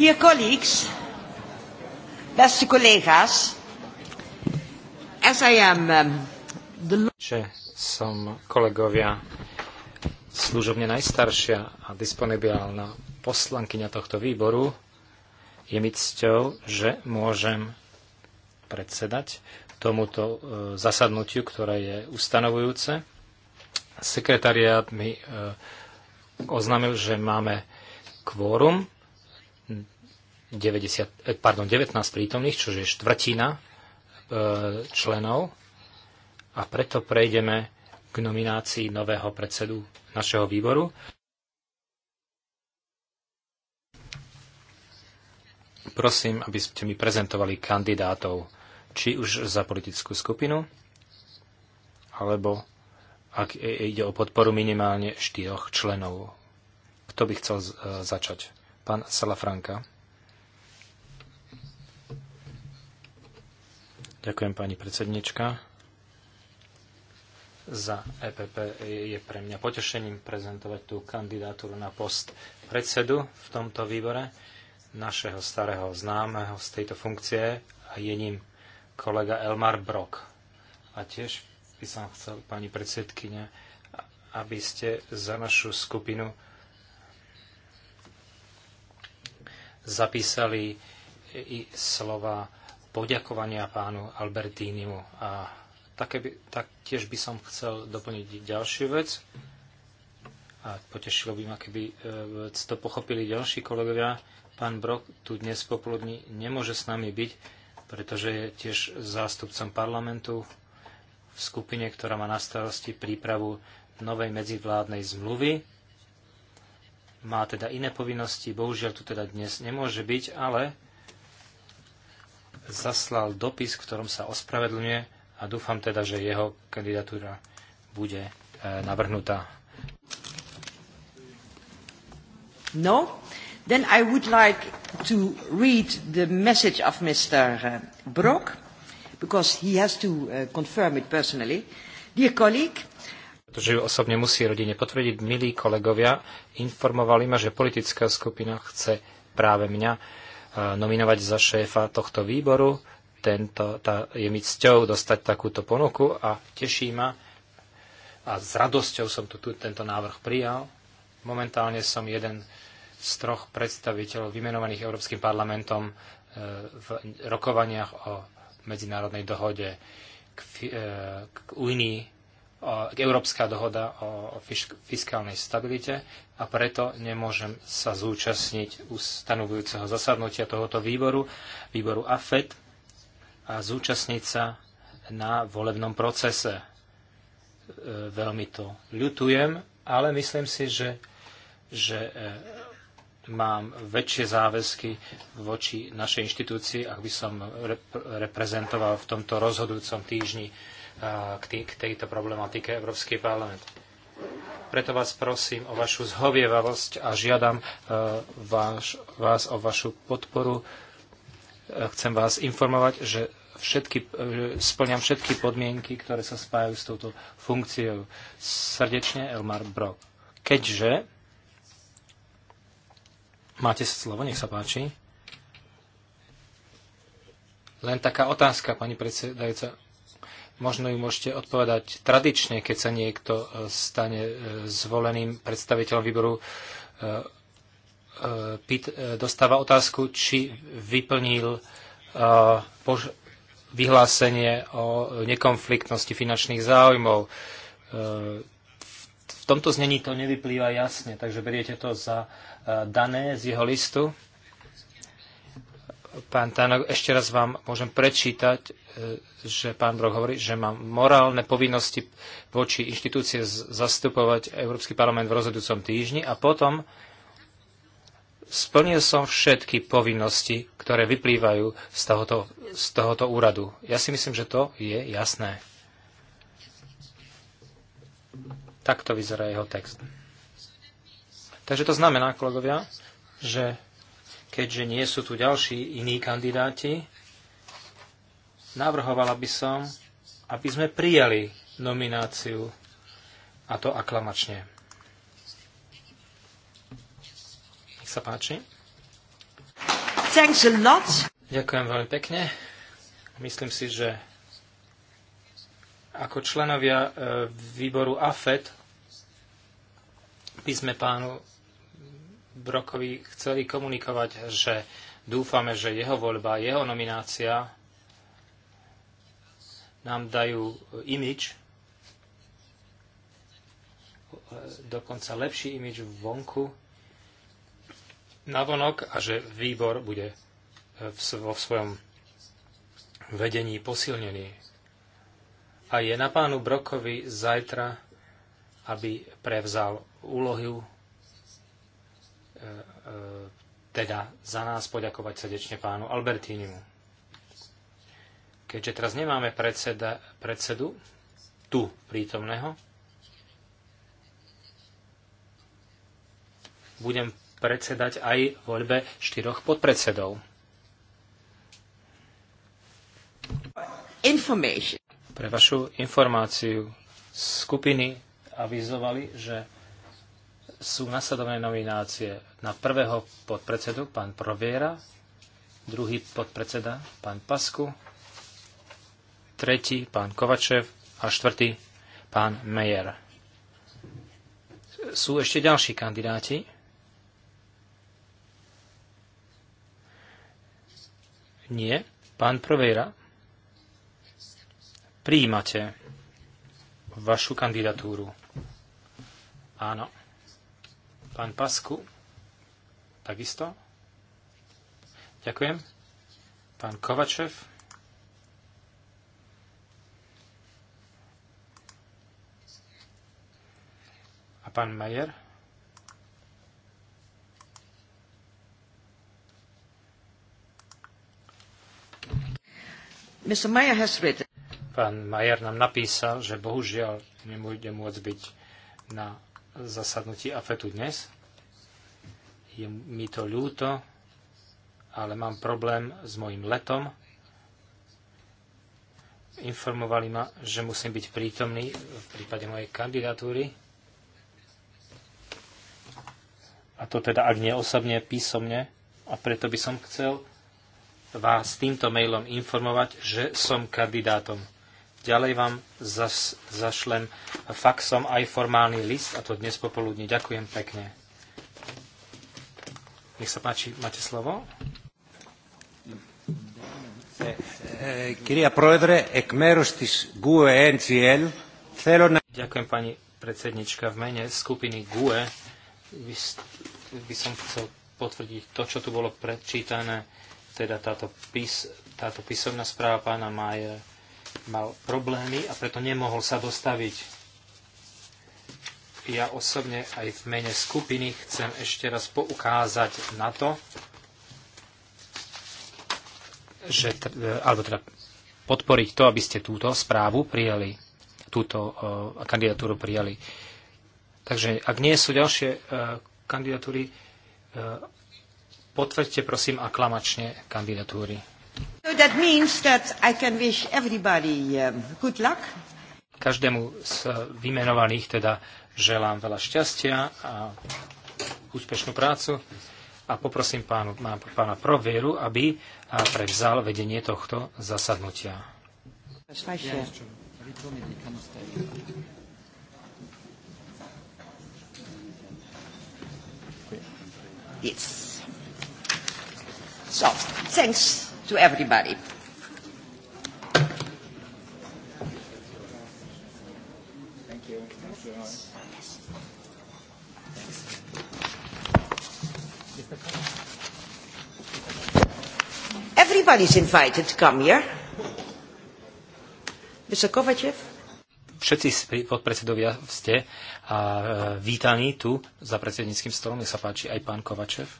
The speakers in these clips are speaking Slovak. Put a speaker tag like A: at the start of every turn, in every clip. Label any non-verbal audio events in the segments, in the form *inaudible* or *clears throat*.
A: Dear colleagues,
B: beste collega's, as I am um,
C: the... Že som kolegovia služobne najstaršia a disponibilná poslankyňa tohto výboru, je mi cťou, že môžem predsedať tomuto e, zasadnutiu, ktoré je ustanovujúce. Sekretariát mi e, oznámil, že máme kvórum 90, eh, pardon, 19 prítomných, čo je štvrtina eh, členov. A preto prejdeme k nominácii nového predsedu našeho výboru. Prosím, aby ste mi prezentovali kandidátov, či už za politickú skupinu, alebo ak ide o podporu minimálne štyroch členov. Kto by chcel eh, začať? Pán Salafranka. Ďakujem pani predsednička. Za EPP je pre mňa potešením prezentovať tú kandidatúru na post predsedu v tomto výbore našeho starého známeho z tejto funkcie a je ním kolega Elmar Brok. A tiež by som chcel, pani predsedkyne, aby ste za našu skupinu zapísali i slova poďakovania pánu Albertínimu. A také by, taktiež by som chcel doplniť ďalšiu vec. A potešilo by ma, keby e, to pochopili ďalší kolegovia. Pán Brok tu dnes popoludní nemôže s nami byť, pretože je tiež zástupcom parlamentu v skupine, ktorá má na starosti prípravu novej medzivládnej zmluvy. Má teda iné povinnosti, bohužiaľ tu teda dnes nemôže byť, ale zaslal dopis, v ktorom sa ospravedlňuje a dúfam teda, že jeho kandidatúra bude e, navrhnutá. No, then I would like to read the message of
A: Mr. Uh, Brok, because he has to uh, confirm it personally. Dear colleague,
C: pretože ju osobne musí rodine potvrdiť, milí kolegovia, informovali ma, že politická skupina chce práve mňa nominovať za šéfa tohto výboru. Tento, tá, je mi cťou dostať takúto ponuku a teší ma. A s radosťou som tu, tu tento návrh prijal. Momentálne som jeden z troch predstaviteľov vymenovaných Európskym parlamentom e, v rokovaniach o medzinárodnej dohode k, e, k Unii Európska dohoda o fiskálnej stabilite a preto nemôžem sa zúčastniť ustanovujúceho zasadnutia tohoto výboru, výboru AFED a zúčastniť sa na volebnom procese. E, veľmi to ľutujem, ale myslím si, že, že e, mám väčšie záväzky voči našej inštitúcii, ak by som reprezentoval v tomto rozhodujúcom týždni k, tý, k tejto problematike Európsky parlament. Preto vás prosím o vašu zhovievavosť a žiadam e, váš, vás o vašu podporu. E, chcem vás informovať, že všetky, e, splňam všetky podmienky, ktoré sa spájajú s touto funkciou. Srdečne Elmar Brok. Keďže máte slovo, nech sa páči. Len taká otázka, pani predsedajúca Možno im môžete odpovedať tradične, keď sa niekto e, stane e, zvoleným predstaviteľom výboru, e, dostáva otázku, či vyplnil vyhlásenie o nekonfliktnosti finančných záujmov. V tomto znení to nevyplýva jasne, takže beriete to za dané z jeho listu. Pán Tánok, ešte raz vám môžem prečítať, e, že pán Brok hovorí, že mám morálne povinnosti voči inštitúcie zastupovať Európsky parlament v rozhodujúcom týždni a potom splnil som všetky povinnosti, ktoré vyplývajú z tohoto, z tohoto úradu. Ja si myslím, že to je jasné. Takto vyzerá jeho text. Takže to znamená, kolegovia, že keďže nie sú tu ďalší iní kandidáti, navrhovala by som, aby sme prijali nomináciu a to aklamačne. Nech sa páči.
D: Thanks a lot.
C: Ďakujem veľmi pekne. Myslím si, že ako členovia e, výboru AFED by sme pánu Brokovi chceli komunikovať, že dúfame, že jeho voľba, jeho nominácia nám dajú imič, dokonca lepší imič vonku navonok a že výbor bude e, vo svojom vedení posilnený. A je na pánu Brokovi zajtra, aby prevzal úlohu E, e, teda za nás poďakovať srdečne pánu Albertínimu. Keďže teraz nemáme predseda, predsedu, tu prítomného, budem predsedať aj voľbe štyroch podpredsedov. Pre vašu informáciu skupiny avizovali, že sú nasledovné nominácie na prvého podpredsedu, pán Proviera, druhý podpredseda, pán Pasku, tretí, pán Kovačev a štvrtý, pán Mejer. Sú ešte ďalší kandidáti. Nie. Pán Proviera, prijímate vašu kandidatúru. Áno. Pán Pasku, takisto. Ďakujem. Pán Kovačev. A pán Majer. Mr. Mayer has written. Pán Majer nám napísal, že bohužiaľ nebude môcť byť na zasadnutí AFETu dnes. Je mi to ľúto, ale mám problém s mojim letom. Informovali ma, že musím byť prítomný v prípade mojej kandidatúry. A to teda, ak nie osobne, písomne. A preto by som chcel vás týmto mailom informovať, že som kandidátom. Ďalej vám zas, zašlem faxom aj formálny list, a to dnes popoludne. Ďakujem pekne. Nech sa páči, máte slovo. Ďakujem pani predsednička. V mene skupiny GUE by, by som chcel potvrdiť to, čo tu bolo predčítané, teda táto, pís, táto písomná správa pána Majer mal problémy a preto nemohol sa dostaviť. Ja osobne aj v mene skupiny chcem ešte raz poukázať na to, že, e, alebo teda podporiť to, aby ste túto správu prijali, túto e, kandidatúru prijali. Takže ak nie sú ďalšie e, kandidatúry, potvrďte prosím aklamačne kandidatúry. So that means that I can wish everybody um, good luck. Každému z vymenovaných teda želám veľa šťastia a úspešnú prácu a poprosím pánu, pána Provieru, aby prevzal vedenie tohto zasadnutia.
B: Yes. So, thanks to everybody. Everybody's invited to come here. Mr. Kovachev?
C: Všetci podpredsedovia ste a, e, vítaní tu za predsedníckým stolom. Nech sa páči aj pán Kovačev.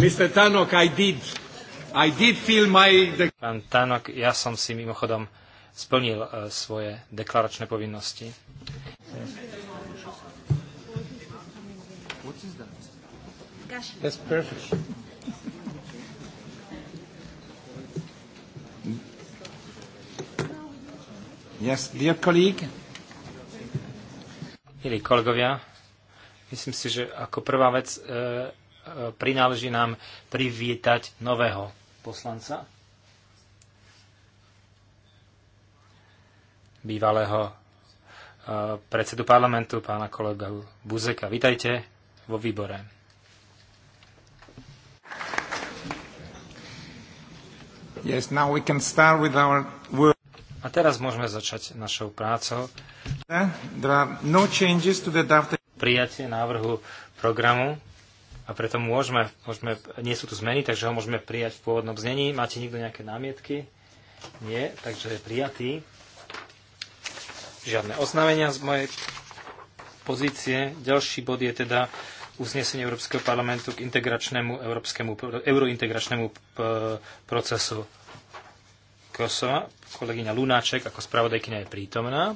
B: Mr. Tanok, I
C: did. I did feel my... Pán Tanok, ja som si mimochodom splnil uh, svoje deklaračné povinnosti.
B: That's perfect.
C: Yes, dear colleague. Milí kolegovia, myslím si, že ako prvá vec e, prináleží nám privítať nového poslanca, bývalého eh, predsedu parlamentu, pána kolega Buzeka. Vítajte vo výbore. Yes, now we can start with our work. A teraz môžeme začať našou prácou. There are no changes to the draft. Prijatie návrhu programu a preto môžeme, môžeme, nie sú tu zmeny, takže ho môžeme prijať v pôvodnom znení. Máte nikto nejaké námietky? Nie, takže je prijatý. Žiadne oznámenia z mojej pozície. Ďalší bod je teda uznesenie Európskeho parlamentu k integračnému európskemu, eurointegračnému e, procesu Kosova. Kolegyňa Lunáček ako spravodajkyňa je prítomná.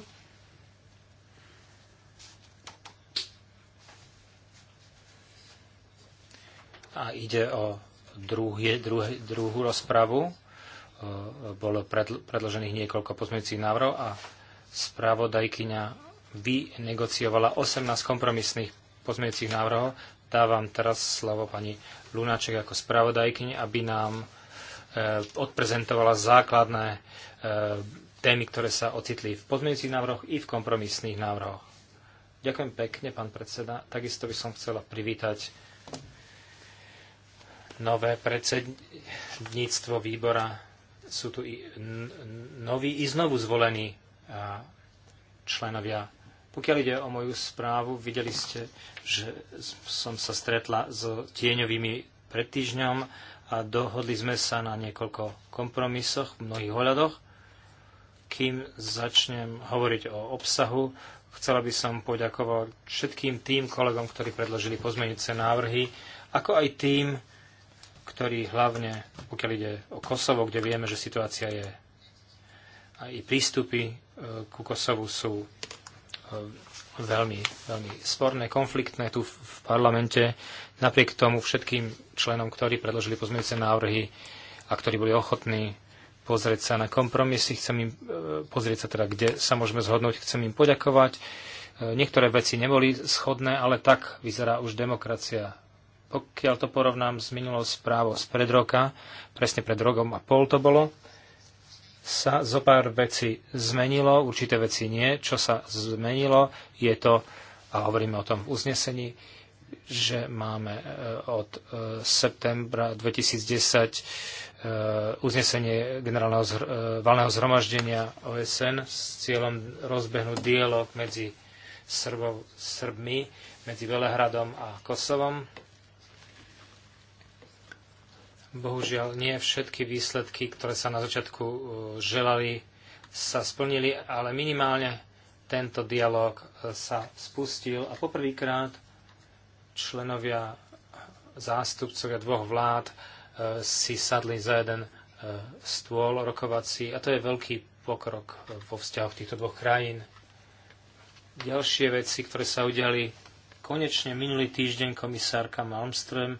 C: a ide o druhý, druhý, druhú rozpravu. E, bolo predložených niekoľko pozmeňujúcich návrhov a spravodajkyňa vynegociovala 18 kompromisných pozmeňujúcich návrhov. Dávam teraz slovo pani Lunáček ako spravodajkyň, aby nám e, odprezentovala základné e, témy, ktoré sa ocitli v pozmeňujúcich návrhoch i v kompromisných návrhoch. Ďakujem pekne, pán predseda. Takisto by som chcela privítať nové predsedníctvo výbora. Sú tu i noví i znovu zvolení členovia. Pokiaľ ide o moju správu, videli ste, že som sa stretla s tieňovými pred týždňom a dohodli sme sa na niekoľko kompromisoch v mnohých ohľadoch. Kým začnem hovoriť o obsahu, chcela by som poďakovať všetkým tým kolegom, ktorí predložili pozmeňujúce návrhy, ako aj tým, ktorý hlavne, pokiaľ ide o Kosovo, kde vieme, že situácia je a i prístupy e, ku Kosovu sú e, veľmi, veľmi sporné, konfliktné tu v parlamente. Napriek tomu všetkým členom, ktorí predložili pozmeňujúce návrhy a ktorí boli ochotní pozrieť sa na kompromisy, chcem im e, pozrieť sa teda, kde sa môžeme zhodnúť, chcem im poďakovať. Niektoré veci neboli schodné, ale tak vyzerá už demokracia pokiaľ to porovnám s minulou správou z pred roka, presne pred rokom a pol to bolo, sa zo pár veci zmenilo, určité veci nie. Čo sa zmenilo, je to, a hovoríme o tom v uznesení, že máme e, od e, septembra 2010 e, uznesenie generálneho valného zhromaždenia OSN s cieľom rozbehnúť dialog medzi Srbov, Srbmi, medzi Velehradom a Kosovom Bohužiaľ, nie všetky výsledky, ktoré sa na začiatku e, želali, sa splnili, ale minimálne tento dialog e, sa spustil a poprvýkrát členovia zástupcovia dvoch vlád e, si sadli za jeden stôl rokovací a to je veľký pokrok vo vzťahoch týchto dvoch krajín. Ďalšie veci, ktoré sa udiali konečne minulý týždeň komisárka Malmström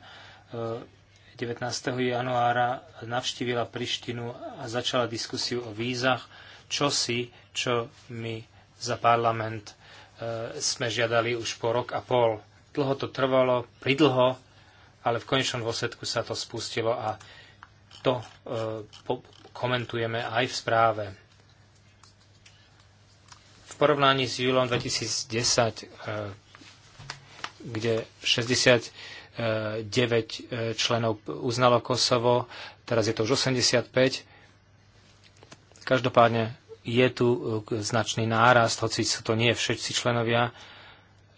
C: 19. januára navštívila Prištinu a začala diskusiu o vízach, čo si, čo my za parlament e, sme žiadali už po rok a pol. Dlho to trvalo, pridlho, ale v konečnom dôsledku sa to spustilo a to e, po, komentujeme aj v správe. V porovnaní s júlom 2010, e, kde 60 9 e, členov uznalo Kosovo, teraz je to už 85. Každopádne je tu e, značný nárast, hoci sú to nie všetci členovia.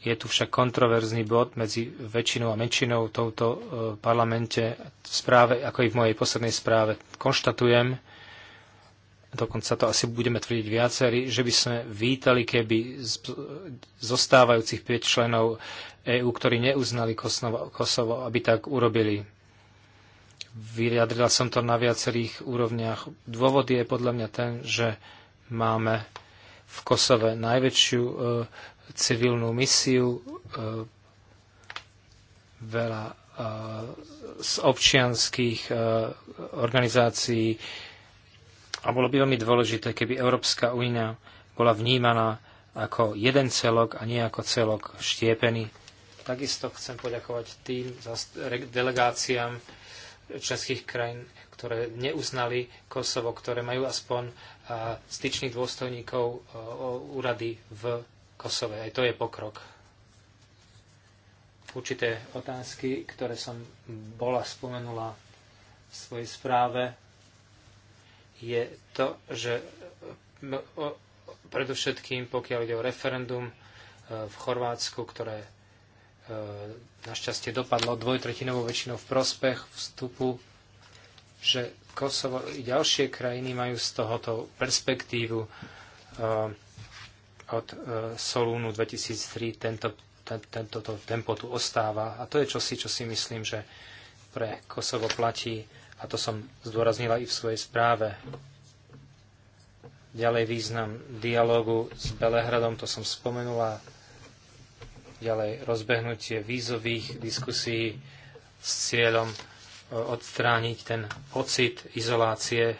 C: Je tu však kontroverzný bod medzi väčšinou a menšinou v tomto e, parlamente v správe, ako i v mojej poslednej správe konštatujem, dokonca to asi budeme tvrdiť viacerí, že by sme vítali, keby z zostávajúcich 5 členov EÚ, ktorí neuznali Kosovo, Kosovo, aby tak urobili. Vyjadrila som to na viacerých úrovniach. Dôvod je podľa mňa ten, že máme v Kosove najväčšiu e, civilnú misiu, e, veľa e, z občianských e, organizácií, e, a bolo by veľmi dôležité, keby Európska únia bola vnímaná ako jeden celok a nie ako celok štiepený. Takisto chcem poďakovať tým delegáciám českých krajín, ktoré neuznali Kosovo, ktoré majú aspoň styčných dôstojníkov úrady v Kosove. Aj to je pokrok. Určité otázky, ktoré som bola spomenula v svojej správe, je to, že predovšetkým, pokiaľ ide o referendum e, v Chorvátsku, ktoré e, našťastie dopadlo dvojtretinovou väčšinou v prospech vstupu, že Kosovo i ďalšie krajiny majú z tohoto perspektívu e, od Solúnu 2003 tento, tento, tento tempo tu ostáva. A to je čosi, čo si myslím, že pre Kosovo platí a to som zdôraznila i v svojej správe. Ďalej význam dialogu s Belehradom, to som spomenula. Ďalej rozbehnutie vízových diskusí s cieľom e, odstrániť ten pocit izolácie.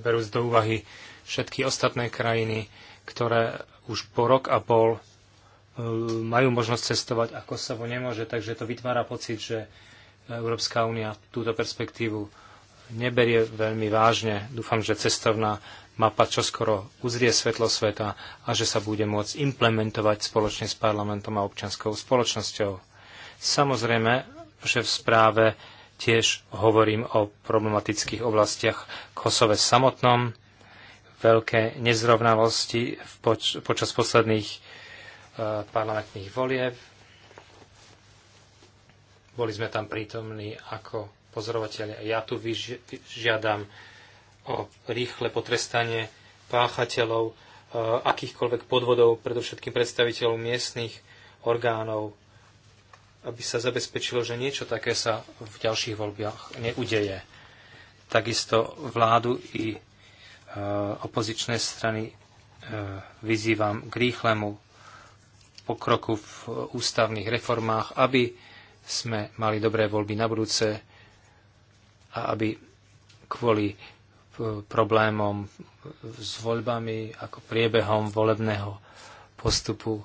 C: Berú do úvahy všetky ostatné krajiny, ktoré už po rok a pol E, majú možnosť cestovať a Kosovo nemôže, takže to vytvára pocit, že Európska únia túto perspektívu neberie veľmi vážne. Dúfam, že cestovná mapa čoskoro uzrie svetlo sveta a že sa bude môcť implementovať spoločne s parlamentom a občianskou spoločnosťou. Samozrejme, že v správe tiež hovorím o problematických oblastiach Kosove samotnom, veľké nezrovnalosti poč počas posledných parlamentných volieb. Boli sme tam prítomní ako pozorovateľi. Ja tu žiadam o rýchle potrestanie páchateľov e, akýchkoľvek podvodov, predovšetkým predstaviteľov miestnych orgánov, aby sa zabezpečilo, že niečo také sa v ďalších voľbách neudeje. Takisto vládu i e, opozičné strany e, vyzývam k rýchlemu pokroku v ústavných reformách, aby sme mali dobré voľby na budúce a aby kvôli e, problémom s voľbami ako priebehom volebného postupu, e,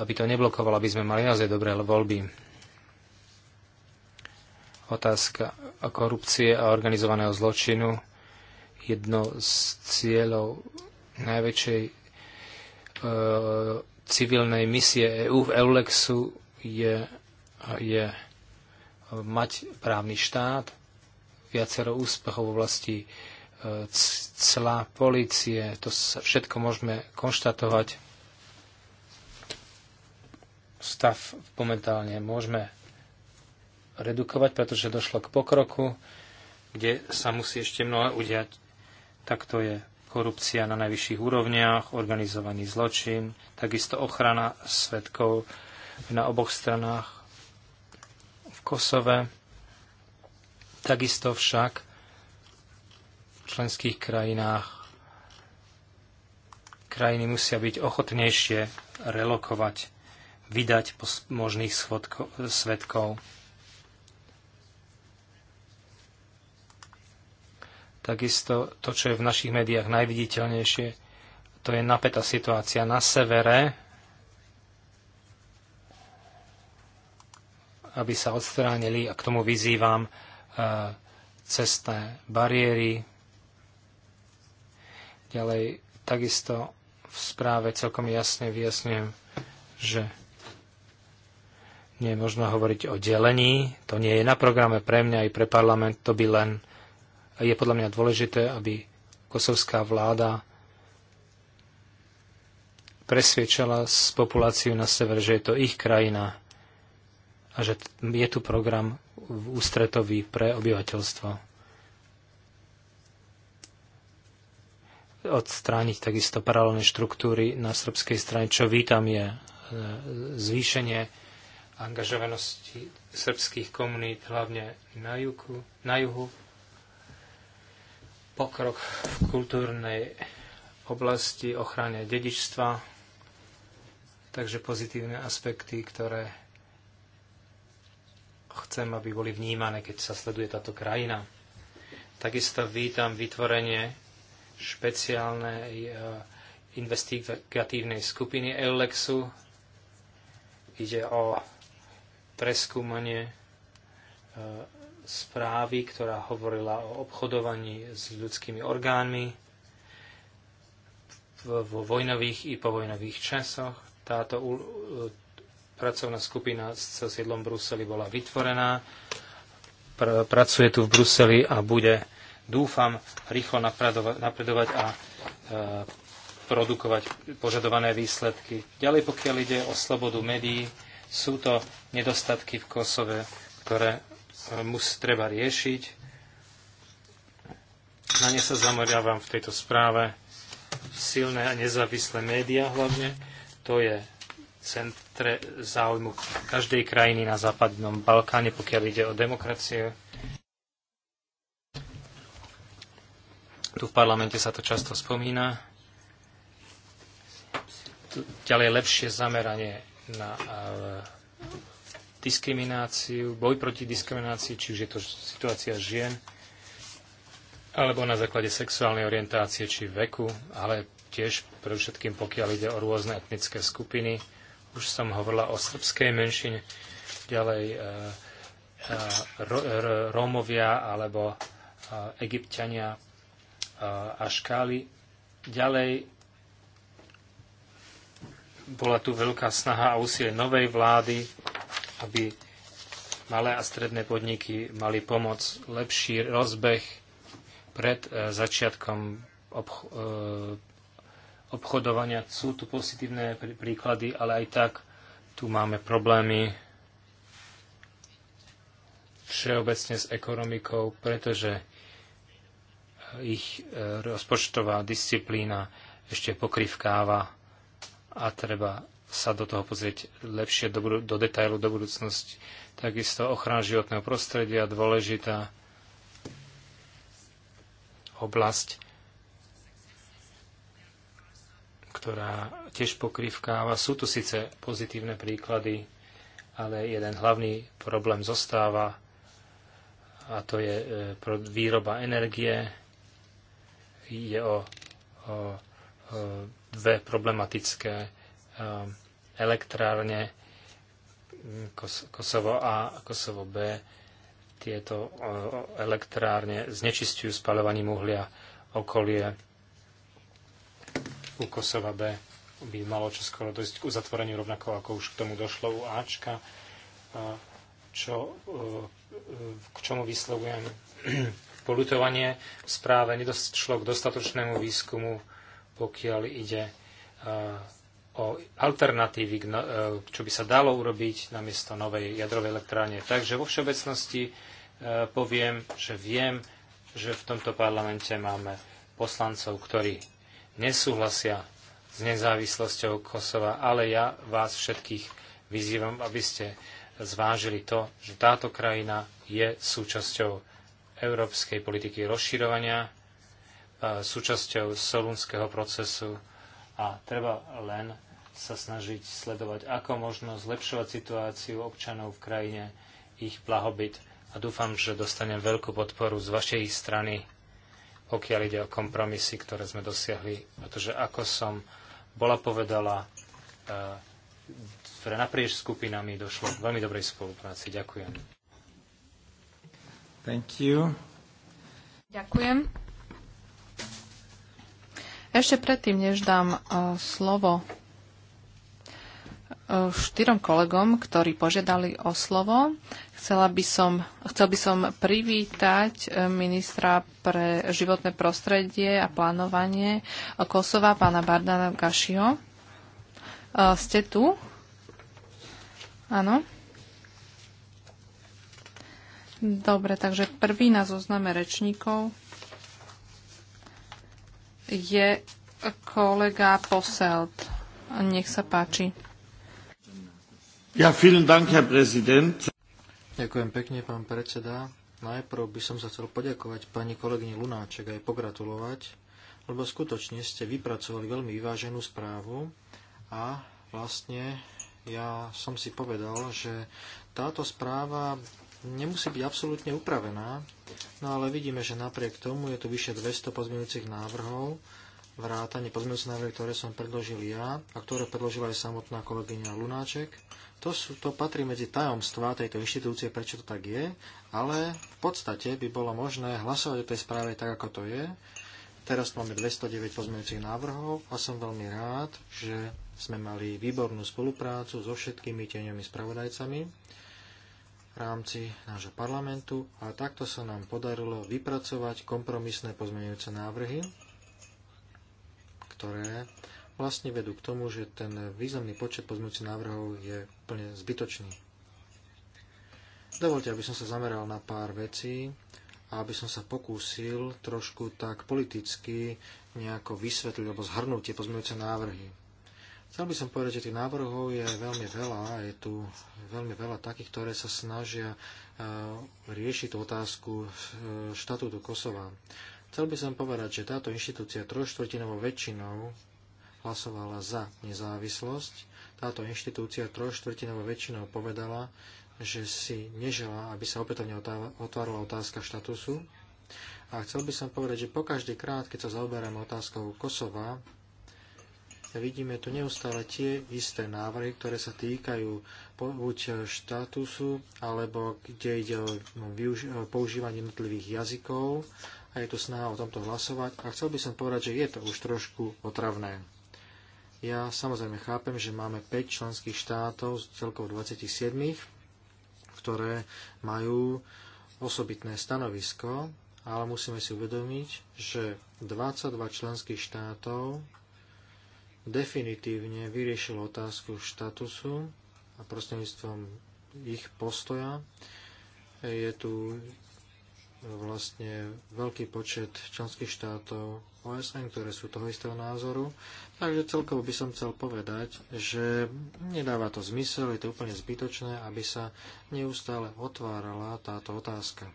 C: aby to neblokovalo, aby sme mali naozaj dobré voľby. Otázka korupcie a organizovaného zločinu. Jedno z cieľov najväčšej e, civilnej misie EÚ v Eulexu je, je mať právny štát, viacero úspechov v oblasti e, cla, policie, to sa všetko môžeme konštatovať. Stav momentálne môžeme redukovať, pretože došlo k pokroku, kde sa musí ešte mnohé udiať. Tak to je korupcia na najvyšších úrovniach, organizovaný zločin, takisto ochrana svetkov na oboch stranách v Kosove. Takisto však v členských krajinách krajiny musia byť ochotnejšie relokovať, vydať možných svetkov. Takisto to, čo je v našich médiách najviditeľnejšie, to je napätá situácia na severe, aby sa odstránili, a k tomu vyzývam, e, cestné bariéry. Ďalej, takisto v správe celkom jasne vyjasňujem, že nie je možno hovoriť o delení, to nie je na programe pre mňa aj pre parlament, to by len je podľa mňa dôležité, aby kosovská vláda presviečala z populáciu na sever, že je to ich krajina a že je tu program ústretový pre obyvateľstvo. Odstrániť takisto paralelné štruktúry na srbskej strane, čo vítam je e, zvýšenie angažovanosti srbských komunít, hlavne na, juku, na juhu pokrok v kultúrnej oblasti, ochrane dedičstva, takže pozitívne aspekty, ktoré chcem, aby boli vnímané, keď sa sleduje táto krajina. Takisto vítam vytvorenie špeciálnej e, investigatívnej skupiny EULEXu. Ide o preskúmanie e, správy, ktorá hovorila o obchodovaní s ľudskými orgánmi vo vojnových i povojnových časoch. Táto e, pracovná skupina so sídlom Bruseli bola vytvorená. Pr- pracuje tu v Bruseli a bude, dúfam, rýchlo napredova- napredovať a e, produkovať požadované výsledky. Ďalej, pokiaľ ide o slobodu médií, sú to nedostatky v Kosove, ktoré E, mus treba riešiť. Na ne sa zameriavam v tejto správe. Silné a nezávislé médiá hlavne. To je centre záujmu každej krajiny na západnom Balkáne, pokiaľ ide o demokraciu. Tu v parlamente sa to často spomína. Ďalej lepšie zameranie na e, diskrimináciu, boj proti diskriminácii, či už je to situácia žien, alebo na základe sexuálnej orientácie či veku, ale tiež pre všetkým pokiaľ ide o rôzne etnické skupiny. Už som hovorila o srbskej menšine, ďalej e, e, ro, r, Rómovia alebo e, Egyptiania e, a škály. Ďalej bola tu veľká snaha a úsilie novej vlády aby malé a stredné podniky mali pomoc, lepší rozbeh pred e, začiatkom obch- e, obchodovania. Sú tu pozitívne príklady, ale aj tak tu máme problémy všeobecne s ekonomikou, pretože ich e, rozpočtová disciplína ešte pokrivkáva a treba sa do toho pozrieť lepšie do, do detailu do budúcnosti. Takisto ochrana životného prostredia, dôležitá oblasť, ktorá tiež pokrývkáva. Sú tu síce pozitívne príklady, ale jeden hlavný problém zostáva a to je e, výroba energie. Je o, o, o dve problematické um, elektrárne mm, Kos Kosovo A a Kosovo B. Tieto elektrárne znečistujú spalovaním uhlia okolie u Kosova B by malo čoskoro dojsť k uzatvoreniu rovnako ako už k tomu došlo u Ačka, čo, k čomu vyslovujem *clears throat* polutovanie v správe nedošlo k dostatočnému výskumu, pokiaľ ide o alternatívy, no, e, čo by sa dalo urobiť namiesto novej jadrovej elektrárne. Takže vo všeobecnosti e, poviem, že viem, že v tomto parlamente máme poslancov, ktorí nesúhlasia s nezávislosťou Kosova, ale ja vás všetkých vyzývam, aby ste zvážili to, že táto krajina je súčasťou európskej politiky rozširovania, e, súčasťou solúnskeho procesu, a treba len sa snažiť sledovať, ako možno zlepšovať situáciu občanov v krajine, ich blahobyt. A dúfam, že dostanem veľkú podporu z vašej strany, pokiaľ ide o kompromisy, ktoré sme dosiahli. Pretože ako som bola povedala, e, naprieč skupinami došlo k veľmi dobrej spolupráci. Ďakujem. Thank you.
E: Ďakujem. Ešte predtým, než dám uh, slovo uh, štyrom kolegom, ktorí požiadali o slovo, chcela by som, chcel by som privítať uh, ministra pre životné prostredie a plánovanie Kosova, pána Bardana Uh, Ste tu? Áno. Dobre, takže prvý na zozname rečníkov je kolega Poselt. Nech sa páči.
D: Ja, vielen Dank, Herr Präsident. Ďakujem pekne, pán predseda. Najprv by som sa chcel poďakovať pani kolegyni Lunáček aj pogratulovať, lebo skutočne ste vypracovali veľmi vyváženú správu a vlastne ja som si povedal, že táto správa nemusí byť absolútne upravená, no ale vidíme, že napriek tomu je tu vyše 200 pozmeňujúcich návrhov, vrátane pozmeňujúcich návrhov, ktoré som predložil ja a ktoré predložila aj samotná kolegyňa Lunáček. To, sú, to patrí medzi tajomstvá tejto inštitúcie, prečo to tak je, ale v podstate by bolo možné hlasovať o tej správe tak, ako to je. Teraz máme 209 pozmeňujúcich návrhov a som veľmi rád, že sme mali výbornú spoluprácu so všetkými tieňovými spravodajcami v rámci nášho parlamentu a takto sa nám podarilo vypracovať kompromisné pozmeňujúce návrhy, ktoré vlastne vedú k tomu, že ten významný počet pozmeňujúcich návrhov je úplne zbytočný. Dovolte, aby som sa zameral na pár vecí a aby som sa pokúsil trošku tak politicky nejako vysvetliť alebo zhrnúť tie pozmeňujúce návrhy. Chcel by som povedať, že tých návrhov je veľmi veľa. Je tu veľmi veľa takých, ktoré sa snažia e, riešiť otázku e, štatútu Kosova. Chcel by som povedať, že táto inštitúcia troštvrtinovou väčšinou hlasovala za nezávislosť. Táto inštitúcia troštvrtinovou väčšinou povedala, že si nežela, aby sa opätovne otvárala otázka štatusu. A chcel by som povedať, že po každý krát, keď sa zaoberáme otázkou Kosova, vidíme tu neustále tie isté návrhy, ktoré sa týkajú buď štatusu, alebo kde ide no, o používanie jednotlivých jazykov a je tu snaha o tomto hlasovať. A chcel by som povedať, že je to už trošku otravné. Ja samozrejme chápem, že máme 5 členských štátov z celkov 27, ktoré majú osobitné stanovisko, ale musíme si uvedomiť, že 22 členských štátov definitívne vyriešil otázku štatusu a prostredníctvom ich postoja. Je tu vlastne veľký počet členských štátov OSN, ktoré sú toho istého názoru. Takže celkovo by som chcel povedať, že nedáva to zmysel, je to úplne zbytočné, aby sa neustále otvárala táto otázka.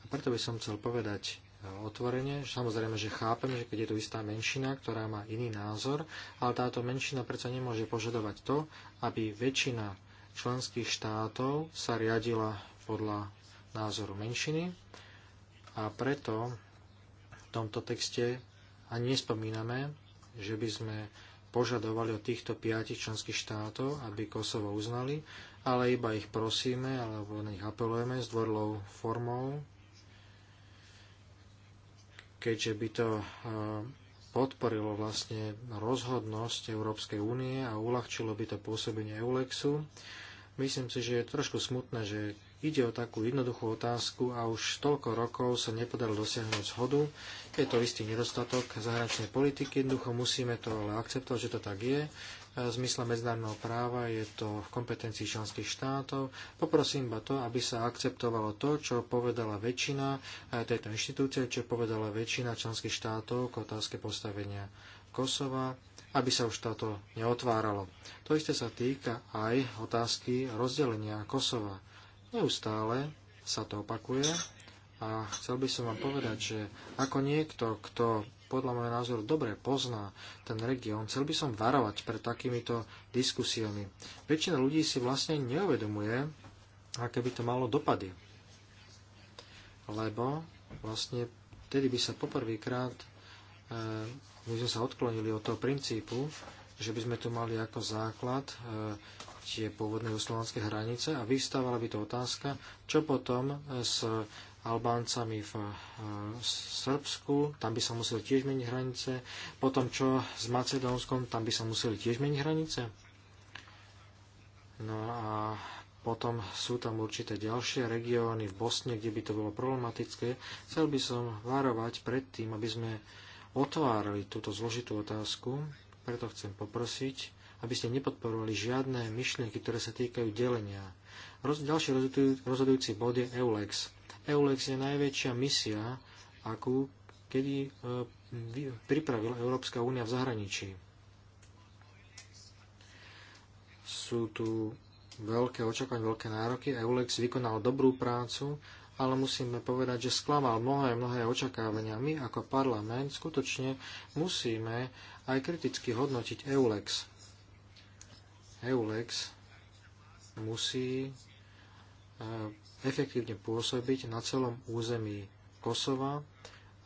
D: A preto by som chcel povedať otvorene. Samozrejme, že chápem, že keď je tu istá menšina, ktorá má iný názor, ale táto menšina predsa nemôže požadovať to, aby väčšina členských štátov sa riadila podľa názoru menšiny a preto v tomto texte ani nespomíname, že by sme požadovali od týchto piatich členských štátov, aby Kosovo uznali, ale iba ich prosíme alebo na nich apelujeme s dvorlou formou keďže by to e, podporilo vlastne rozhodnosť Európskej únie a uľahčilo by to pôsobenie Eulexu. Myslím si, že je trošku smutné, že ide o takú jednoduchú otázku a už toľko rokov sa nepodarilo dosiahnuť zhodu. Je to istý nedostatok zahraničnej politiky, jednoducho musíme to ale akceptovať, že to tak je v e, zmysle medzinárodného práva, je to v kompetencii členských štátov. Poprosím iba to, aby sa akceptovalo to, čo povedala väčšina e, tejto inštitúcie, čo povedala väčšina členských štátov k otázke postavenia Kosova, aby sa už táto neotváralo. To isté sa týka aj otázky rozdelenia Kosova. Neustále sa to opakuje a chcel by som vám povedať, že ako niekto, kto podľa môjho názoru dobre pozná ten región, chcel by som varovať pred takýmito diskusiami. Väčšina ľudí si vlastne neuvedomuje, aké by to malo dopady. Lebo vlastne vtedy by sa poprvýkrát e, my sme sa odklonili od toho princípu, že by sme tu mali ako základ e, tie pôvodné slovanské hranice a vystávala by to otázka, čo potom s Albáncami v e, Srbsku, tam by sa museli tiež meniť hranice. Potom čo s Macedónskom, tam by sa museli tiež meniť hranice. No a potom sú tam určité ďalšie regióny v Bosne, kde by to bolo problematické. Chcel by som varovať pred tým, aby sme otvárali túto zložitú otázku. Preto chcem poprosiť, aby ste nepodporovali žiadne myšlienky, ktoré sa týkajú delenia. Roz, ďalší rozhodujúci bod je EULEX. EULEX je najväčšia misia, akú kedy e, pripravila Európska únia v zahraničí. Sú tu veľké očakávania, veľké nároky. EULEX vykonal dobrú prácu, ale musíme povedať, že sklamal mnohé, mnohé očakávania. My ako parlament skutočne musíme aj kriticky hodnotiť EULEX. EULEX musí e, efektívne pôsobiť na celom území Kosova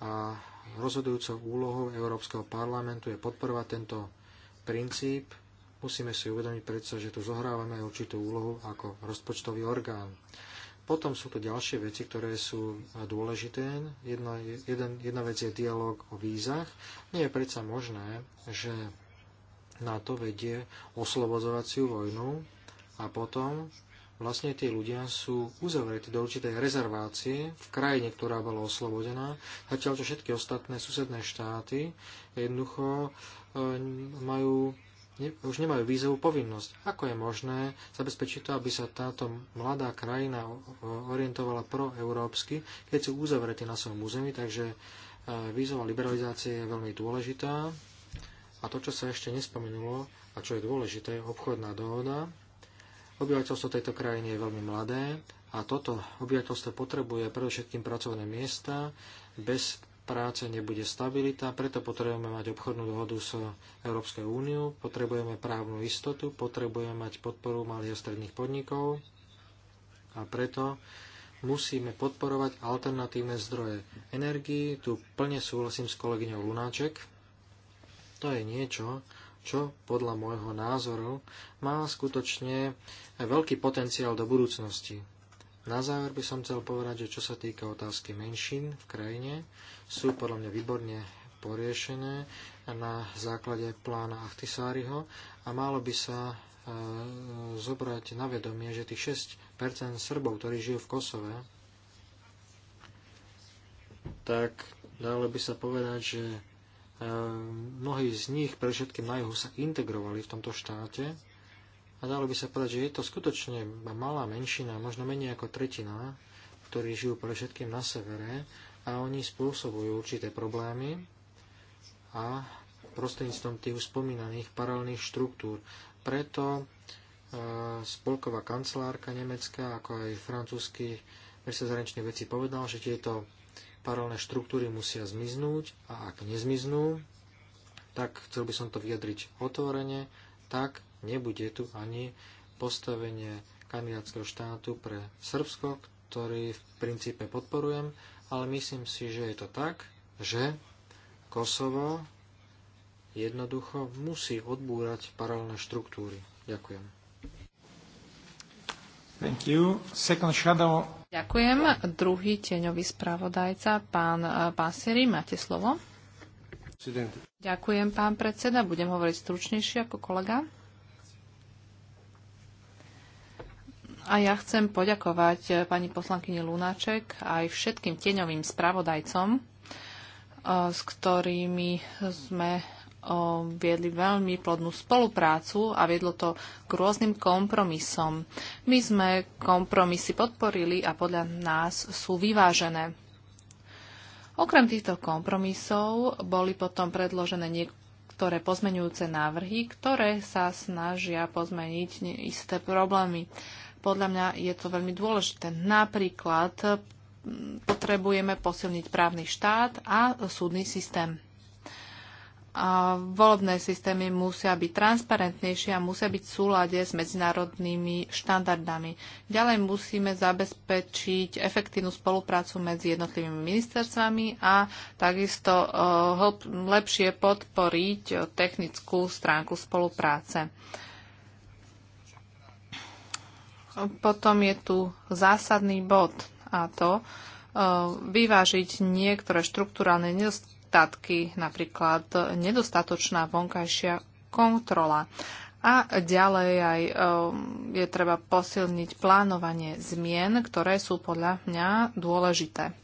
D: a rozhodujúcou úlohou Európskeho parlamentu je podporovať tento princíp. Musíme si uvedomiť predsa, že tu zohrávame určitú úlohu ako rozpočtový orgán. Potom sú tu ďalšie veci, ktoré sú dôležité. Jedna, jeden, jedna vec je dialog o vízach. Nie je predsa možné, že na to vedie oslobozovaciu vojnu a potom vlastne tí ľudia sú uzavretí do určitej rezervácie v krajine, ktorá bola oslobodená, zatiaľ čo všetky ostatné susedné štáty jednoducho e, majú, ne, už nemajú vízovú povinnosť. Ako je možné zabezpečiť to, aby sa táto mladá krajina orientovala proeurópsky, keď sú uzavretí na svojom území, takže e, vízová liberalizácia je veľmi dôležitá. A to, čo sa ešte nespomenulo a čo je dôležité, je obchodná dohoda, Obyvateľstvo tejto krajiny je veľmi mladé a toto obyvateľstvo potrebuje predovšetkým pracovné miesta. Bez práce nebude stabilita, preto potrebujeme mať obchodnú dohodu s Európskou úniu, potrebujeme právnu istotu, potrebujeme mať podporu malých a stredných podnikov a preto musíme podporovať alternatívne zdroje energii. Tu plne súhlasím s kolegyňou Lunáček. To je niečo, čo podľa môjho názoru má skutočne veľký potenciál do budúcnosti. Na záver by som chcel povedať, že čo sa týka otázky menšín v krajine, sú podľa mňa výborne poriešené na základe plána Achtisáriho a malo by sa e, zobrať na vedomie, že tých 6% Srbov, ktorí žijú v Kosove, tak dalo by sa povedať, že E, mnohí z nich, pre všetkým na juhu, sa integrovali v tomto štáte a dalo by sa povedať, že je to skutočne malá menšina, možno menej ako tretina, ktorí žijú pre všetkým na severe a oni spôsobujú určité problémy a prostredníctvom tých spomínaných paralelných štruktúr. Preto e, spolková kancelárka nemecká, ako aj francúzsky minister zahraničných vecí povedal, že tieto paralelné štruktúry musia zmiznúť a ak nezmiznú, tak chcel by som to vyjadriť otvorene, tak nebude tu ani postavenie kandidátskeho štátu pre Srbsko, ktorý v princípe podporujem, ale myslím si, že je to tak, že Kosovo jednoducho musí odbúrať paralelné štruktúry. Ďakujem.
C: Thank you. Second shadow
E: Ďakujem. Druhý tieňový spravodajca, pán eh, Paseri, máte slovo. Presidente. Ďakujem, pán predseda. Budem hovoriť stručnejšie ako kolega. A ja chcem poďakovať eh, pani poslankyni Lunáček aj všetkým tieňovým spravodajcom, eh, s ktorými sme viedli veľmi plodnú spoluprácu a viedlo to k rôznym kompromisom. My sme kompromisy podporili a podľa nás sú vyvážené. Okrem týchto kompromisov boli potom predložené niektoré pozmenujúce návrhy, ktoré sa snažia pozmeniť isté problémy. Podľa mňa je to veľmi dôležité. Napríklad potrebujeme posilniť právny štát a súdny systém volebné systémy musia byť transparentnejšie a musia byť v súlade s medzinárodnými štandardami. Ďalej musíme zabezpečiť efektívnu spoluprácu medzi jednotlivými ministerstvami a takisto eh, lepšie podporiť technickú stránku spolupráce. Potom je tu zásadný bod a to eh, vyvážiť niektoré štruktúrálne nedostatky nedostatky, napríklad nedostatočná vonkajšia kontrola. A ďalej aj eh, je treba posilniť plánovanie zmien, ktoré sú podľa mňa dôležité.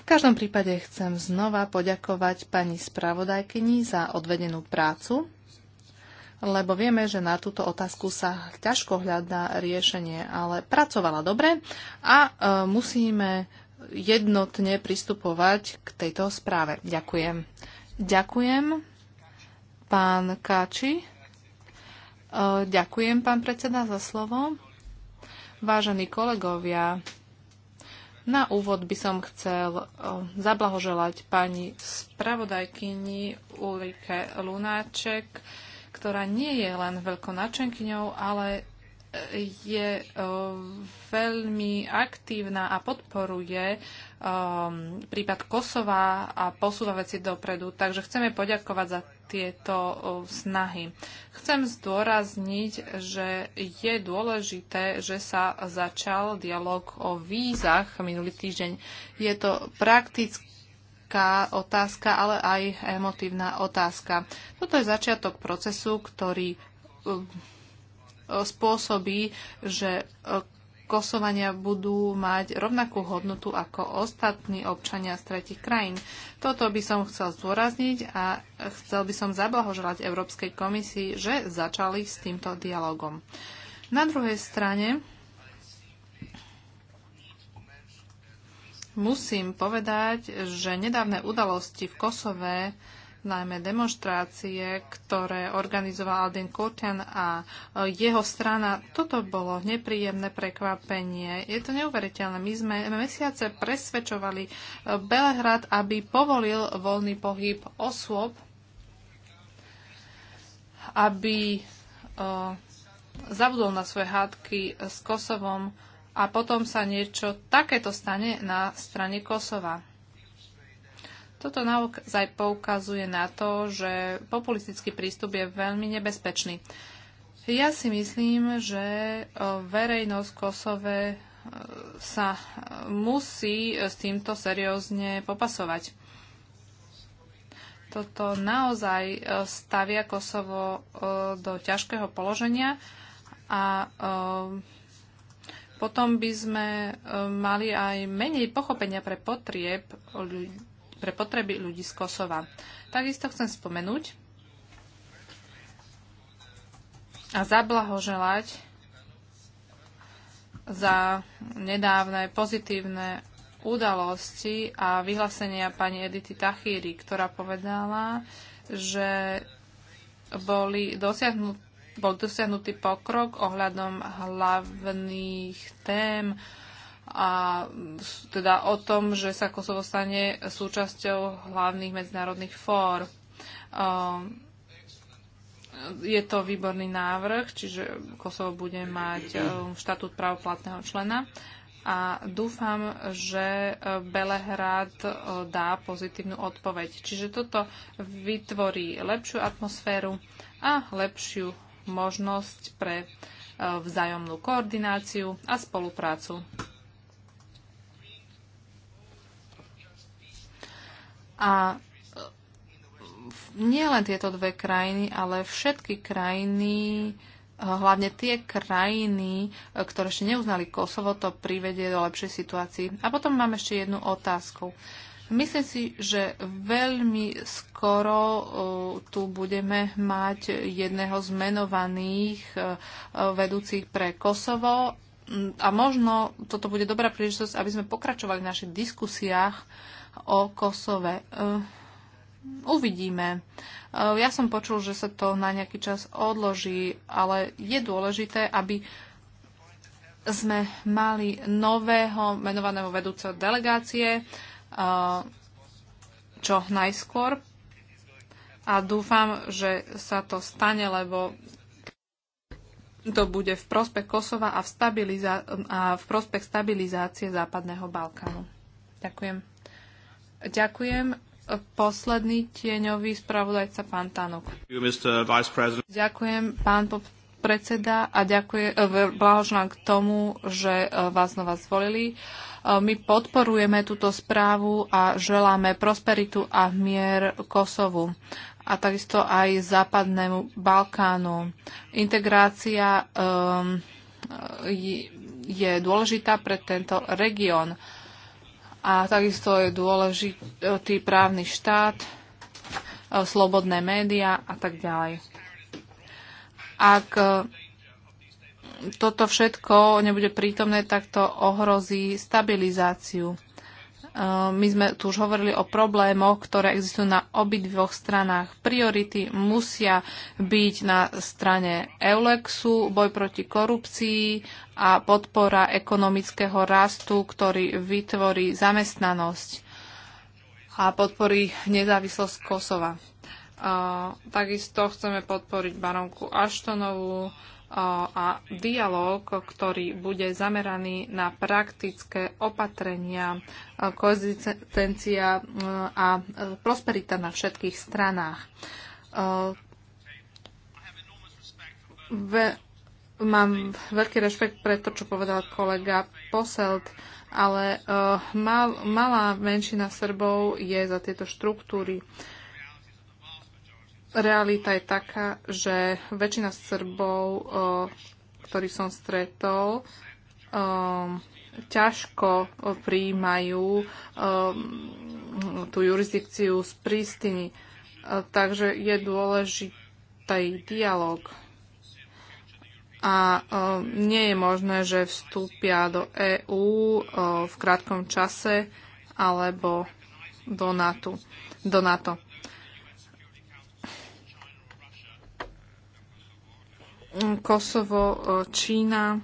E: V každom prípade chcem znova poďakovať pani spravodajkyni za odvedenú prácu, lebo vieme, že na túto otázku sa ťažko hľadá riešenie, ale pracovala dobre a eh, musíme jednotne pristupovať k tejto správe. Ďakujem. Ďakujem, pán Káči. E, ďakujem, pán predseda, za slovo. Vážení kolegovia, na úvod by som chcel e, zablahoželať pani spravodajkyni Ulrike Lunáček, ktorá nie je len veľkonačenkyňou, ale je eh, veľmi aktívna a podporuje ehm, prípad Kosova a posúva veci dopredu. Takže chceme poďakovať za tieto eh, snahy. Chcem zdôrazniť, že je dôležité, že sa začal dialog o vízach minulý týždeň. Je to prakticky otázka, ale aj emotívna otázka. Toto je začiatok procesu, ktorý eh, spôsobí, že e, Kosovania budú mať rovnakú hodnotu ako ostatní občania z tretich krajín. Toto by som chcel zdôrazniť a chcel by som zablahoželať Európskej komisii, že začali s týmto dialogom. Na druhej strane musím povedať, že nedávne udalosti v Kosove najmä demonstrácie, ktoré organizoval Aldin Kurtian a e, jeho strana. Toto bolo nepríjemné prekvapenie. Je to neuveriteľné. My sme mesiace presvedčovali e, Belehrad, aby povolil voľný pohyb osôb, aby e, zabudol na svoje hádky s Kosovom a potom sa niečo takéto stane na strane Kosova. Toto naozaj poukazuje na to, že populistický prístup je veľmi nebezpečný. Ja si myslím, že e, verejnosť Kosove e, sa e, musí s týmto seriózne popasovať. Toto naozaj stavia Kosovo do ťažkého položenia a potom by sme mali aj menej pochopenia pre potrieb pre potreby ľudí z Kosova. Takisto chcem spomenúť a zablahoželať za nedávne pozitívne udalosti a vyhlásenia pani Edity Tachíry, ktorá povedala, že boli dosiahnut, bol dosiahnutý pokrok ohľadom hlavných tém, a teda o tom, že sa Kosovo stane súčasťou hlavných medzinárodných fór. Ehm, je to výborný návrh, čiže Kosovo bude mať ehm, štatút právoplatného člena a dúfam, že e, Belehrad e, dá pozitívnu odpoveď. Čiže toto vytvorí lepšiu atmosféru a lepšiu možnosť pre e, vzájomnú koordináciu a spoluprácu. A nie len tieto dve krajiny, ale všetky krajiny, hlavne tie krajiny, ktoré ešte neuznali Kosovo, to privedie do lepšej situácii. A potom mám ešte jednu otázku. Myslím si, že veľmi skoro tu budeme mať jedného z menovaných vedúcich pre Kosovo a možno toto bude dobrá príležitosť, aby sme pokračovali v našich diskusiách o Kosove. E, uvidíme. E, ja som počul, že sa to na nejaký čas odloží, ale je dôležité, aby sme mali nového menovaného vedúceho delegácie e, čo najskôr a dúfam, že sa to stane, lebo to bude v prospech Kosova a v, a v prospech stabilizácie Západného Balkánu. Ďakujem. Ďakujem. Posledný tieňový spravodajca, pán Tanok. Ďakujem, pán predseda, a ďakujem, e, blahoželám k tomu, že e, vás znova zvolili. E, my podporujeme túto správu a želáme prosperitu a mier Kosovu a takisto aj západnému Balkánu. Integrácia um, je dôležitá pre tento región a takisto je dôležitý právny štát, e, slobodné médiá a tak ďalej. Ak e, toto všetko nebude prítomné, tak to ohrozí stabilizáciu Eh, my sme tu už hovorili o problémoch, ktoré existujú na obidvoch stranách. Priority musia byť na strane Eulexu, boj proti korupcii a podpora ekonomického rastu, ktorý vytvorí zamestnanosť a podporí nezávislosť Kosova. Eh, takisto chceme podporiť baronku Aštonovú a dialog, ktorý bude zameraný na praktické opatrenia, koexistencia a e, prosperita na všetkých stranách. E, ve, mám veľký rešpekt pre to, čo povedal kolega Poselt, ale e, mal, malá menšina Srbov je za tieto štruktúry. Uh, realita je taká, že väčšina Srbov, ktorých som stretol, ťažko príjmajú tú jurisdikciu z Prístiny. Takže je dôležitý dialog. A nie je možné, že vstúpia do EÚ v krátkom čase alebo do NATO. Do NATO. Kosovo, e, Čína.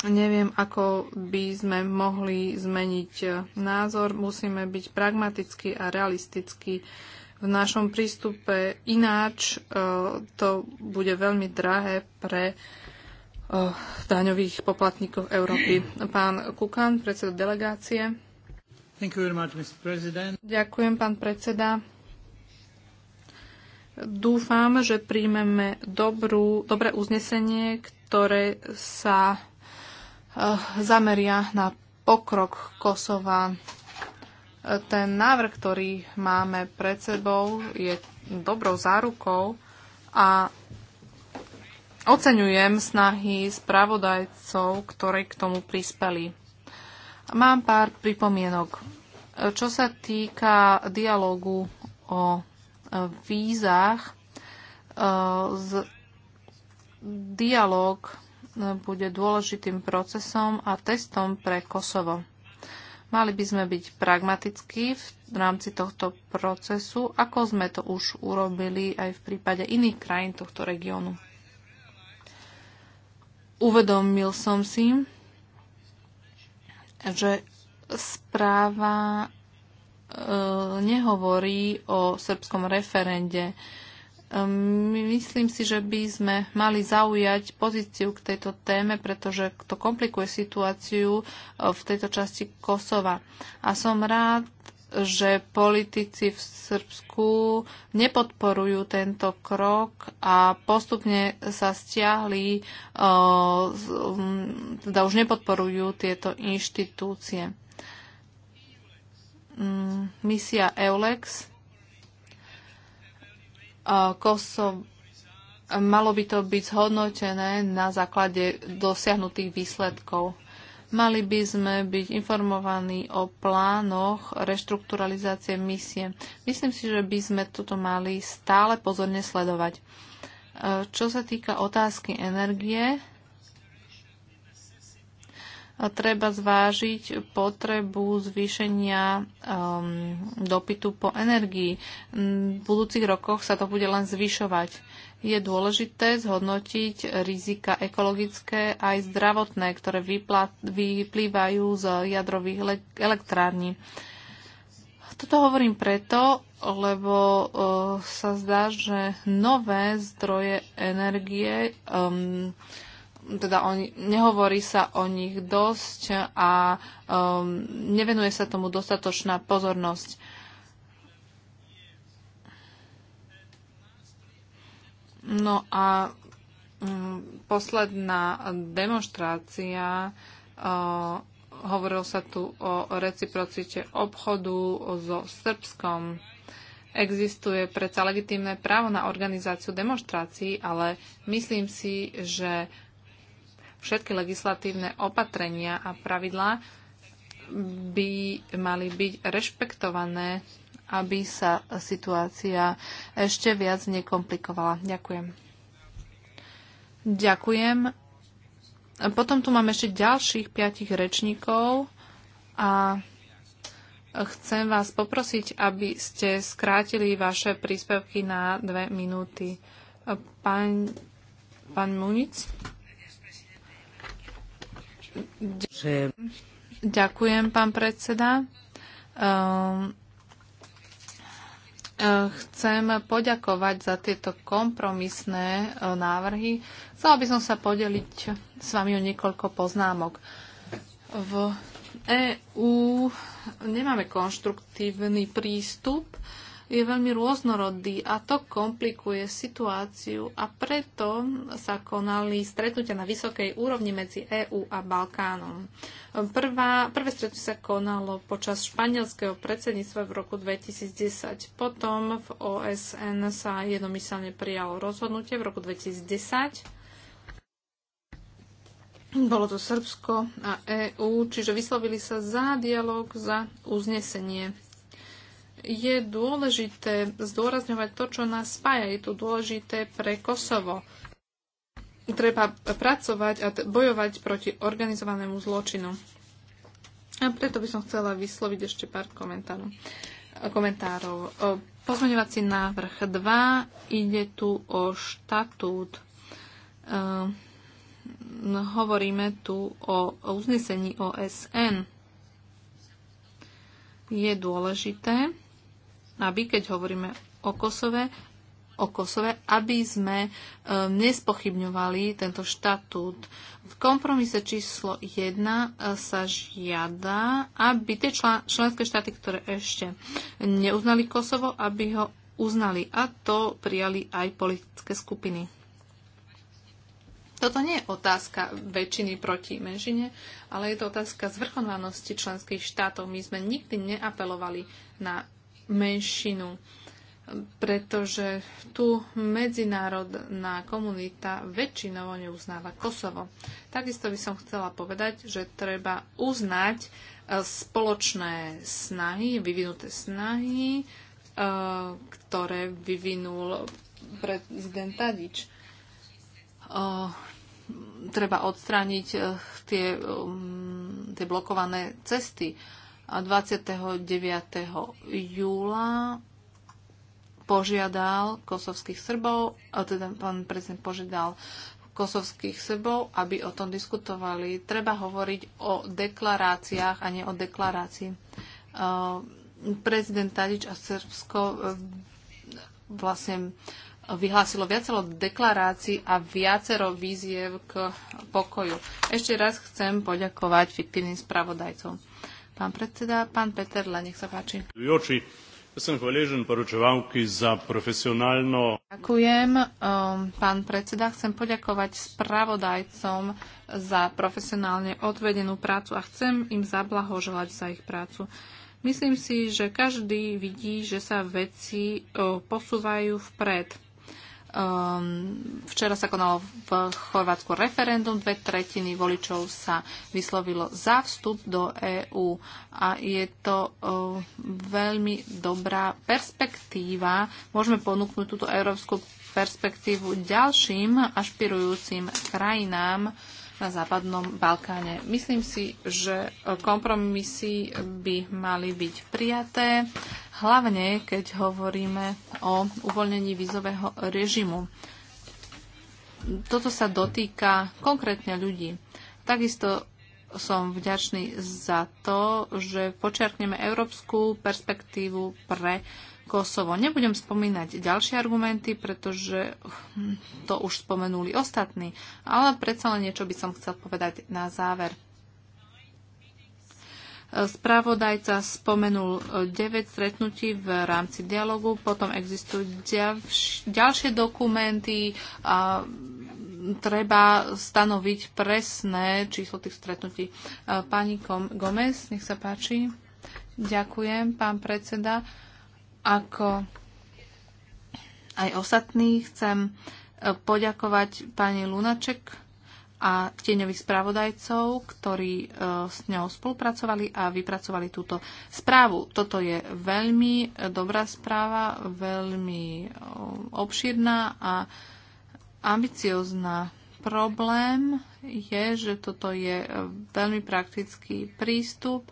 E: Neviem, ako by sme mohli zmeniť e, názor. Musíme byť pragmatickí a realistickí v našom prístupe. Ináč e, to bude veľmi drahé pre daňových poplatníkov Európy. Pán Kukan, predseda delegácie. Much, Ďakujem, pán predseda. Dúfam, že príjmeme dobrú, dobré uznesenie, ktoré sa eh, zameria na pokrok Kosova. Ten návrh, ktorý máme pred sebou, je dobrou zárukou a oceňujem snahy spravodajcov, ktorí k tomu prispeli. Mám pár pripomienok. Čo sa týka dialogu o vízach. E, z dialog e, bude dôležitým procesom a testom pre Kosovo. Mali by sme byť pragmatickí v rámci tohto procesu, ako sme to už urobili aj v prípade iných krajín tohto regiónu. Uvedomil som si, že správa E, nehovorí o srbskom referende. E, myslím si, že by sme mali zaujať pozíciu k tejto téme, pretože to komplikuje situáciu e, v tejto časti Kosova. A som rád, že politici v Srbsku nepodporujú tento krok a postupne sa stiahli, teda už nepodporujú tieto inštitúcie. Mm, misia EULEX. malo by to byť zhodnotené na základe dosiahnutých výsledkov. Mali by sme byť informovaní o plánoch reštrukturalizácie misie. Myslím si, že by sme toto mali stále pozorne sledovať. E, čo sa týka otázky energie, treba zvážiť potrebu zvýšenia um, dopytu po energii. V budúcich rokoch sa to bude len zvyšovať. Je dôležité zhodnotiť rizika ekologické aj zdravotné, ktoré vyplývajú z jadrových elektrární. Toto hovorím preto, lebo uh, sa zdá, že nové zdroje energie um, teda o, nehovorí sa o nich dosť a um, nevenuje sa tomu dostatočná pozornosť. No a um, posledná demonstrácia, uh, hovorilo sa tu o reciprocite obchodu so Srbskom. Existuje predsa legitímne právo na organizáciu demonstrácií, ale myslím si, že všetky legislatívne opatrenia a pravidlá by mali byť rešpektované, aby sa situácia ešte viac nekomplikovala. Ďakujem. Ďakujem. Potom tu máme ešte ďalších piatich rečníkov a chcem vás poprosiť, aby ste skrátili vaše príspevky na dve minúty. Pán, pán Munic? Ďakujem, pán predseda. Ehm, e, chcem poďakovať za tieto kompromisné e, návrhy. Chcela by som sa podeliť s vami o niekoľko poznámok. V EÚ nemáme konštruktívny prístup je veľmi rôznorodý a to komplikuje situáciu a preto sa konali stretnutia na vysokej úrovni medzi EÚ a Balkánom. Prvá, prvé stretnutie sa konalo počas španielského predsedníctva v roku 2010. Potom v OSN sa jednomyselne prijalo rozhodnutie v roku 2010. Bolo to Srbsko a EÚ, čiže vyslovili sa za dialog, za uznesenie je dôležité zdôrazňovať to, čo nás spája. Je to dôležité pre Kosovo. Treba pracovať a bojovať proti organizovanému zločinu. A preto by som chcela vysloviť ešte pár komentárov. komentárov. Pozmeňovací návrh 2. Ide tu o štatút. Ehm, hovoríme tu o uznesení OSN. Je dôležité, aby, keď hovoríme o Kosove, o Kosove, aby sme ehm, nespochybňovali tento štatút. V kompromise číslo 1 e, sa žiada, aby tie členské štáty, ktoré ešte neuznali Kosovo, aby ho uznali. A to prijali aj politické skupiny. Toto nie je otázka väčšiny proti menšine, ale je to otázka zvrchovanosti členských štátov. My sme nikdy neapelovali na menšinu, pretože tu medzinárodná komunita väčšinovo neuznáva Kosovo. Takisto by som chcela povedať, že treba uznať e, spoločné snahy, vyvinuté snahy, e, ktoré vyvinul prezident Tadič. E, treba odstrániť tie, um, tie blokované cesty 29. júla požiadal kosovských Srbov, a teda pán prezident požiadal kosovských Srbov, aby o tom diskutovali. Treba hovoriť o deklaráciách a nie o deklarácii. Uh, prezident Tadič a Srbsko uh, vlastne vyhlásilo viacero deklarácií a viacero víziev k pokoju. Ešte raz chcem poďakovať fiktívnym spravodajcom. Pán predseda, pán Peterle, nech sa páči. Joči, ja som hvaležen poručovalky za profesionálno... Ďakujem, um, pán predseda. Chcem poďakovať spravodajcom za profesionálne odvedenú prácu a chcem im zablahoželať za ich prácu. Myslím si, že každý vidí, že sa veci posúvajú vpred Um, včera sa konalo v Chorvátsku referendum, dve tretiny voličov sa vyslovilo za vstup do EÚ a je to um, veľmi dobrá perspektíva. Môžeme ponúknuť túto európsku perspektívu ďalším ašpirujúcim krajinám na západnom Balkáne. Myslím si, že kompromisy by mali byť prijaté hlavne keď hovoríme o uvoľnení vízového režimu. Toto sa dotýka konkrétne ľudí. Takisto som vďačný za to, že počiarkneme európsku perspektívu pre Kosovo. Nebudem spomínať ďalšie argumenty, pretože to už spomenuli ostatní, ale predsa len niečo by som chcel povedať na záver. Spravodajca spomenul 9 e, stretnutí v rámci dialogu, potom existujú ďalšie dokumenty a treba stanoviť presné číslo tých stretnutí. E, pani Gomez, nech sa páči. Ďakujem, pán predseda. Ako aj ostatní chcem e, poďakovať pani Lunaček a tieňových spravodajcov, ktorí e, s ňou spolupracovali a vypracovali túto správu. Toto je veľmi e, dobrá správa, veľmi e, obširná a ambiciozná. Problém je, že toto je e, veľmi praktický prístup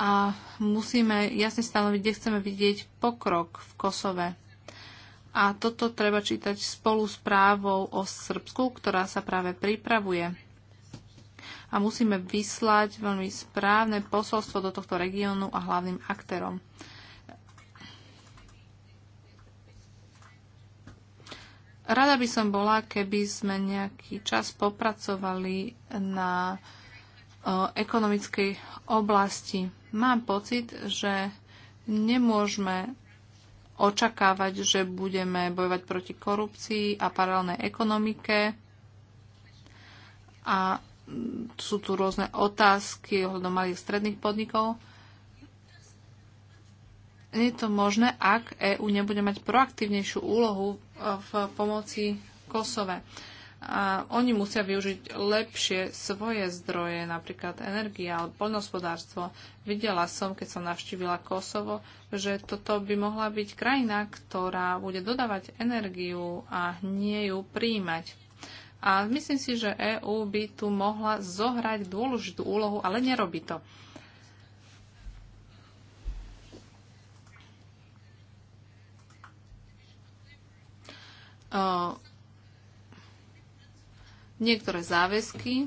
E: a musíme jasne stanoviť, kde chceme vidieť pokrok v Kosove a toto treba čítať spolu s právou o Srbsku, ktorá sa práve pripravuje. A musíme vyslať veľmi správne posolstvo do tohto regiónu a hlavným aktérom. Rada by som bola, keby sme nejaký čas popracovali na o, ekonomickej oblasti. Mám pocit, že nemôžeme očakávať, že budeme bojovať proti korupcii a paralelnej ekonomike. A sú tu rôzne otázky ohľadom malých stredných podnikov. Nie je to možné, ak EÚ nebude mať proaktívnejšiu úlohu v pomoci Kosove a oni musia využiť lepšie svoje zdroje, napríklad energia alebo poľnohospodárstvo. Videla som, keď som navštívila Kosovo, že toto by mohla byť krajina, ktorá bude dodávať energiu a nie ju príjmať. A myslím si, že EÚ by tu mohla zohrať dôležitú úlohu, ale nerobí to. Uh, Niektoré záväzky e,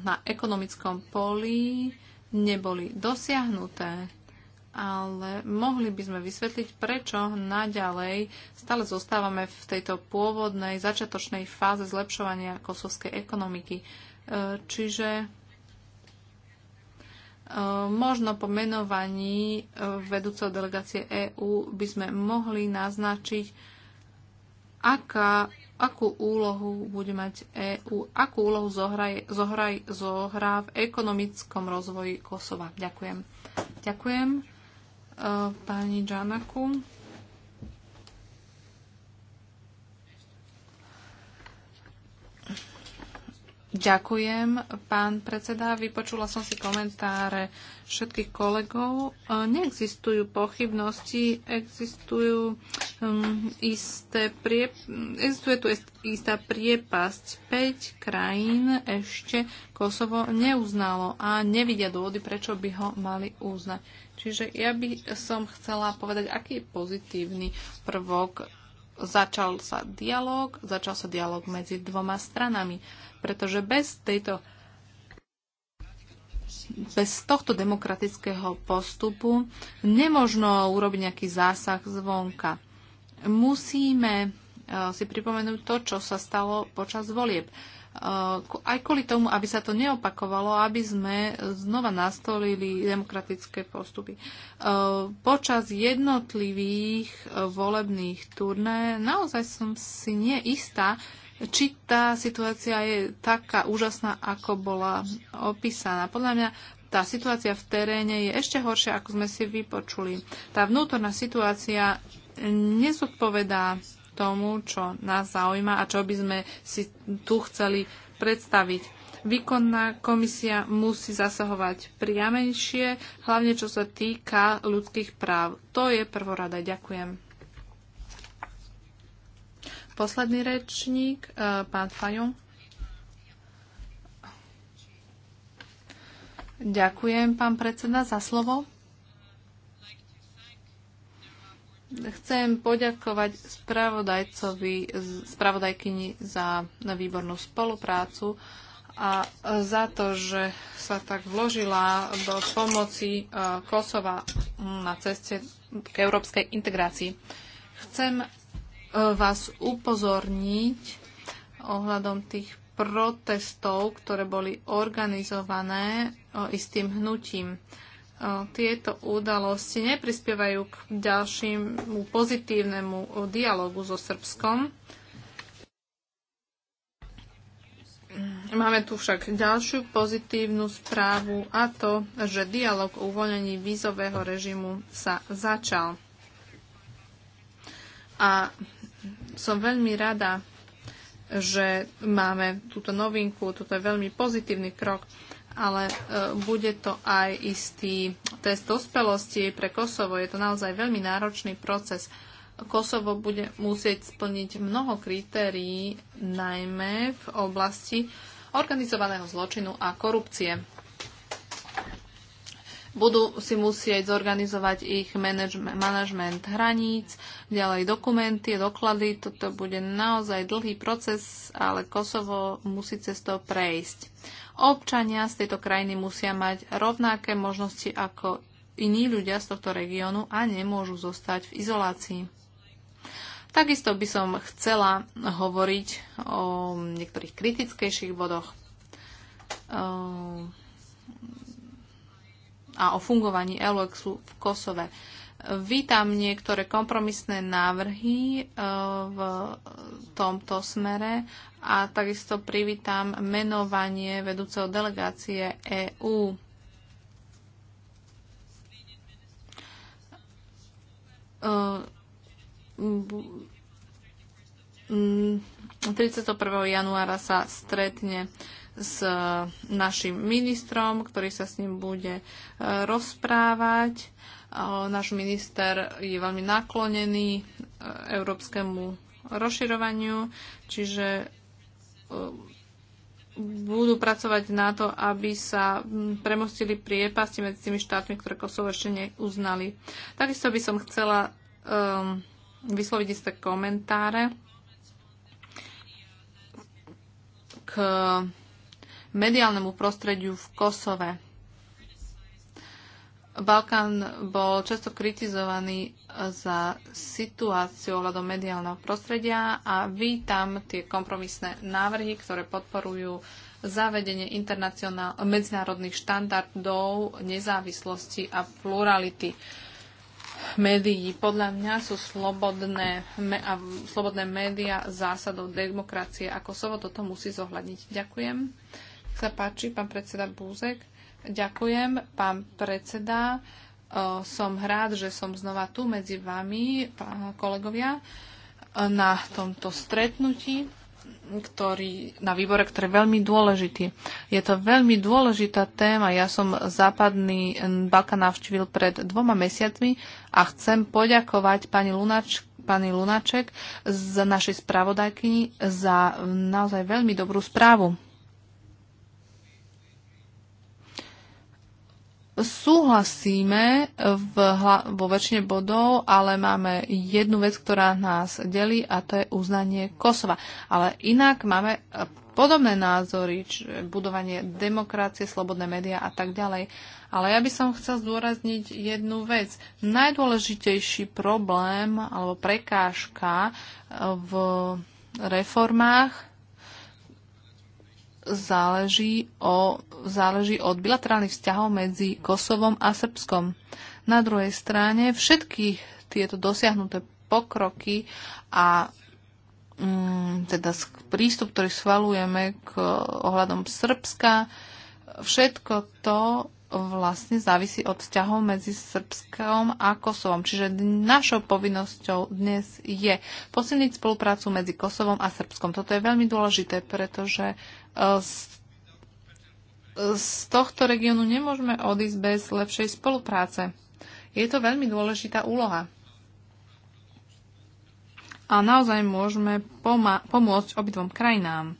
E: na ekonomickom poli neboli dosiahnuté, ale mohli by sme vysvetliť, prečo naďalej stále zostávame v tejto pôvodnej začiatočnej fáze zlepšovania kosovskej ekonomiky. E, čiže e, možno po menovaní vedúceho delegácie EÚ by sme mohli naznačiť, aká akú úlohu bude mať EÚ, akú úlohu zohraj, zohraj, zohrá v ekonomickom rozvoji Kosova. Ďakujem. Ďakujem e, pani Džanaku. Ďakujem, pán predseda. Vypočula som si komentáre všetkých kolegov. E, neexistujú pochybnosti, existujú um, isté prie, existuje tu istá priepasť. 5 krajín ešte Kosovo neuznalo a nevidia dôvody, prečo by ho mali uznať. Čiže ja by som chcela povedať, aký je pozitívny prvok začal sa dialog, začal sa dialog medzi dvoma stranami, pretože bez tejto bez tohto demokratického postupu nemožno urobiť nejaký zásah zvonka musíme eh, si pripomenúť to, čo sa stalo počas volieb. Eh, aj kvôli tomu, aby sa to neopakovalo, aby sme znova nastolili demokratické postupy. Eh, počas jednotlivých volebných turné naozaj som si neistá, či tá situácia je taká úžasná, ako bola opísaná. Podľa mňa tá situácia v teréne je ešte horšia, ako sme si vypočuli. Tá vnútorná situácia nezodpovedá tomu, čo nás zaujíma a čo by sme si tu chceli predstaviť. Výkonná komisia musí zasahovať priamejšie, hlavne čo sa týka ľudských práv. To je prvorada. Ďakujem. Posledný rečník, e, pán Fajon. Ďakujem, pán predseda, za slovo. Chcem poďakovať spravodajcovi, spravodajkyni za výbornú spoluprácu a za to, že sa tak vložila do pomoci e, Kosova na ceste k európskej integrácii. Chcem e, vás upozorniť ohľadom tých protestov, ktoré boli organizované e, istým hnutím tieto udalosti neprispievajú k ďalšímu pozitívnemu dialogu so Srbskom. Máme tu však ďalšiu pozitívnu správu a to, že dialog o uvoľnení vízového režimu sa začal. A som veľmi rada, že máme túto novinku, toto je veľmi pozitívny krok ale e, bude to aj istý test dospelosti pre Kosovo. Je to naozaj veľmi náročný proces. Kosovo bude musieť splniť mnoho kritérií, najmä v oblasti organizovaného zločinu a korupcie. Budú si musieť zorganizovať ich manažment hraníc, ďalej dokumenty, doklady. Toto bude naozaj dlhý proces, ale Kosovo musí cestou prejsť. Občania z tejto krajiny musia mať rovnaké možnosti ako iní ľudia z tohto regiónu a nemôžu zostať v izolácii. Takisto by som chcela hovoriť o niektorých kritickejších bodoch ehm, a o fungovaní Eulexu v Kosove. Vítam niektoré kompromisné návrhy eh, v tomto smere a takisto privítam menovanie vedúceho delegácie EÚ. Uh, 31. januára sa stretne s eh, našim ministrom, ktorý sa s ním bude eh, rozprávať Náš minister je veľmi naklonený e, európskemu rozširovaniu, čiže e, budú pracovať na to, aby sa premostili priepasti medzi tými štátmi, ktoré Kosovo ešte neuznali. Takisto by som chcela um, vysloviť isté komentáre k mediálnemu prostrediu v Kosove. Balkán bol často kritizovaný za situáciu ohľadom mediálneho prostredia a vítam tie kompromisné návrhy, ktoré podporujú zavedenie medzinárodných štandardov nezávislosti a plurality médií. Podľa mňa sú slobodné, a, slobodné médiá zásadou demokracie. Ako sovo toto musí zohľadniť. Ďakujem. Nech sa páči, pán predseda Búzek. Ďakujem, pán predseda. Som rád, že som znova tu medzi vami, kolegovia, na tomto stretnutí ktorý, na výbore, ktorý je veľmi dôležitý. Je to veľmi dôležitá téma. Ja som západný Balkán navštívil pred dvoma mesiacmi a chcem poďakovať pani, Lunač, pani Lunaček z našej spravodajkyni za naozaj veľmi dobrú správu. súhlasíme v, vo väčšine bodov, ale máme jednu vec, ktorá nás delí a to je uznanie Kosova. Ale inak máme eh, podobné názory, čiže budovanie demokracie, slobodné médiá a tak ďalej. Ale ja by som chcel zdôrazniť jednu vec. Najdôležitejší problém alebo prekážka eh, v reformách záleží o záleží od bilaterálnych vzťahov medzi Kosovom a Srbskom. Na druhej strane všetky tieto dosiahnuté pokroky a mm, teda prístup, ktorý schvalujeme k ohľadom Srbska, všetko to vlastne závisí od vzťahov medzi Srbskom a Kosovom. Čiže našou povinnosťou dnes je posilniť spoluprácu medzi Kosovom a Srbskom. Toto je veľmi dôležité, pretože e, z tohto regiónu nemôžeme odísť bez lepšej spolupráce. Je to veľmi dôležitá úloha. A naozaj môžeme pomôcť obidvom krajinám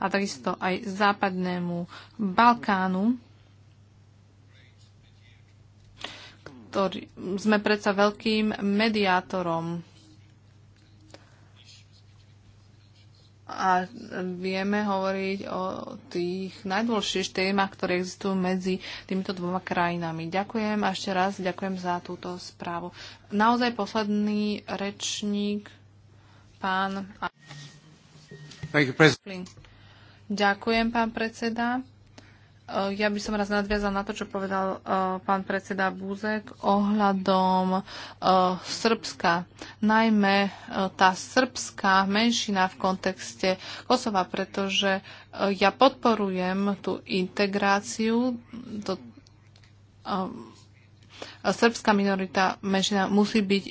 E: a takisto aj západnému Balkánu, ktorý, sme predsa veľkým mediátorom a vieme hovoriť o tých najdôležitejších témach, ktoré existujú medzi týmito dvoma krajinami. Ďakujem a ešte raz ďakujem za túto správu. Naozaj posledný rečník, pán... Ďakujem, pán predseda. Eh, ja by som raz nadviazal na to, čo povedal uh, pán predseda Búzek ohľadom uh, Srbska. Najmä uh, tá srbská menšina v kontexte Kosova, pretože uh, ja podporujem tú integráciu. To, uh, srbská minorita menšina musí byť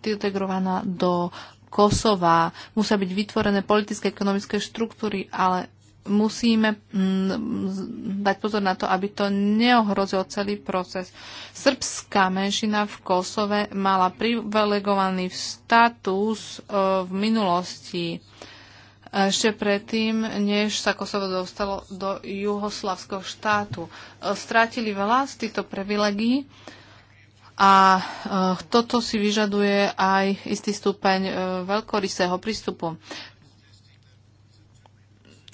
E: integrovaná do Kosova. Musia byť vytvorené politické, ekonomické štruktúry, ale musíme mm, dať pozor na to, aby to neohrozilo celý proces. Srbská menšina v Kosove mala privilegovaný status e, v minulosti e, ešte predtým, než sa Kosovo dostalo do juhoslavského štátu. E, strátili veľa z týchto privilegií a toto si vyžaduje aj istý stupeň veľkorysého prístupu.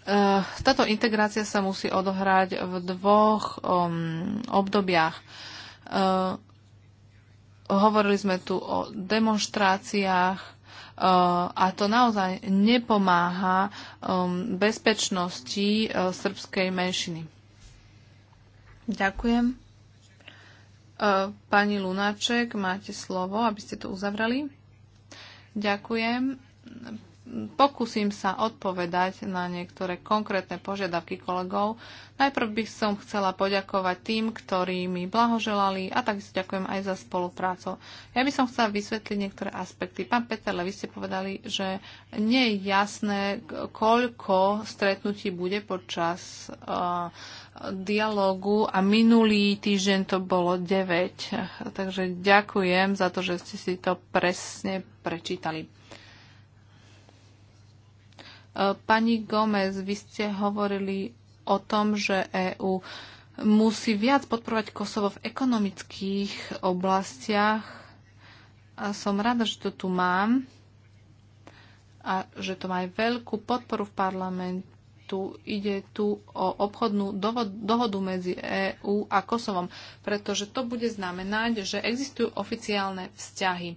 E: Eh, táto integrácia sa musí odohrať v dvoch um, obdobiach. Uh, hovorili sme tu o demonstráciách uh, a to naozaj nepomáha um, bezpečnosti uh, srbskej menšiny. Ďakujem. Pani Lunáček, máte slovo, aby ste to uzavrali. Ďakujem Pokúsim sa odpovedať na niektoré konkrétne požiadavky kolegov. Najprv by som chcela poďakovať tým, ktorí mi blahoželali a takisto ďakujem aj za spoluprácu. Ja by som chcela vysvetliť niektoré aspekty. Pán Peterle, vy ste povedali, že nie je jasné, koľko stretnutí bude počas uh, dialogu a minulý týždeň to bolo 9. Takže ďakujem za to, že ste si to presne prečítali. Pani Gomez, vy ste hovorili o tom, že EÚ musí viac podporovať Kosovo v ekonomických oblastiach. A som rada, že to tu mám a že to má aj veľkú podporu v parlamentu. Ide tu o obchodnú dohodu medzi EÚ a Kosovom, pretože to bude znamenať, že existujú oficiálne vzťahy.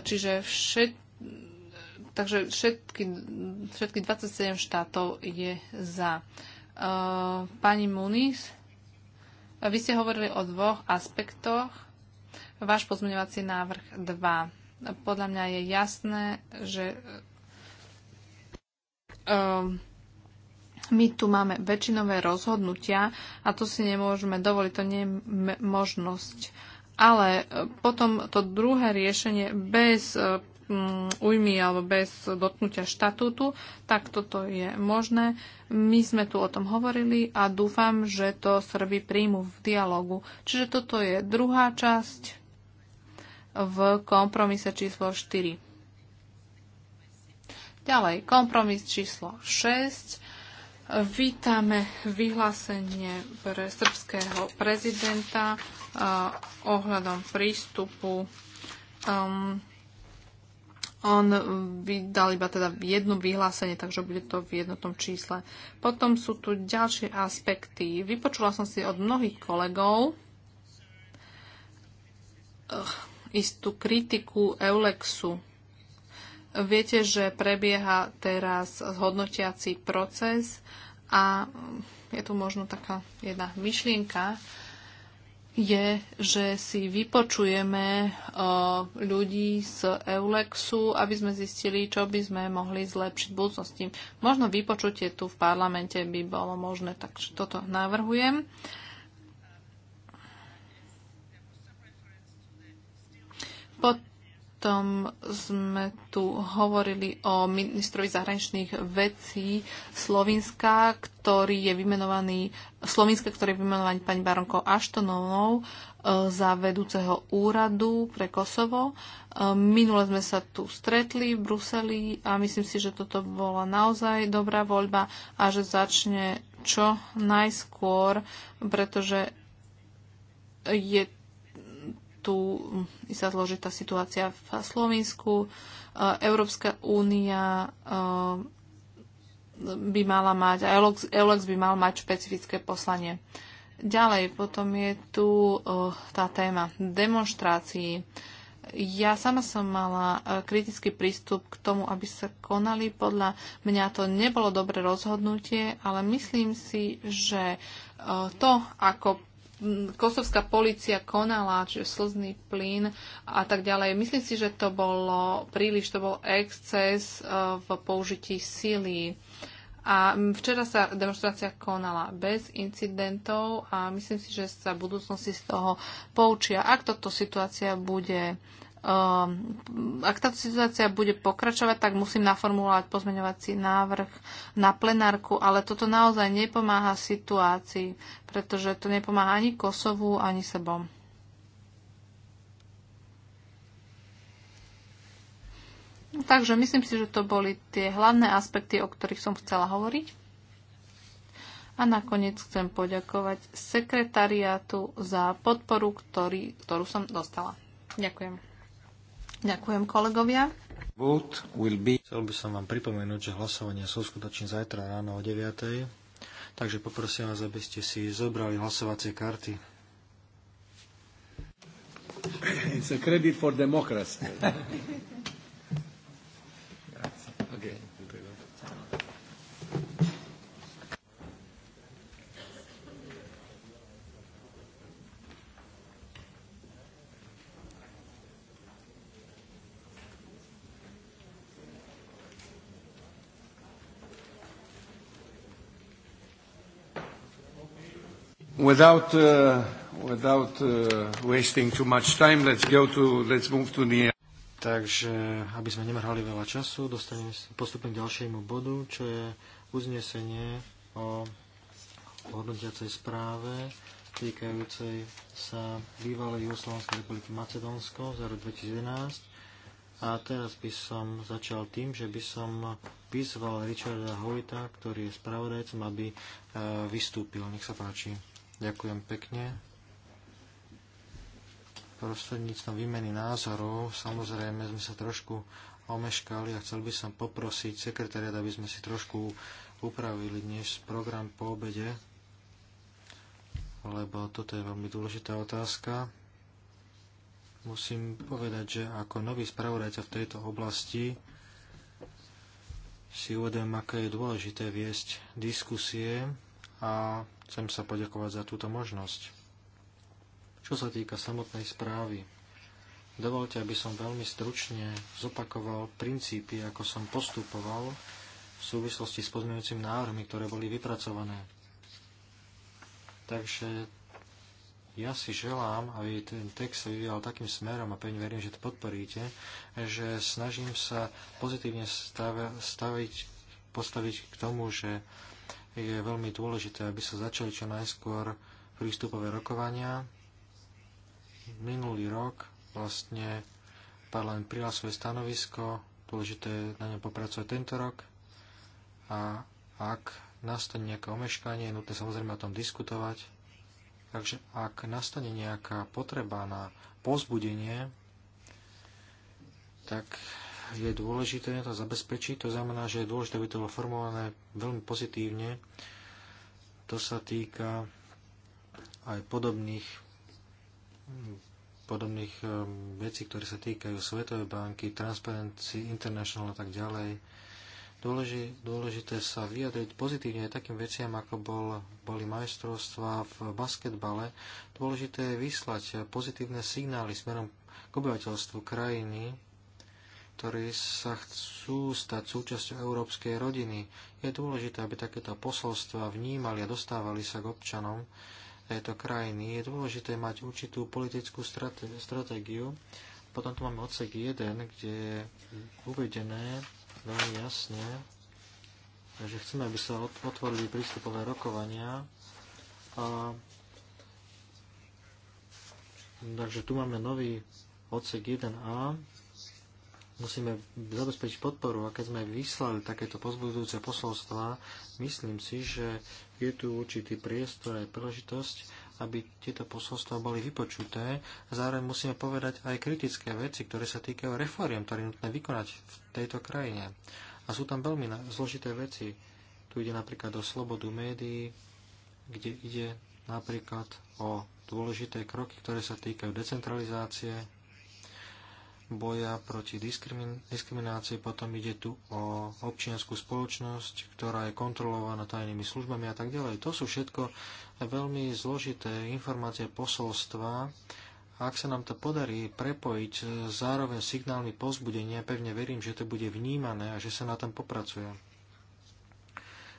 E: Čiže všet, Takže všetky, všetky 27 štátov je za. E, pani Muniz, vy ste hovorili o dvoch aspektoch. Váš pozmeňovací návrh 2. Podľa mňa je jasné, že um, my tu máme väčšinové rozhodnutia a to si nemôžeme dovoliť, to nie je možnosť. Ale potom to druhé riešenie bez e, újmy mm, alebo bez dotknutia štatútu, tak toto je možné. My sme tu o tom hovorili a dúfam, že to Srby príjmu v dialogu. Čiže toto je druhá časť v kompromise číslo 4. Ďalej, kompromis číslo 6. Vítame vyhlásenie pre srbského prezidenta uh, ohľadom prístupu um, on vydal iba teda jedno vyhlásenie, takže bude to v jednotnom čísle. Potom sú tu ďalšie aspekty. Vypočula som si od mnohých kolegov uh, istú kritiku Eulexu. Viete, že prebieha teraz hodnotiaci proces a je tu možno taká jedna myšlienka, je, že si vypočujeme ľudí z Eulexu, aby sme zistili, čo by sme mohli zlepšiť v budúcnosti. Možno vypočutie tu v parlamente by bolo možné, takže toto navrhujem. Pod potom sme tu hovorili o ministrovi zahraničných vecí Slovenska, ktorý je vymenovaný, Slovenska, ktorý je vymenovaný pani Baronkou Aštonovou e, za vedúceho úradu pre Kosovo. E, minule sme sa tu stretli v Bruseli a myslím si, že toto bola naozaj dobrá voľba a že začne čo najskôr, pretože je tu sa zložitá situácia v Slovensku. E, Európska únia e, by mala mať, a EULEX by mal mať špecifické poslanie. Ďalej, potom je tu e, tá téma demonstrácií. Ja sama som mala kritický prístup k tomu, aby sa konali. Podľa mňa to nebolo dobré rozhodnutie, ale myslím si, že to, ako kosovská policia konala, čiže slzný plyn a tak ďalej. Myslím si, že to bolo príliš, to bol exces e, v použití síly. A včera sa demonstrácia konala bez incidentov a myslím si, že sa v budúcnosti z toho poučia. Ak toto situácia bude Ehm, ak táto situácia bude pokračovať, tak musím naformulovať pozmeňovací návrh na plenárku, ale toto naozaj nepomáha situácii, pretože to nepomáha ani Kosovu, ani sebom. Takže myslím si, že to boli tie hlavné aspekty, o ktorých som chcela hovoriť. A nakoniec chcem poďakovať sekretariátu za podporu, ktorý, ktorú som dostala. Ďakujem. Ďakujem kolegovia.
D: Be... Chcel by som vám pripomenúť, že hlasovania sú skutočne zajtra ráno o 9. Takže poprosím vás, aby ste si zobrali hlasovacie karty. It's a credit for democracy.
A: *laughs*
B: Without, uh, without uh,
D: wasting too much time, let's go to, let's move to the... Takže, aby sme nemrhali veľa času, dostaneme postupne k ďalšiemu bodu, čo je uznesenie o hodnotiacej správe týkajúcej sa bývalej Jugoslovanskej republiky Macedónsko za rok 2011. A teraz by som začal tým, že by som vyzval Richarda Hojta, ktorý je spravodajcom, aby eh, vystúpil. Nech sa páči. Ďakujem pekne. Prostredníctvom výmeny názorov samozrejme sme sa trošku omeškali a chcel by som poprosiť sekretariat, aby sme si trošku upravili dnes program po obede, lebo toto je veľmi dôležitá otázka. Musím povedať, že ako nový spravodajca v tejto oblasti si uvedom, aké je dôležité viesť diskusie a Chcem sa poďakovať za túto možnosť. Čo sa týka samotnej správy, dovolte, aby som veľmi stručne zopakoval princípy, ako som postupoval v súvislosti s pozmeňujúcim návrhmi, ktoré boli vypracované. Takže ja si želám, aby ten text sa vyvíjal takým smerom, a pevne verím, že to podporíte, že snažím sa pozitívne staviť, postaviť k tomu, že je veľmi dôležité, aby sa začali čo najskôr prístupové rokovania. Minulý rok vlastne parlament prijal svoje stanovisko, dôležité je na ňom popracovať tento rok a ak nastane nejaké omeškanie, je nutné samozrejme o tom diskutovať. Takže ak nastane nejaká potreba na pozbudenie, tak je dôležité to zabezpečiť. To znamená, že je dôležité, aby to bolo formované veľmi pozitívne. To sa týka aj podobných, podobných eh, vecí, ktoré sa týkajú Svetovej banky, Transparency International a tak ďalej. dôležité sa vyjadriť pozitívne aj takým veciam, ako bol, boli majstrovstvá v basketbale. Dôležité je vyslať pozitívne signály smerom k obyvateľstvu krajiny, ktorí sa chcú stať súčasťou európskej rodiny. Je dôležité, aby takéto posolstva vnímali a dostávali sa k občanom tejto krajiny. Je dôležité mať určitú politickú straté stratégiu. Potom tu máme odsek 1, kde je uvedené veľmi jasne, že chceme, aby sa otvorili prístupové rokovania a Takže tu máme nový odsek 1a, musíme zabezpečiť podporu a keď sme vyslali takéto pozbudujúce posolstvá, myslím si, že je tu určitý priestor aj príležitosť, aby tieto posolstvá boli vypočuté. Zároveň musíme povedať aj kritické veci, ktoré sa týkajú reforiem, ktoré je nutné vykonať v tejto krajine. A sú tam veľmi zložité veci. Tu ide napríklad o slobodu médií, kde ide napríklad o dôležité kroky, ktoré sa týkajú decentralizácie boja proti diskrimin- diskriminácii, potom ide tu o občianskú spoločnosť, ktorá je kontrolovaná tajnými službami a tak ďalej. To sú všetko veľmi zložité informácie posolstva. Ak sa nám to podarí prepojiť zároveň signálmi pozbudenia, pevne verím, že to bude vnímané a že sa na tom popracuje.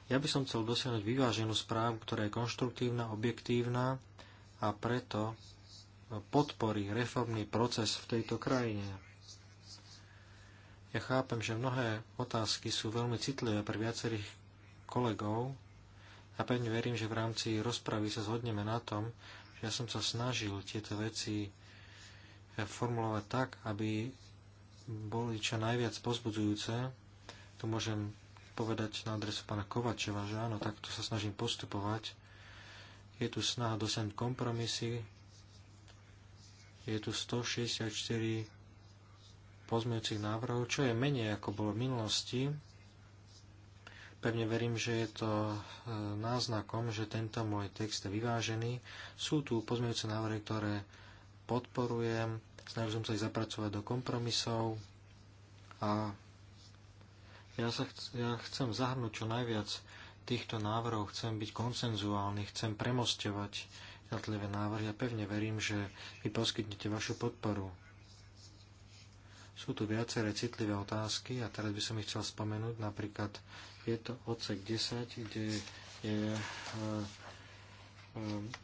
D: Ja by som chcel dosiahnuť vyváženú správu, ktorá je konštruktívna, objektívna a preto podpory, reformný proces v tejto krajine. Ja chápem, že mnohé otázky sú veľmi citlivé pre viacerých kolegov a pevne verím, že v rámci rozpravy sa zhodneme na tom, že ja som sa snažil tieto veci eh, formulovať tak, aby boli čo najviac pozbudzujúce. Tu môžem povedať na adresu pána Kovačeva, že áno, takto sa snažím postupovať. Je tu snaha dosiahnuť kompromisy, je tu 164 pozmeňujúcich návrhov, čo je menej ako bolo v minulosti. Pevne verím, že je to e, náznakom, že tento môj text je vyvážený. Sú tu pozmeňujúce návrhy, ktoré podporujem, snažil som sa ich zapracovať do kompromisov a ja, sa chc- ja chcem zahrnúť čo najviac týchto návrhov, chcem byť konsenzuálny, chcem premostovať jednotlivé návrhy a pevne verím, že vy poskytnete vašu podporu. Sú tu viaceré citlivé otázky a teraz by som ich chcel spomenúť. Napríklad je to odsek 10, kde je e, e,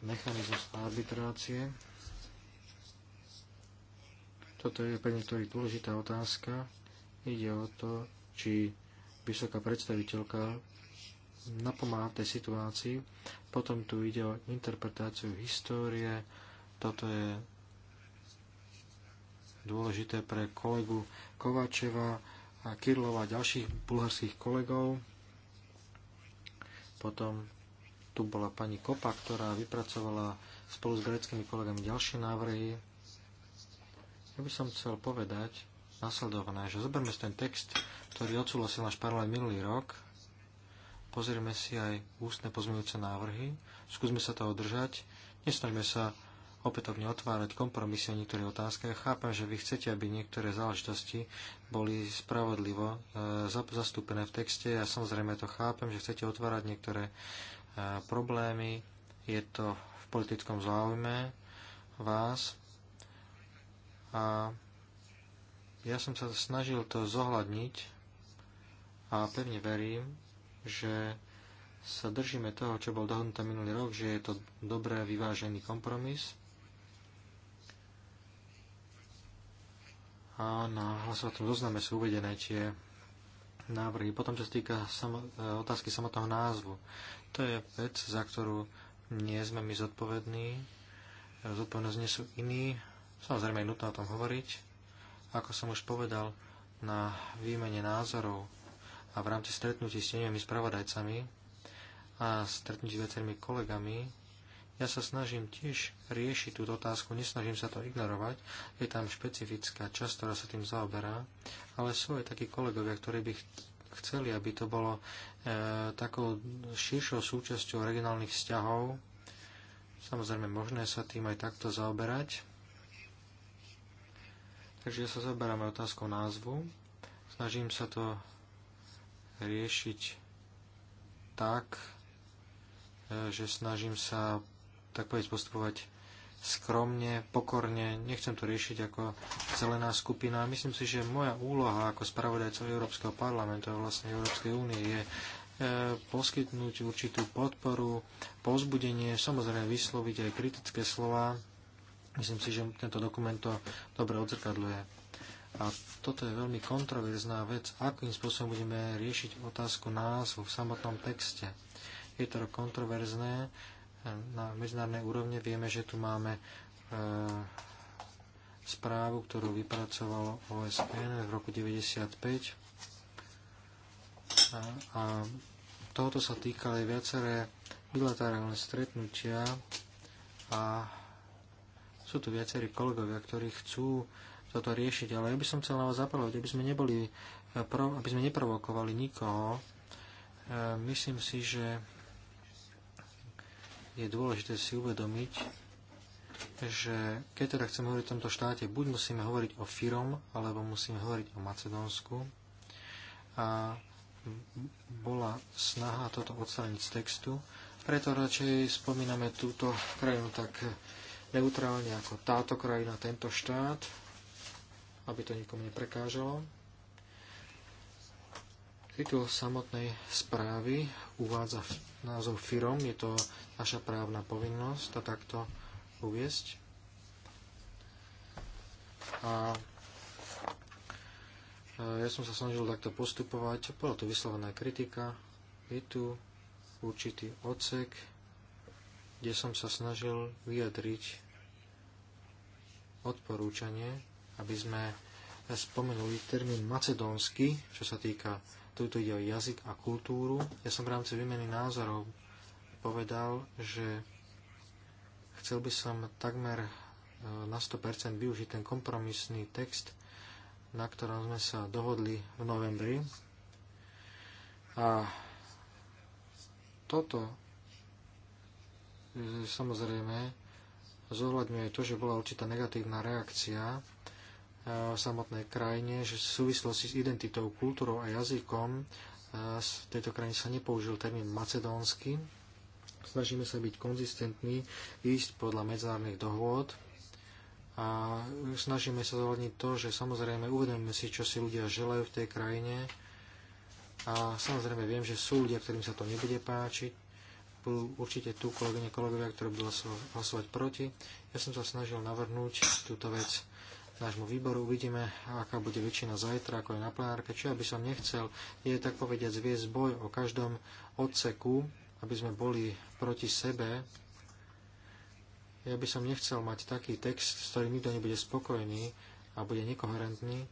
D: mechanizmus arbitrácie. Toto je pre niektorých dôležitá otázka. Ide o to, či vysoká predstaviteľka napomáha tej situácii. Potom tu ide o interpretáciu histórie. Toto je dôležité pre kolegu Kovačeva a Kirlova a ďalších bulharských kolegov. Potom tu bola pani Kopa, ktorá vypracovala spolu s greckými kolegami ďalšie návrhy. Ja by som chcel povedať nasledovné, že zoberme ten text, ktorý odsúhlasil náš parlament minulý rok Pozrieme si aj ústne pozmeňujúce návrhy. Skúsme sa toho držať. Nesnažme sa opätovne otvárať kompromisy o niektorých otázkach. Chápem, že vy chcete, aby niektoré záležitosti boli spravodlivo e, zastúpené v texte. Ja samozrejme to chápem, že chcete otvárať niektoré e, problémy. Je to v politickom záujme vás. A ja som sa snažil to zohľadniť a pevne verím, že sa držíme toho, čo bol dohodnuté minulý rok, že je to dobré vyvážený kompromis. A na hlasovacom zozname sú uvedené tie návrhy. Potom, čo sa týka e, otázky samotného názvu, to je vec, za ktorú nie sme my zodpovední. Zodpovednosť nie sú iní. Samozrejme, je nutné o tom hovoriť. Ako som už povedal, na výmene názorov a v rámci stretnutí s tenými spravodajcami a stretnutí s viacerými kolegami ja sa snažím tiež riešiť túto otázku, nesnažím sa to ignorovať, je tam špecifická časť, ktorá sa tým zaoberá, ale sú aj takí kolegovia, ktorí by chceli, aby to bolo e, takou širšou súčasťou regionálnych vzťahov. Samozrejme, možné sa tým aj takto zaoberať. Takže ja sa zaoberám aj otázkou názvu. Snažím sa to riešiť tak, e, že snažím sa, tak povedať, postupovať skromne, pokorne, nechcem to riešiť ako zelená skupina. Myslím si, že moja úloha ako spravodajcov Európskeho parlamentu a vlastne Európskej únie je e, poskytnúť určitú podporu, pozbudenie, samozrejme vysloviť aj kritické slova. Myslím si, že tento dokument to dobre odzrkadluje. A toto je veľmi kontroverzná vec, akým spôsobom budeme riešiť otázku názvu v samotnom texte. Je to kontroverzné, na medzinárodnej úrovne vieme, že tu máme e, správu, ktorú vypracovalo OSN v roku 1995 a, a tohoto sa týkali viaceré bilaterálne stretnutia a sú tu viacerí kolegovia, ktorí chcú e, toto riešiť, ale ja by som chcel na vás apelovať, aby sme, neboli, e, aby sme neprovokovali nikoho. E, myslím si, že je dôležité si uvedomiť, že keď teda chceme hovoriť o tomto štáte, buď musíme hovoriť o Firom, alebo musíme hovoriť o Macedónsku. A bola snaha toto odstrániť z textu, preto radšej spomíname túto krajinu tak neutrálne ako táto krajina, tento štát, aby to nikomu neprekážalo. Titul samotnej správy uvádza názov FIROM, je to naša právna povinnosť to takto uviesť. A e, ja som sa snažil takto postupovať, bola tu vyslovená kritika, je tu určitý odsek, kde som sa snažil vyjadriť odporúčanie aby sme spomenuli termín macedónsky, čo sa týka, tuto ide o jazyk a kultúru. Ja som v rámci výmeny názorov povedal, že chcel by som takmer e, na 100% využiť ten kompromisný text, na ktorom sme sa dohodli v novembri. A toto e, samozrejme zohľadňuje to, že bola určitá negatívna reakcia v samotnej krajine, že v súvislosti s identitou, kultúrou a jazykom v tejto krajine sa nepoužil termín macedónsky. Snažíme sa byť konzistentní, ísť podľa medzinárodných dohôd a snažíme sa zohľadniť to, že samozrejme uvedomíme si, čo si ľudia želajú v tej krajine a samozrejme viem, že sú ľudia, ktorým sa to nebude páčiť, budú určite tu kolegyne, kolegovia, ktorí budú hlasovať proti. Ja som sa snažil navrhnúť túto vec nášmu výboru. Uvidíme, aká bude väčšina zajtra, ako je na plenárke. Čo ja by som nechcel, je tak povediať zviesť boj o každom odseku, aby sme boli proti sebe. Ja by som nechcel mať taký text, s ktorým nikto nebude spokojný a bude nekoherentný.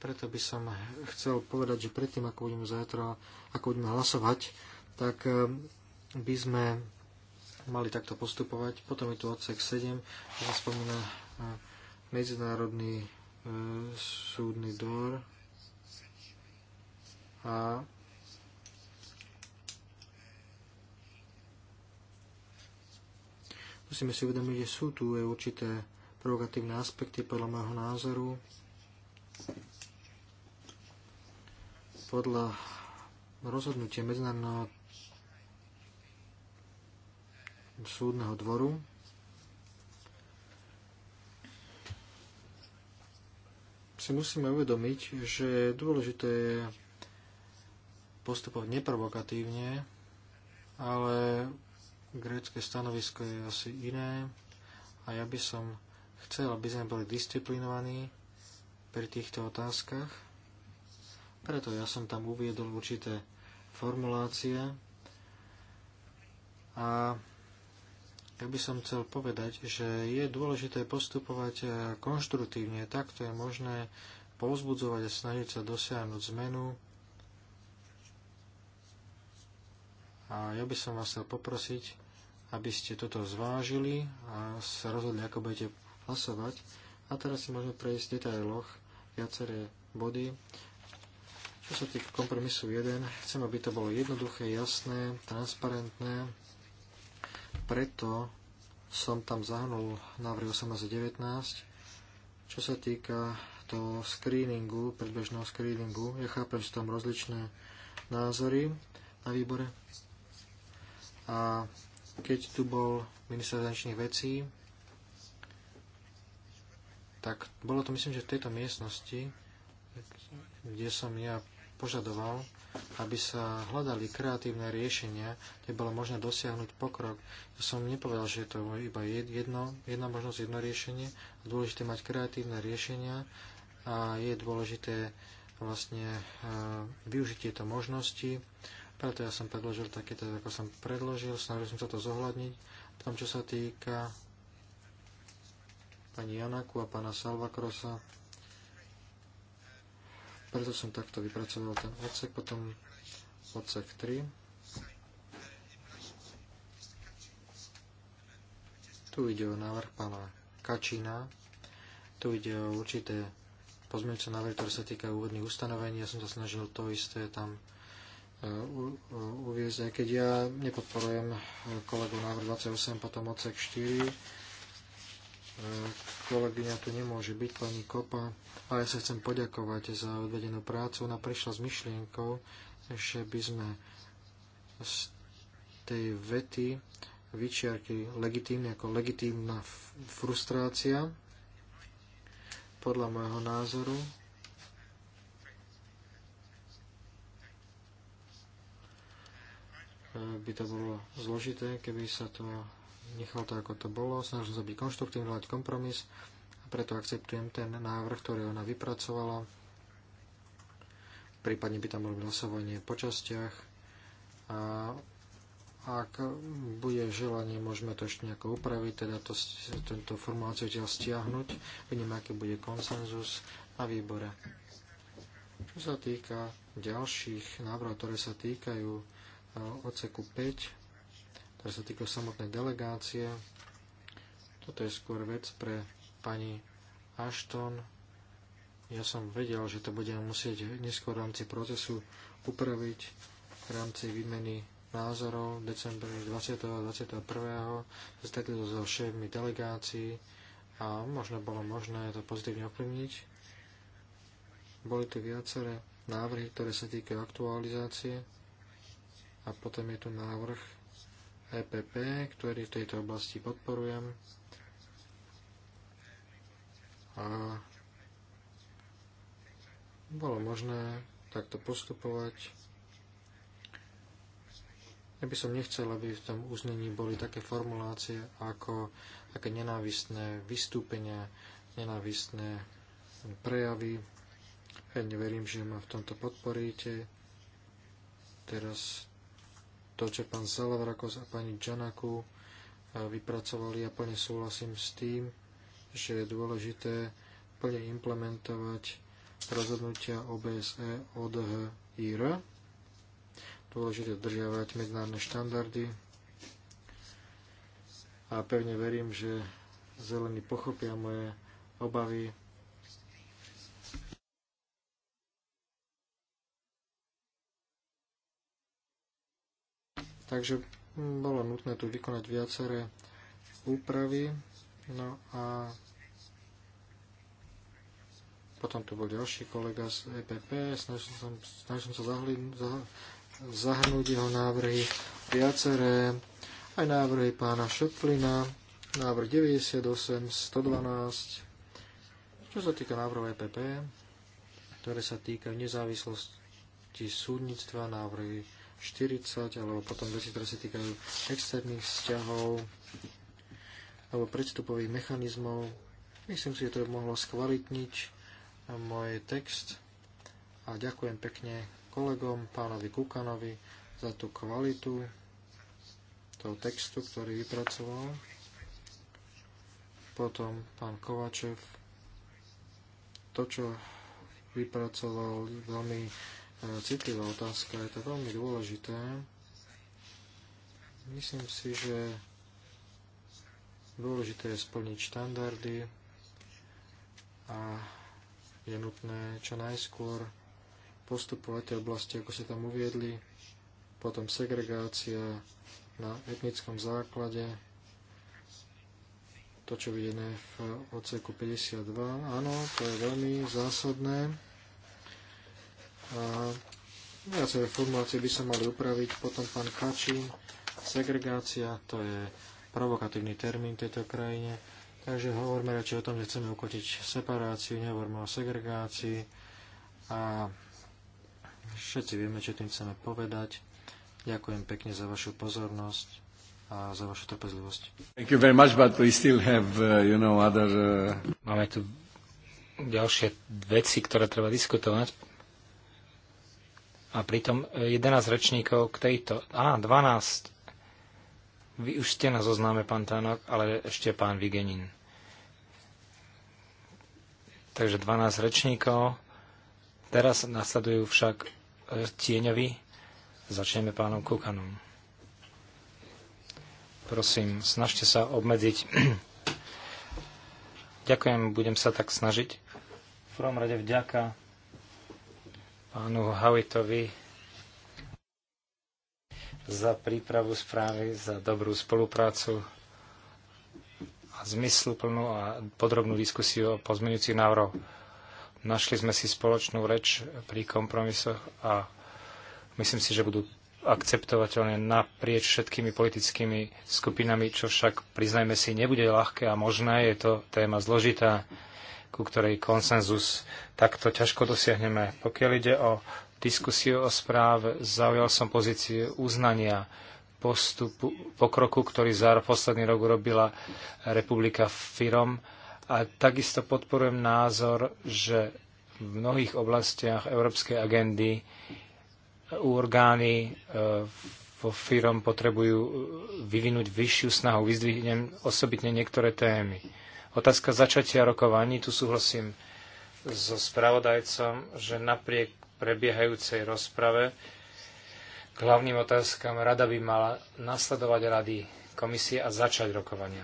D: Preto by som chcel povedať, že predtým, ako budeme zajtra, ako budeme hlasovať, tak eh, by sme mali takto postupovať. Potom je tu odsek 7, ktorý spomína eh, Medzinárodný e, súdny dvor a musíme si uvedomiť, že sú tu aj určité provokatívne aspekty podľa môjho názoru. Podľa rozhodnutia Medzinárodného súdneho dvoru si musíme uvedomiť, že dôležité je postupovať neprovokatívne, ale grécké stanovisko je asi iné a ja by som chcel, aby sme boli disciplinovaní pri týchto otázkach. Preto ja som tam uviedol určité formulácie a ja by som chcel povedať, že je dôležité postupovať eh, konštruktívne, takto je možné povzbudzovať a snažiť sa dosiahnuť zmenu. A ja by som vás chcel poprosiť, aby ste toto zvážili a sa rozhodli, ako budete hlasovať. A teraz si môžeme prejsť v detailoch viaceré body. Čo sa týka kompromisu 1, chcem, aby to bolo jednoduché, jasné, transparentné, preto som tam zahnul návrh 1819, čo sa týka toho screeningu, predbežného screeningu. Ja chápem, že tam rozličné názory na výbore. A keď tu bol minister zahraničných vecí, tak bolo to myslím, že v tejto miestnosti, kde som ja požadoval, aby sa hľadali kreatívne riešenia, kde bolo možné dosiahnuť pokrok. Ja som nepovedal, že je to iba jedno, jedna možnosť, jedno riešenie. Dôležité mať kreatívne riešenia a je dôležité vlastne eh, využiť tieto možnosti. Preto ja som predložil takéto, ako som predložil, snažil som sa to zohľadniť. tom, čo sa týka pani Janaku a pána Salvakrosa, preto som takto vypracoval ten odsek, potom odsek 3. Tu ide o návrh pána Kačina. Tu ide o určité pozmeňujúce návrhy, ktoré sa týkajú úvodných ustanovení. Ja som sa snažil to isté tam e, e, uviezť, aj keď ja nepodporujem e, kolegu návrh 28, potom odsek 4 kolegyňa tu nemôže byť, pani Kopa, ale ja sa chcem poďakovať za odvedenú prácu. Ona prišla s myšlienkou, že by sme z tej vety vyčiarky legitímne ako legitímna frustrácia. Podľa môjho názoru by to bolo zložité, keby sa to nechal to, ako to bolo, snažil sa byť konštruktívny, hľadať kompromis a preto akceptujem ten návrh, ktorý ona vypracovala. Prípadne by tam bolo hlasovanie po častiach a ak bude želanie, môžeme to ešte nejako upraviť, teda to, tento formuláciu odtiaľ stiahnuť. Vidíme, aký bude konsenzus na výbore. Čo sa týka ďalších návrhov, ktoré sa týkajú e, odseku 5, ktoré sa týka samotnej delegácie. Toto je skôr vec pre pani Ashton. Ja som vedel, že to budeme musieť neskôr v rámci procesu upraviť v rámci výmeny názorov v decembri 20. a 21. sa stretli so šéfmi delegácií a možno bolo možné to pozitívne ovplyvniť. Boli tu viaceré návrhy, ktoré sa týkajú aktualizácie a potom je tu návrh EPP, ktorý v tejto oblasti podporujem. A bolo možné takto postupovať. Ja by som nechcel, aby v tom uznení boli také formulácie ako také nenávistné vystúpenia, nenávistné prejavy. Ja neverím, že ma v tomto podporíte. Teraz to, čo pán Salavrakos a pani Janaku eh, vypracovali. Ja plne súhlasím s tým, že je dôležité plne implementovať rozhodnutia OBSE, od IR. Dôležité držiavať medzinárodné štandardy. A pevne verím, že zelení pochopia moje obavy Takže hm, bolo nutné tu vykonať viaceré úpravy. No a potom tu bol ďalší kolega z EPP, snažil som, snažil som sa zahli, za, zahrnúť jeho návrhy viaceré, aj návrhy pána Šeplina, návrh 98, 112, čo sa týka návrhu EPP, ktoré sa týka nezávislosti súdnictva, návrhy 40, alebo potom veci, ktoré sa týkajú externých vzťahov alebo predstupových mechanizmov. Myslím si, že to mohlo skvalitniť môj text a ďakujem pekne kolegom, pánovi Kukanovi za tú kvalitu toho textu, ktorý vypracoval. Potom pán Kovačev to, čo vypracoval, veľmi citlivá otázka, je to veľmi dôležité. Myslím si, že dôležité je splniť štandardy a je nutné čo najskôr postupovať tie oblasti, ako sa tam uviedli, potom segregácia na etnickom základe, to, čo vidíme v odseku 52. Áno, to je veľmi zásadné. A viaceré formulácie by sa mali upraviť. Potom pán Kačín, segregácia, to je provokatívny termín v tejto krajine. Takže hovoríme radšej o tom, že chceme ukotiť separáciu, nehovoríme o segregácii a všetci vieme, čo tým chceme povedať. Ďakujem pekne za vašu pozornosť a za vašu trpezlivosť.
B: Thank you very much, but we still have, uh, you know, other... Uh... Máme tu
D: ďalšie
C: veci, ktoré treba diskutovať. A pritom 11 e, rečníkov k tejto... Á, 12. Vy už ste na zozname, pán Tánok, ale ešte pán Vigenin. Takže 12 rečníkov. Teraz nasledujú však e, tieňovi. Začneme pánom Kukanom. Prosím, snažte sa obmedziť. *clears throat* Ďakujem, budem sa tak snažiť. V prvom rade vďaka pánu Hawitovi za prípravu správy, za dobrú spoluprácu a zmysluplnú a podrobnú diskusiu o pozmeňujúcich návrhoch. Našli sme si spoločnú reč pri kompromisoch a myslím si, že budú akceptovateľné naprieč všetkými politickými skupinami, čo však, priznajme si, nebude ľahké a možné, je to téma zložitá ku ktorej konsenzus takto ťažko dosiahneme. Pokiaľ ide o diskusiu o správ, zaujal som pozíciu uznania postupu, pokroku, ktorý za posledný rok urobila Republika Firom. A takisto podporujem názor, že v mnohých oblastiach európskej agendy orgány e, vo firom potrebujú e, vyvinúť vyššiu snahu. Vyzdvihnem osobitne niektoré témy. Otázka začatia rokovaní, tu súhlasím so spravodajcom, že napriek prebiehajúcej rozprave k hlavným otázkam rada by mala nasledovať rady komisie a začať rokovania.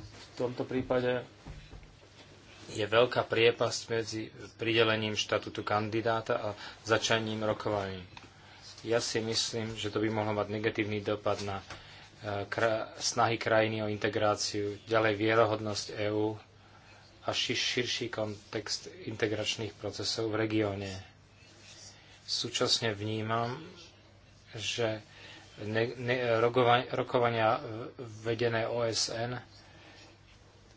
C: V tomto prípade je veľká priepasť medzi pridelením štatútu kandidáta a začaním rokovaní. Ja si myslím, že to by mohlo mať negatívny dopad na E, snahy krajiny o integráciu, ďalej vierohodnosť EÚ a širší kontext integračných procesov v regióne. Súčasne vnímam, že ne, ne, rokovania vedené OSN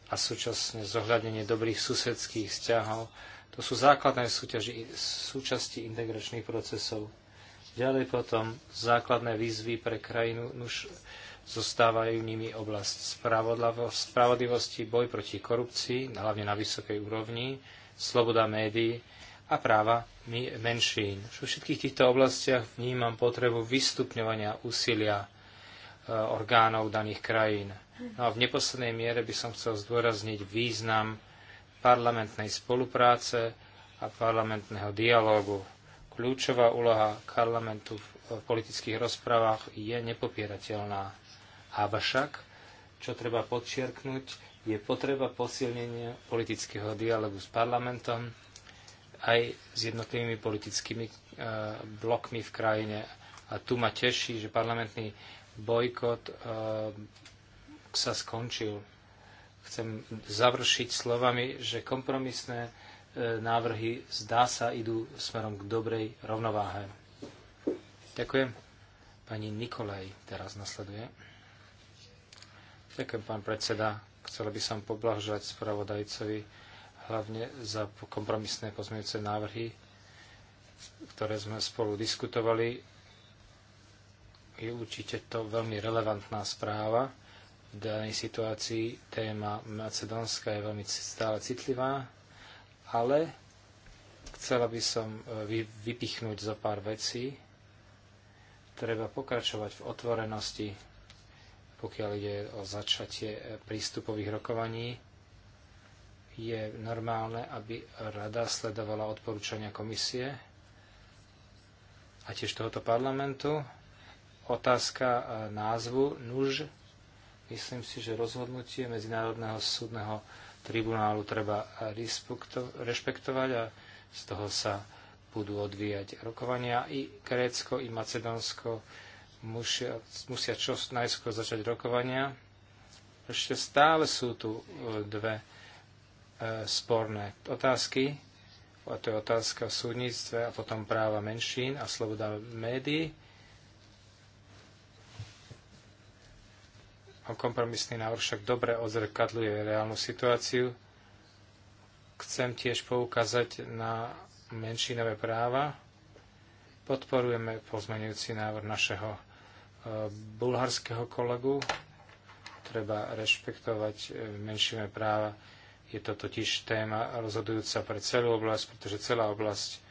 C: a súčasne zohľadnenie dobrých susedských vzťahov, to sú základné súťaži, súčasti integračných procesov. Ďalej potom základné výzvy pre krajinu. Zostávajú nimi oblasť spravodlivosti, boj proti korupcii, hlavne na vysokej úrovni, sloboda médií a práva menšín. Vo všetkých týchto oblastiach vnímam potrebu vystupňovania úsilia e, orgánov daných krajín. No a v neposlednej miere by som chcel zdôrazniť význam parlamentnej spolupráce a parlamentného dialógu. Kľúčová úloha parlamentu v politických rozprávach je nepopierateľná. Avšak, čo treba podčiarknúť, je potreba posilnenia politického dialogu s parlamentom aj s jednotlivými politickými e, blokmi v krajine. A tu ma teší, že parlamentný bojkot e, sa skončil. Chcem završiť slovami, že kompromisné e, návrhy zdá sa idú smerom k dobrej rovnováhe. Ďakujem. Pani Nikolaj teraz nasleduje. Ďakujem, pán predseda. Chcela by som poblahožať spravodajcovi hlavne za kompromisné pozmeňujúce návrhy, ktoré sme spolu diskutovali. Je určite to veľmi relevantná správa. V danej situácii téma Macedónska je veľmi stále citlivá, ale chcela by som e, vypichnúť zo pár vecí. Treba pokračovať v otvorenosti pokiaľ ide o začatie e, prístupových rokovaní, je normálne, aby rada sledovala odporúčania komisie a tiež tohoto parlamentu. Otázka e, názvu NUŽ. Myslím si, že rozhodnutie Medzinárodného súdneho tribunálu treba rešpektovať a z toho sa budú odvíjať rokovania. I Grécko, i Macedónsko musia, musia čo najskôr začať rokovania. Ešte stále sú tu e, dve e, sporné otázky. A to je otázka v súdnictve a potom práva menšín a sloboda médií. A kompromisný návrh však dobre odzrkadľuje reálnu situáciu. Chcem tiež poukázať na menšinové práva. Podporujeme pozmenujúci návrh našeho bulharského kolegu. Treba rešpektovať e, menšinové práva. Je to totiž téma rozhodujúca pre celú oblasť, pretože celá oblasť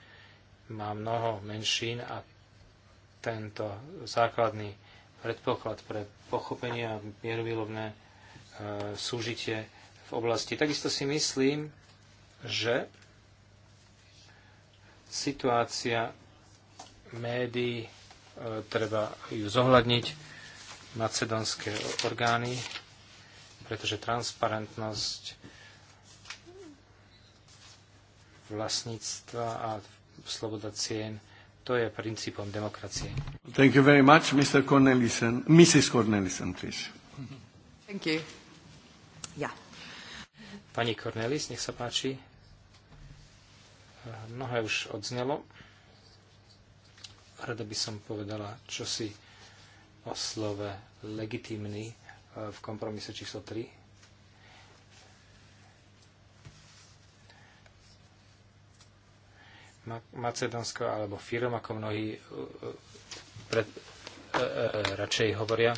C: má mnoho menšín a tento základný predpoklad pre pochopenie a mierovilovné e, súžitie v oblasti. Takisto si myslím, že situácia médií treba ju zohľadniť macedonské orgány, pretože transparentnosť vlastníctva a sloboda cien to je princípom demokracie.
B: Thank you very much, Mr. Cornelissen. Mrs. Cornelissen, please. Thank you. Yeah.
C: Pani Cornelis, nech sa páči. Mnohé už odznelo rada by som povedala čosi o slove legitímny e, v kompromise číslo 3. Macedonsko alebo firm, ako mnohí e, e, pred, e, e, radšej hovoria,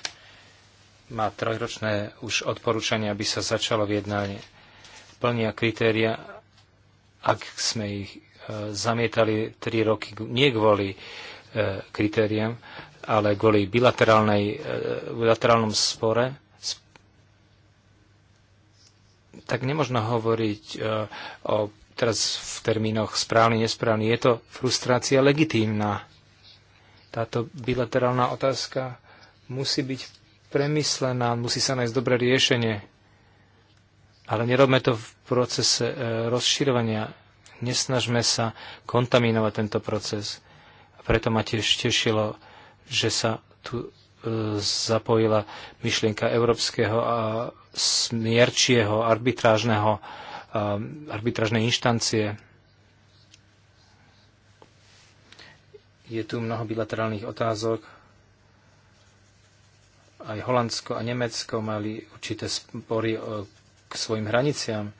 C: má trojročné už odporúčanie, aby sa začalo vyjednanie. Plnia kritéria, ak sme ich zamietali tri roky, nie kvôli E, kritériám, ale kvôli e, bilaterálnom spore tak nemôžno hovoriť e, o, teraz v termínoch správny, nesprávny. Je to frustrácia legitímna. Táto bilaterálna otázka musí byť premyslená, musí sa nájsť dobré riešenie. Ale nerobme to v procese rozširovania. Nesnažme sa kontaminovať tento proces. Preto ma tiež tešilo, že sa tu e, zapojila myšlienka európskeho a smierčieho arbitrážneho arbitrážnej inštancie. Je tu mnoho bilaterálnych otázok. Aj Holandsko a Nemecko mali určité spory e, k svojim hraniciam.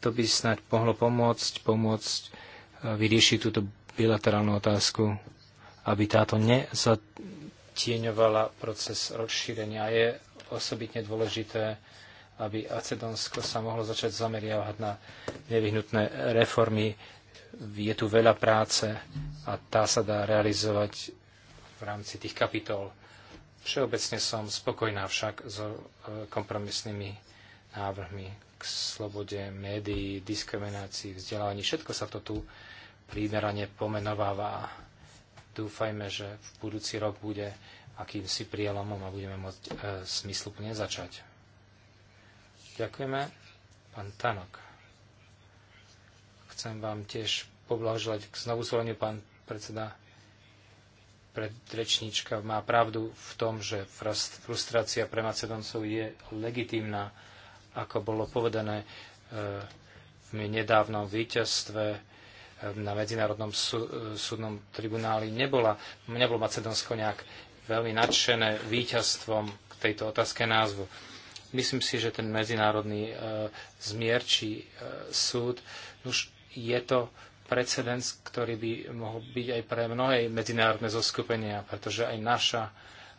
C: To by snáď mohlo pomôcť, pomôcť e, vyriešiť túto bilaterálnu otázku, aby táto nezatieňovala proces rozšírenia. Je osobitne dôležité, aby Acedónsko sa mohlo začať zameriavať na nevyhnutné reformy. Je tu veľa práce a tá sa dá realizovať v rámci tých kapitol. Všeobecne som spokojná však s e, kompromisnými návrhmi k slobode médií, diskriminácii, vzdelávaní. Všetko sa to tu primerane pomenováva. Dúfajme, že v budúci rok bude akýmsi prielomom a budeme môcť e, smysluplne začať. Ďakujeme. Pán Tanok. Chcem vám tiež poblahoželať k znovu zvoleniu, pán predseda predrečníčka má pravdu v tom, že frustrácia pre Macedoncov je legitímna, ako bolo povedané e, v nedávnom víťazstve na Medzinárodnom súdnom tribunáli nebola, nebolo Macedónsko nejak veľmi nadšené víťazstvom k tejto otázke názvu. Myslím si, že ten medzinárodný e, zmierčí e, súd, už je to precedens, ktorý by mohol byť aj pre mnohé medzinárodné zoskupenia, pretože aj naša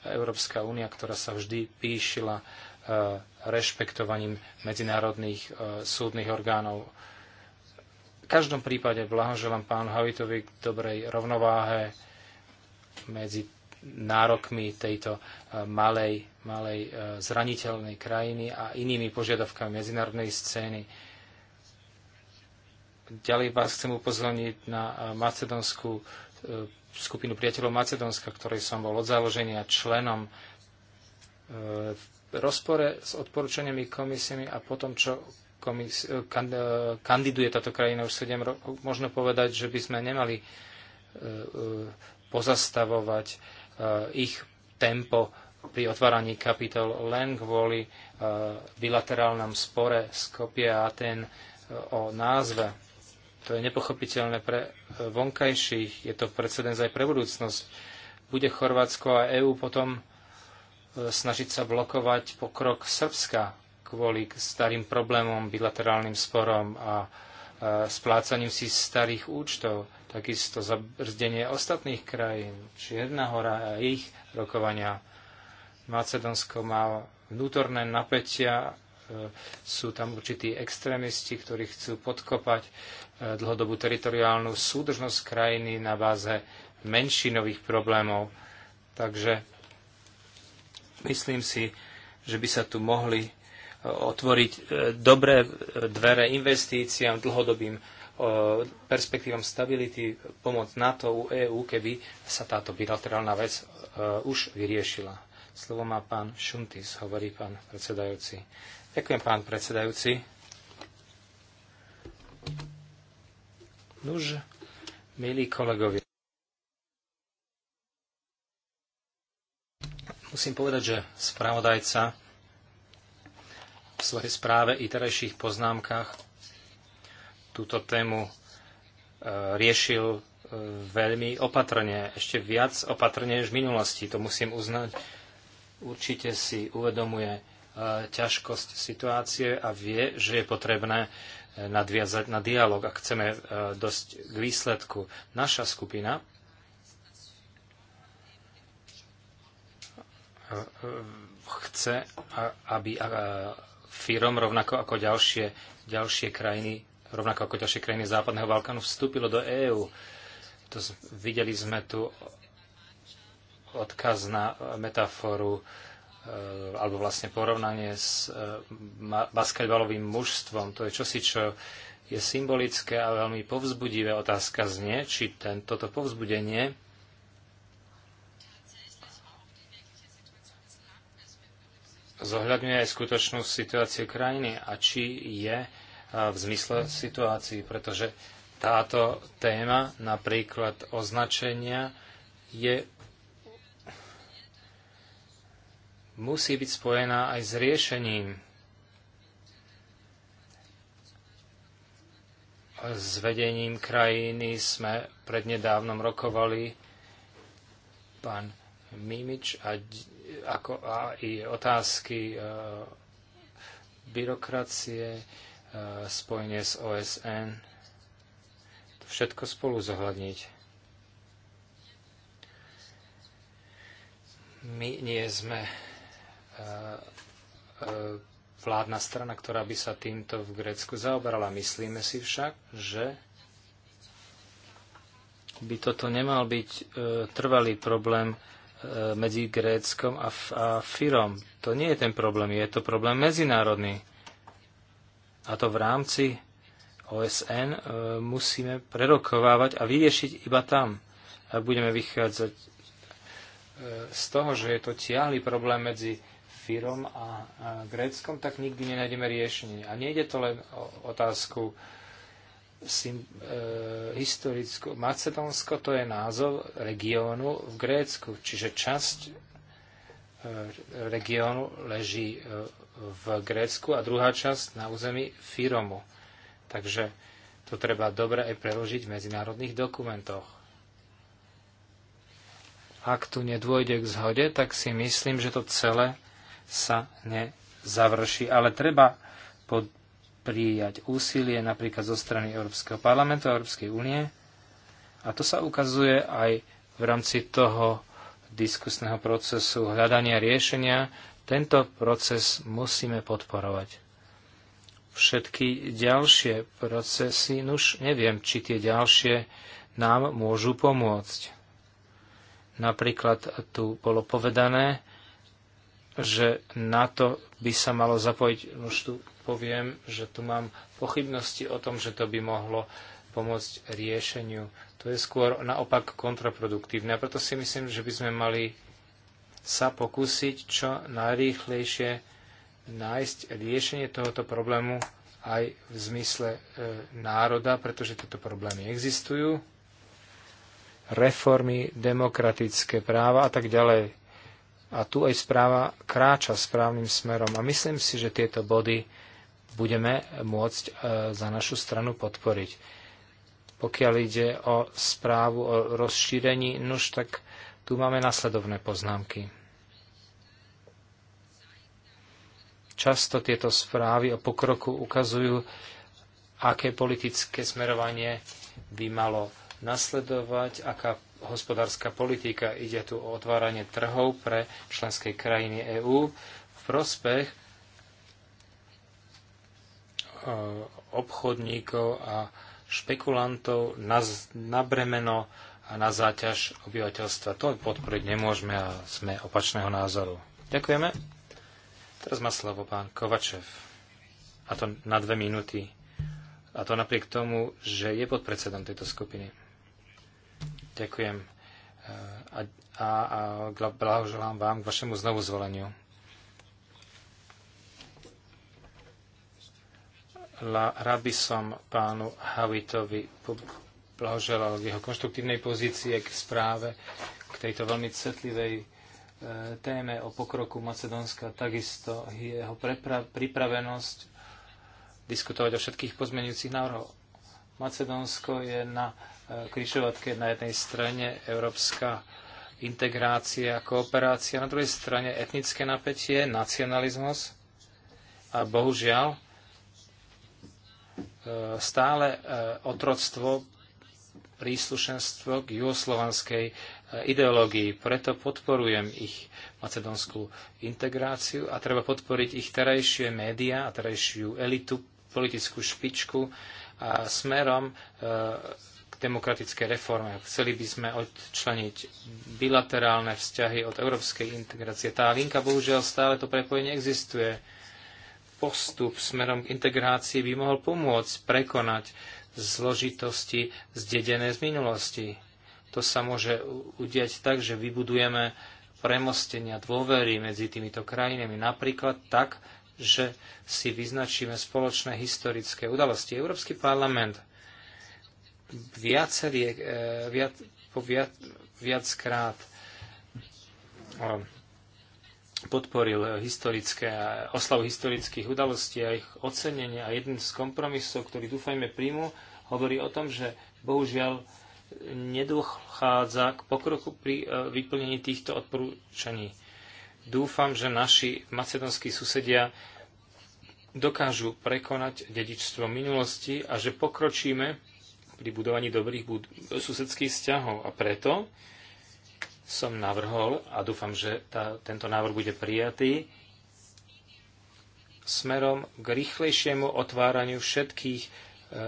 C: Európska únia, ktorá sa vždy píšila e, rešpektovaním medzinárodných e, súdnych orgánov, e, každom prípade blahoželám pán Havitovi k dobrej rovnováhe medzi nárokmi tejto e, malej, malej e, zraniteľnej krajiny a inými požiadavkami medzinárodnej scény. Ďalej vás chcem upozorniť na e, macedonskú skupinu priateľov Macedónska, ktorej som bol od založenia členom v rozpore s odporúčaniami komisiami a potom, čo komis, eh, eh, kandiduje táto krajina už 7 rokov, možno povedať, že by sme nemali eh, pozastavovať ich tempo pri otváraní kapitol len kvôli bilaterálnom spore Skopie a Aten o názve. To je nepochopiteľné pre vonkajších, je to precedens aj pre budúcnosť. Bude Chorvátsko a EÚ potom snažiť sa blokovať pokrok Srbska kvôli starým problémom, bilaterálnym sporom a splácaním si starých účtov, takisto zabrzdenie ostatných krajín, Čierna hora a ich rokovania. Macedónsko má vnútorné napätia, e, sú tam určití extrémisti, ktorí chcú podkopať e, dlhodobú teritoriálnu súdržnosť krajiny na báze menšinových problémov. Takže myslím si, že by sa tu mohli otvoriť e, dobré e, dvere investíciám, dlhodobým e, perspektívam stability, pomoc NATO, EÚ, keby sa táto bilaterálna vec už vyriešila. Slovo má pán Šuntis, hovorí pán predsedajúci. Ďakujem, pán predsedajúci. Nuž, milí kolegovia. Musím povedať, že spravodajca v svojej správe i terajších poznámkach túto tému e, riešil e, veľmi opatrne, ešte viac opatrne než v minulosti, to musím uznať. Určite si uvedomuje e, ťažkosť situácie a vie, že je potrebné nadviazať na dialog, ak chceme dosť k výsledku. Naša skupina chce, aby firom, rovnako ako ďalšie, ďalšie krajiny, rovnako ako ďalšie krajiny Západného Balkánu vstúpilo do EÚ. To videli sme tu odkaz na metaforu e, alebo vlastne porovnanie s e, basketbalovým mužstvom. To je čosi, čo je symbolické a veľmi povzbudivé. Otázka znie, či ten, toto povzbudenie zohľadňuje aj skutočnú situáciu krajiny a či je e, v zmysle situácií, pretože táto téma, napríklad označenia, je, musí byť spojená aj s riešením. S vedením krajiny sme prednedávnom rokovali pán Mimič a ako i otázky e, byrokracie, e, spojenie s OSN, to všetko spolu zohľadniť. My nie sme e, vládna strana, ktorá by sa týmto v Grécku zaoberala. Myslíme si však, že by toto nemal byť trvalý problém E, medzi Gréckom a, a To nie je ten problém, je to problém medzinárodný. A to v rámci OSN e, musíme prerokovávať a vyriešiť iba tam. A budeme vychádzať e, z toho, že je to tiahly problém medzi Firom a, a Gréckom, tak nikdy nenájdeme riešenie. A nejde to len o otázku e, sim, e, historickú. Macedónsko to je názov regiónu v Grécku, čiže časť e, regiónu leží e, v Grécku a druhá časť na území Firomu. Takže to treba dobre aj preložiť v medzinárodných dokumentoch. Ak tu nedôjde k zhode, tak si myslím, že to celé sa nezavrší. Ale treba pod, prijať úsilie napríklad zo strany Európskeho parlamentu a Európskej únie. A to sa ukazuje aj v rámci toho diskusného procesu hľadania riešenia. Tento proces musíme podporovať. Všetky ďalšie procesy, už neviem, či tie ďalšie nám môžu pomôcť. Napríklad tu bolo povedané, že na to by sa malo zapojiť, už tu poviem, že tu mám pochybnosti o tom, že to by mohlo pomôcť riešeniu. To je skôr naopak kontraproduktívne. A preto si myslím, že by sme mali sa pokúsiť čo najrýchlejšie nájsť riešenie tohoto problému aj v zmysle e, národa, pretože tieto problémy existujú. Reformy, demokratické práva a tak ďalej. A tu aj správa kráča správnym smerom. A myslím si, že tieto body budeme môcť e, za našu stranu podporiť. Pokiaľ ide o správu o rozšírení, nuž tak tu máme nasledovné poznámky. Často tieto správy o pokroku ukazujú, aké politické smerovanie by malo nasledovať, aká hospodárska politika. Ide tu o otváranie trhov pre členské krajiny EÚ v prospech Eh, obchodníkov a špekulantov na, na bremeno a na záťaž obyvateľstva. To podporiť nemôžeme a sme opačného názoru. Ďakujeme. Teraz má slovo pán Kovačev. A to na dve minúty. A to napriek tomu, že je podpredsedom tejto skupiny. Ďakujem. Eh, a, a, a blahoželám vám k vašemu znovu zvoleniu. rád by som pánu Havitovi blahoželal k jeho konštruktívnej pozície, k správe, k tejto veľmi citlivej e, téme o pokroku Macedónska, takisto jeho pripravenosť diskutovať o všetkých pozmenujúcich návrhoch. Macedónsko je na e, križovatke na jednej strane európska integrácia, kooperácia, na druhej strane etnické napätie, nacionalizmus a bohužiaľ stále e, otroctvo príslušenstvo k juhoslovanskej e, ideológii. Preto podporujem ich macedónskú integráciu a treba podporiť ich terajšie médiá a terajšiu elitu, politickú špičku a smerom e, k demokratickej reforme. Chceli by sme odčleniť bilaterálne vzťahy od európskej integrácie. Tá linka bohužiaľ stále to prepojenie existuje postup smerom k integrácii by mohol pomôcť prekonať zložitosti zdedené z minulosti. To sa môže udiať tak, že vybudujeme premostenia dôvery medzi týmito krajinami. Napríklad tak, že si vyznačíme spoločné historické udalosti. Európsky parlament viacerie, eh, viac, viac, viackrát eh, podporil historické, oslavu historických udalostí a ich ocenenie a jeden z kompromisov, ktorý dúfajme príjmu, hovorí o tom, že bohužiaľ nedochádza k pokroku pri e, vyplnení týchto odporúčaní. Dúfam, že naši macedonskí susedia dokážu prekonať dedičstvo minulosti a že pokročíme pri budovaní dobrých bud- susedských vzťahov. A preto som navrhol a dúfam, že tá, tento návrh bude prijatý smerom k rýchlejšiemu otváraniu všetkých e, e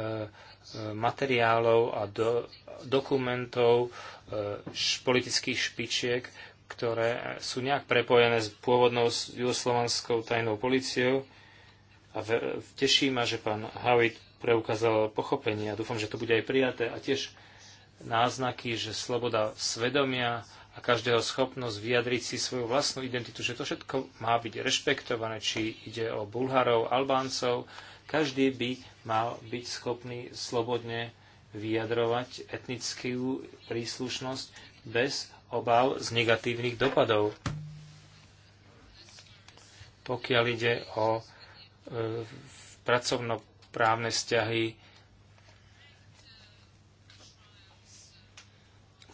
C: materiálov a do, dokumentov e, politických špičiek, ktoré sú nejak prepojené s pôvodnou juhoslovanskou tajnou policiou. A ve, teší ma, že pán Havid preukázal pochopenie a dúfam, že to bude aj prijaté. A tiež náznaky, že sloboda svedomia, a každého schopnosť vyjadriť si svoju vlastnú identitu, že to všetko má byť rešpektované, či ide o Bulharov, Albáncov. Každý by mal byť schopný slobodne vyjadrovať etnickú príslušnosť bez obav z negatívnych dopadov. Pokiaľ ide o e, pracovnoprávne vzťahy,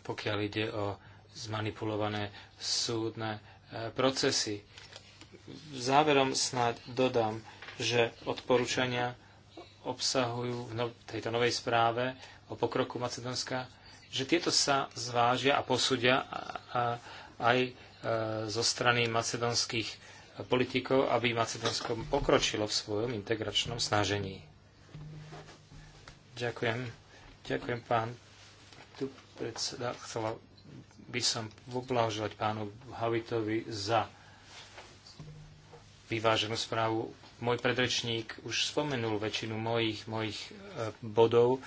C: pokiaľ ide o zmanipulované súdne e, procesy. Záverom snáď dodám, že odporúčania obsahujú v no- tejto novej správe o pokroku Macedónska, že tieto sa zvážia a posúdia aj e, zo strany macedónskych politikov, aby Macedónsko pokročilo v svojom integračnom snažení. Ďakujem. Ďakujem, pán tu predseda. Chcela by som poblahoželať pánu Havitovi za vyváženú správu. Môj predrečník už spomenul väčšinu mojich, mojich e, bodov.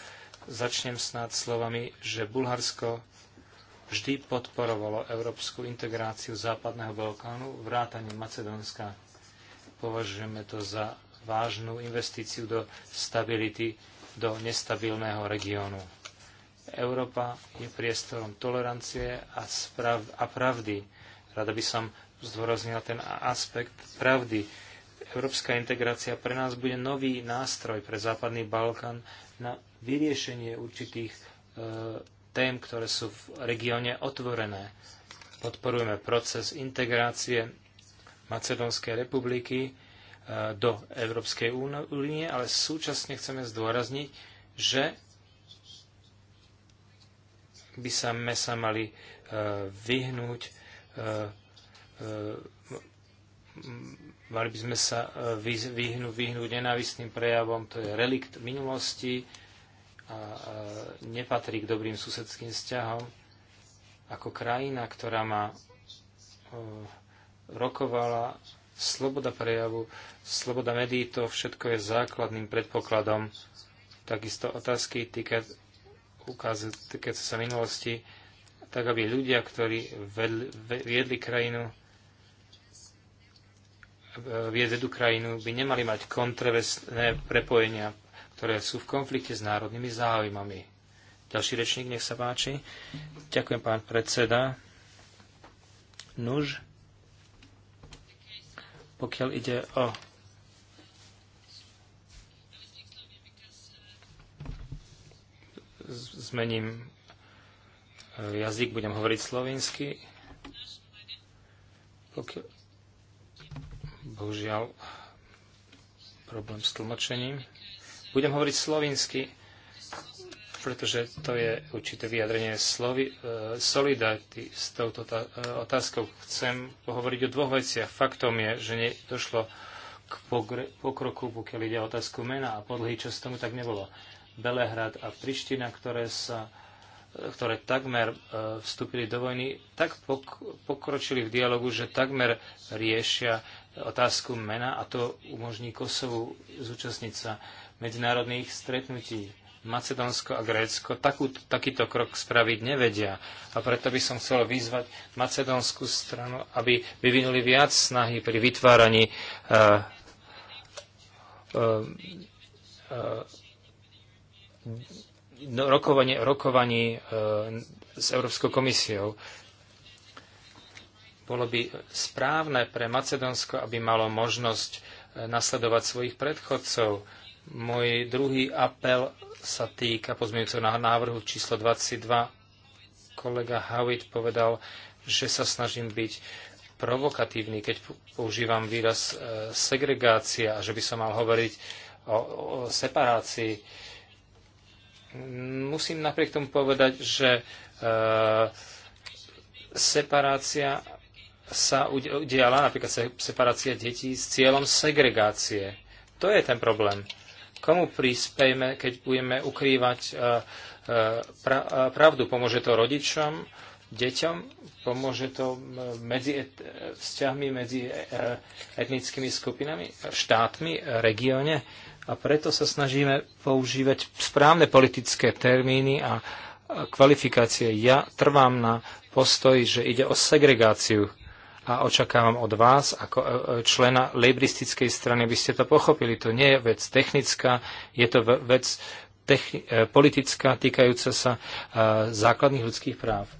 C: Začnem snáď slovami, že Bulharsko vždy podporovalo európsku integráciu Západného Balkánu, vrátanie Macedónska. Považujeme to za vážnu investíciu do stability, do nestabilného regiónu. Európa je priestorom tolerancie a, sprav- a pravdy. Rada by som zdôraznila ten aspekt pravdy. Európska integrácia pre nás bude nový nástroj pre Západný Balkán na vyriešenie určitých e, tém, ktoré sú v regióne otvorené. Podporujeme proces integrácie Macedónskej republiky e, do Európskej únie, ale súčasne chceme zdôrazniť, že by sa sa mali e, vyhnúť. E, e, mali by sme sa vyhnúť, vyhnúť nenávistným prejavom, to je relikt minulosti a nepatrí k dobrým susedským vzťahom. Ako krajina, ktorá má rokovala sloboda prejavu, sloboda médií, to všetko je základným predpokladom. Takisto otázky týka, keď sa minulosti, tak aby ľudia, ktorí viedli krajinu, viedú krajinu, by nemali mať kontroverzné prepojenia, ktoré sú v konflikte s národnými záujmami. Ďalší rečník, nech sa páči. Ďakujem, pán predseda. Nuž, pokiaľ ide o zmením jazyk, budem hovoriť slovinsky. Pokiaľ... Bohužiaľ, problém s tlmočením. Budem hovoriť slovinsky, pretože to je určité vyjadrenie slovi, e, solidarity s touto ta, e, otázkou. Chcem pohovoriť o dvoch veciach. Faktom je, že ne, došlo k pokroku, pokiaľ ide o otázku mena a podlhý čas tomu tak nebolo. Belehrad a Priština, ktoré, sa, ktoré takmer e, vstúpili do vojny, tak pokročili v dialogu, že takmer riešia otázku mena a to umožní Kosovu zúčastniť sa medzinárodných stretnutí. Macedónsko a Grécko takú, takýto krok spraviť nevedia. A preto by som chcel vyzvať macedónskú stranu, aby vyvinuli viac snahy pri vytváraní uh, uh, uh, No, rokovanie, rokovaní e, s Európskou komisiou. Bolo by správne pre Macedónsko, aby malo možnosť e, nasledovať svojich predchodcov. Môj druhý apel sa týka pozmeňujúceho návrhu číslo 22. Kolega Howitt povedal, že sa snažím byť provokatívny, keď používam výraz e, segregácia a že by som mal hovoriť o, o separácii Musím napriek tomu povedať, že e, separácia sa udiala, napríklad separácia detí s cieľom segregácie. To je ten problém. Komu prispejme, keď budeme ukrývať e, e, pravdu? Pomôže to rodičom, deťom? Pomôže to medzi et, vzťahmi medzi etnickými skupinami, štátmi, regióne? A preto sa snažíme používať správne politické termíny a kvalifikácie. Ja trvám na postoji, že ide o segregáciu a očakávam od vás, ako e, e, člena lejbristickej strany, by ste to pochopili. To nie je vec technická, je to vec e, politická týkajúca sa základných ľudských práv.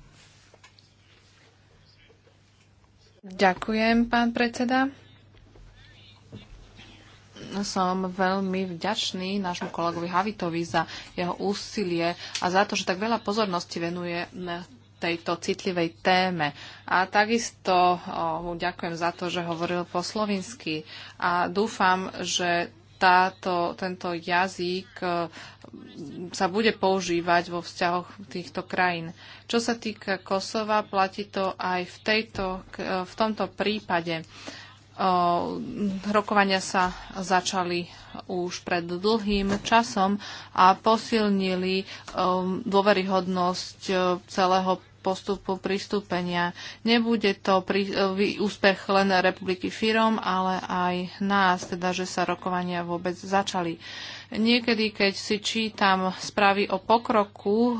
E: Ďakujem, pán predseda som veľmi vďačný nášmu kolegovi Havitovi za jeho úsilie a za to, že tak veľa pozornosti venuje tejto citlivej téme. A takisto mu ďakujem za to, že hovoril po slovinsky a dúfam, že táto, tento jazyk e, sa bude používať vo vzťahoch týchto krajín. Čo sa týka Kosova, platí to aj v, tejto, e, v tomto prípade. Uh, Rokovania sa začali už pred dlhým časom a posilnili dôveryhodnosť e, celého postupu pristúpenia. Nebude to e, vý, úspech len republiky firom, ale aj nás, teda, že sa rokovania vôbec začali. Niekedy, keď si čítam správy o pokroku o,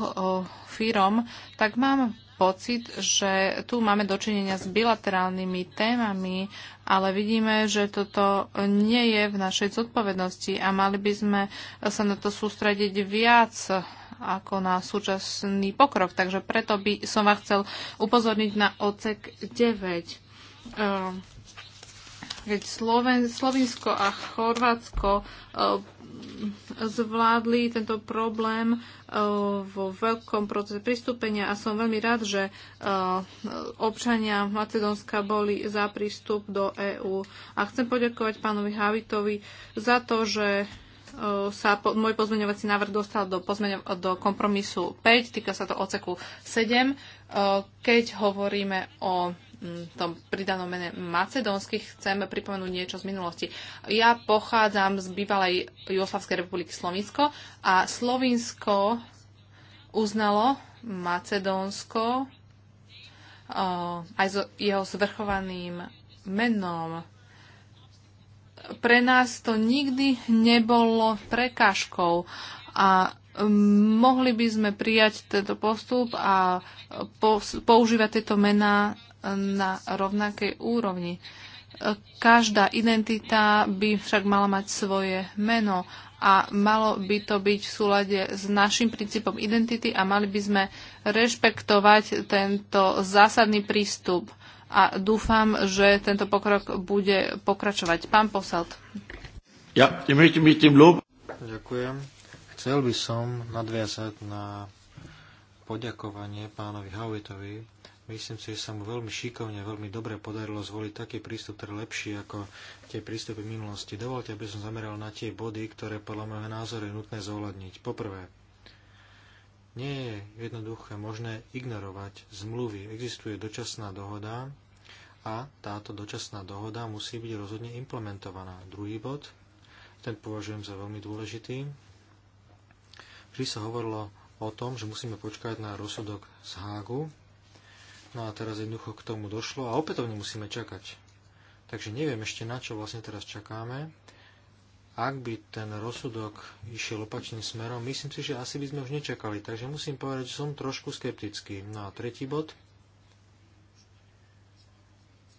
E: firom, tak mám pocit, že tu máme dočinenia s bilaterálnymi témami, ale vidíme, že toto nie je v našej zodpovednosti a mali by sme sa na to sústrediť viac ako na súčasný pokrok. Takže preto by som vás chcel upozorniť na ocek 9. Ehm, keď Sloven, Slovinsko a Chorvátsko zvládli tento problém e, vo veľkom procese pristúpenia a som veľmi rád, že e, občania Macedónska boli za prístup do EÚ. A chcem poďakovať pánovi Havitovi za to, že e, sa po, môj pozmeňovací návrh dostal do, pozmeňo, do kompromisu 5, týka sa to oceku 7, keď hovoríme o tom pridanom mene macedónskych chcem pripomenúť niečo z minulosti. Ja pochádzam z bývalej Jugoslavskej republiky Slovinsko a Slovinsko uznalo Macedónsko aj s jeho zvrchovaným menom. Pre nás to nikdy nebolo prekážkou a mohli by sme prijať tento postup a e, používať tieto mená na rovnakej úrovni. Každá identita by však mala mať svoje meno a malo by to byť v súlade s našim princípom identity a mali by sme rešpektovať tento zásadný prístup. A dúfam, že tento pokrok bude pokračovať. Pán Posalt.
B: Ja, tým, tým, tým lob.
D: Ďakujem. Chcel by som nadviazať na poďakovanie pánovi Hauitovi Myslím si, že sa mu veľmi šikovne, veľmi dobre podarilo zvoliť taký prístup, ktorý je lepší ako tie prístupy minulosti. Dovolte, aby som zameral na tie body, ktoré podľa môjho názoru je nutné zohľadniť. Poprvé, nie je jednoduché možné ignorovať zmluvy. Existuje dočasná dohoda a táto dočasná dohoda musí byť rozhodne implementovaná. Druhý bod, ten považujem za veľmi dôležitý. Vždy sa hovorilo o tom, že musíme počkať na rozsudok z Hágu, No a teraz jednoducho k tomu došlo a opätovne musíme čakať. Takže neviem ešte na čo vlastne teraz čakáme. Ak by ten rozsudok išiel opačným smerom, myslím si, že asi by sme už nečakali. Takže musím povedať, že som trošku skeptický. No a tretí bod.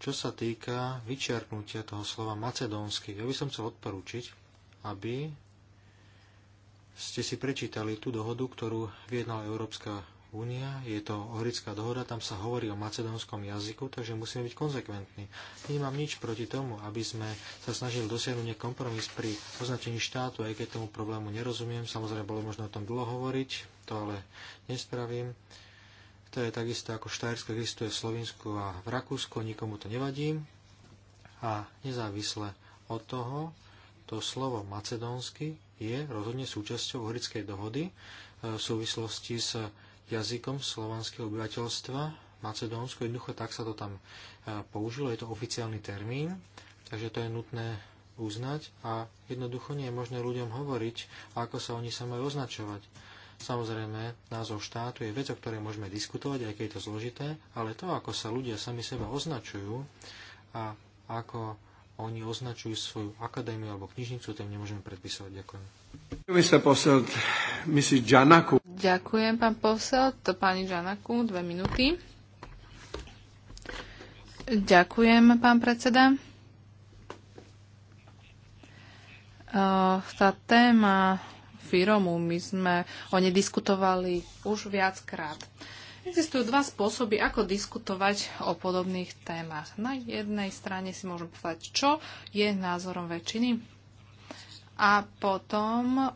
D: Čo sa týka vyčiarknutia toho slova macedónsky, ja by som chcel odporúčiť, aby ste si prečítali tú dohodu, ktorú vyjednala Európska únia, je to Ohrická dohoda, tam sa hovorí o macedónskom jazyku, takže musíme byť konzekventní. Nemám nič proti tomu, aby sme sa snažili dosiahnuť kompromis pri označení štátu, aj keď tomu problému nerozumiem. Samozrejme, bolo možno o tom dlho hovoriť, to ale nespravím. To je takisto ako Štajersko existuje v Slovensku a v Rakúsku, nikomu to nevadí. A nezávisle od toho, to slovo macedónsky je rozhodne súčasťou horickej dohody e, v súvislosti s jazykom slovanského obyvateľstva, Macedónsku, jednoducho tak sa to tam e, použilo, je to oficiálny termín, takže to je nutné uznať a jednoducho nie je možné ľuďom hovoriť, ako sa oni sa majú označovať. Samozrejme, názov štátu je vec, o ktorej môžeme diskutovať, aj keď je to zložité, ale to, ako sa ľudia sami seba označujú a ako oni označujú svoju akadémiu alebo knižnicu, tým nemôžeme predpisovať. Ďakujem.
E: Ďakujem, pán posel. To pani Žanaku, dve minúty. Ďakujem, pán predseda. Eh, tá téma Firomu, my sme o nej diskutovali už viackrát. Existujú dva spôsoby, ako diskutovať o podobných témach. Na jednej strane si môžem povedať, čo je názorom väčšiny a potom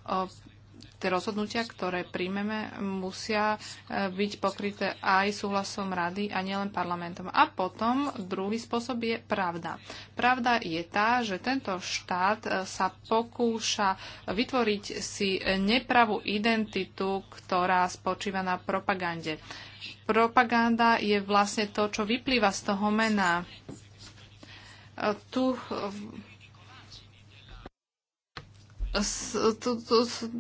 E: tie rozhodnutia, ktoré príjmeme, musia e, byť pokryté aj súhlasom rady a nielen parlamentom. A potom druhý spôsob je pravda. Pravda je tá, že tento štát e, sa pokúša vytvoriť si nepravú identitu, ktorá spočíva na propagande. Propaganda je vlastne to, čo vyplýva z toho mena. E, tu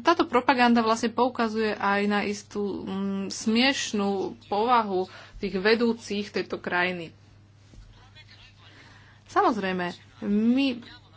E: táto propaganda vlastne poukazuje aj na istú mm, smiešnú povahu tých vedúcich tejto krajiny. Samozrejme, my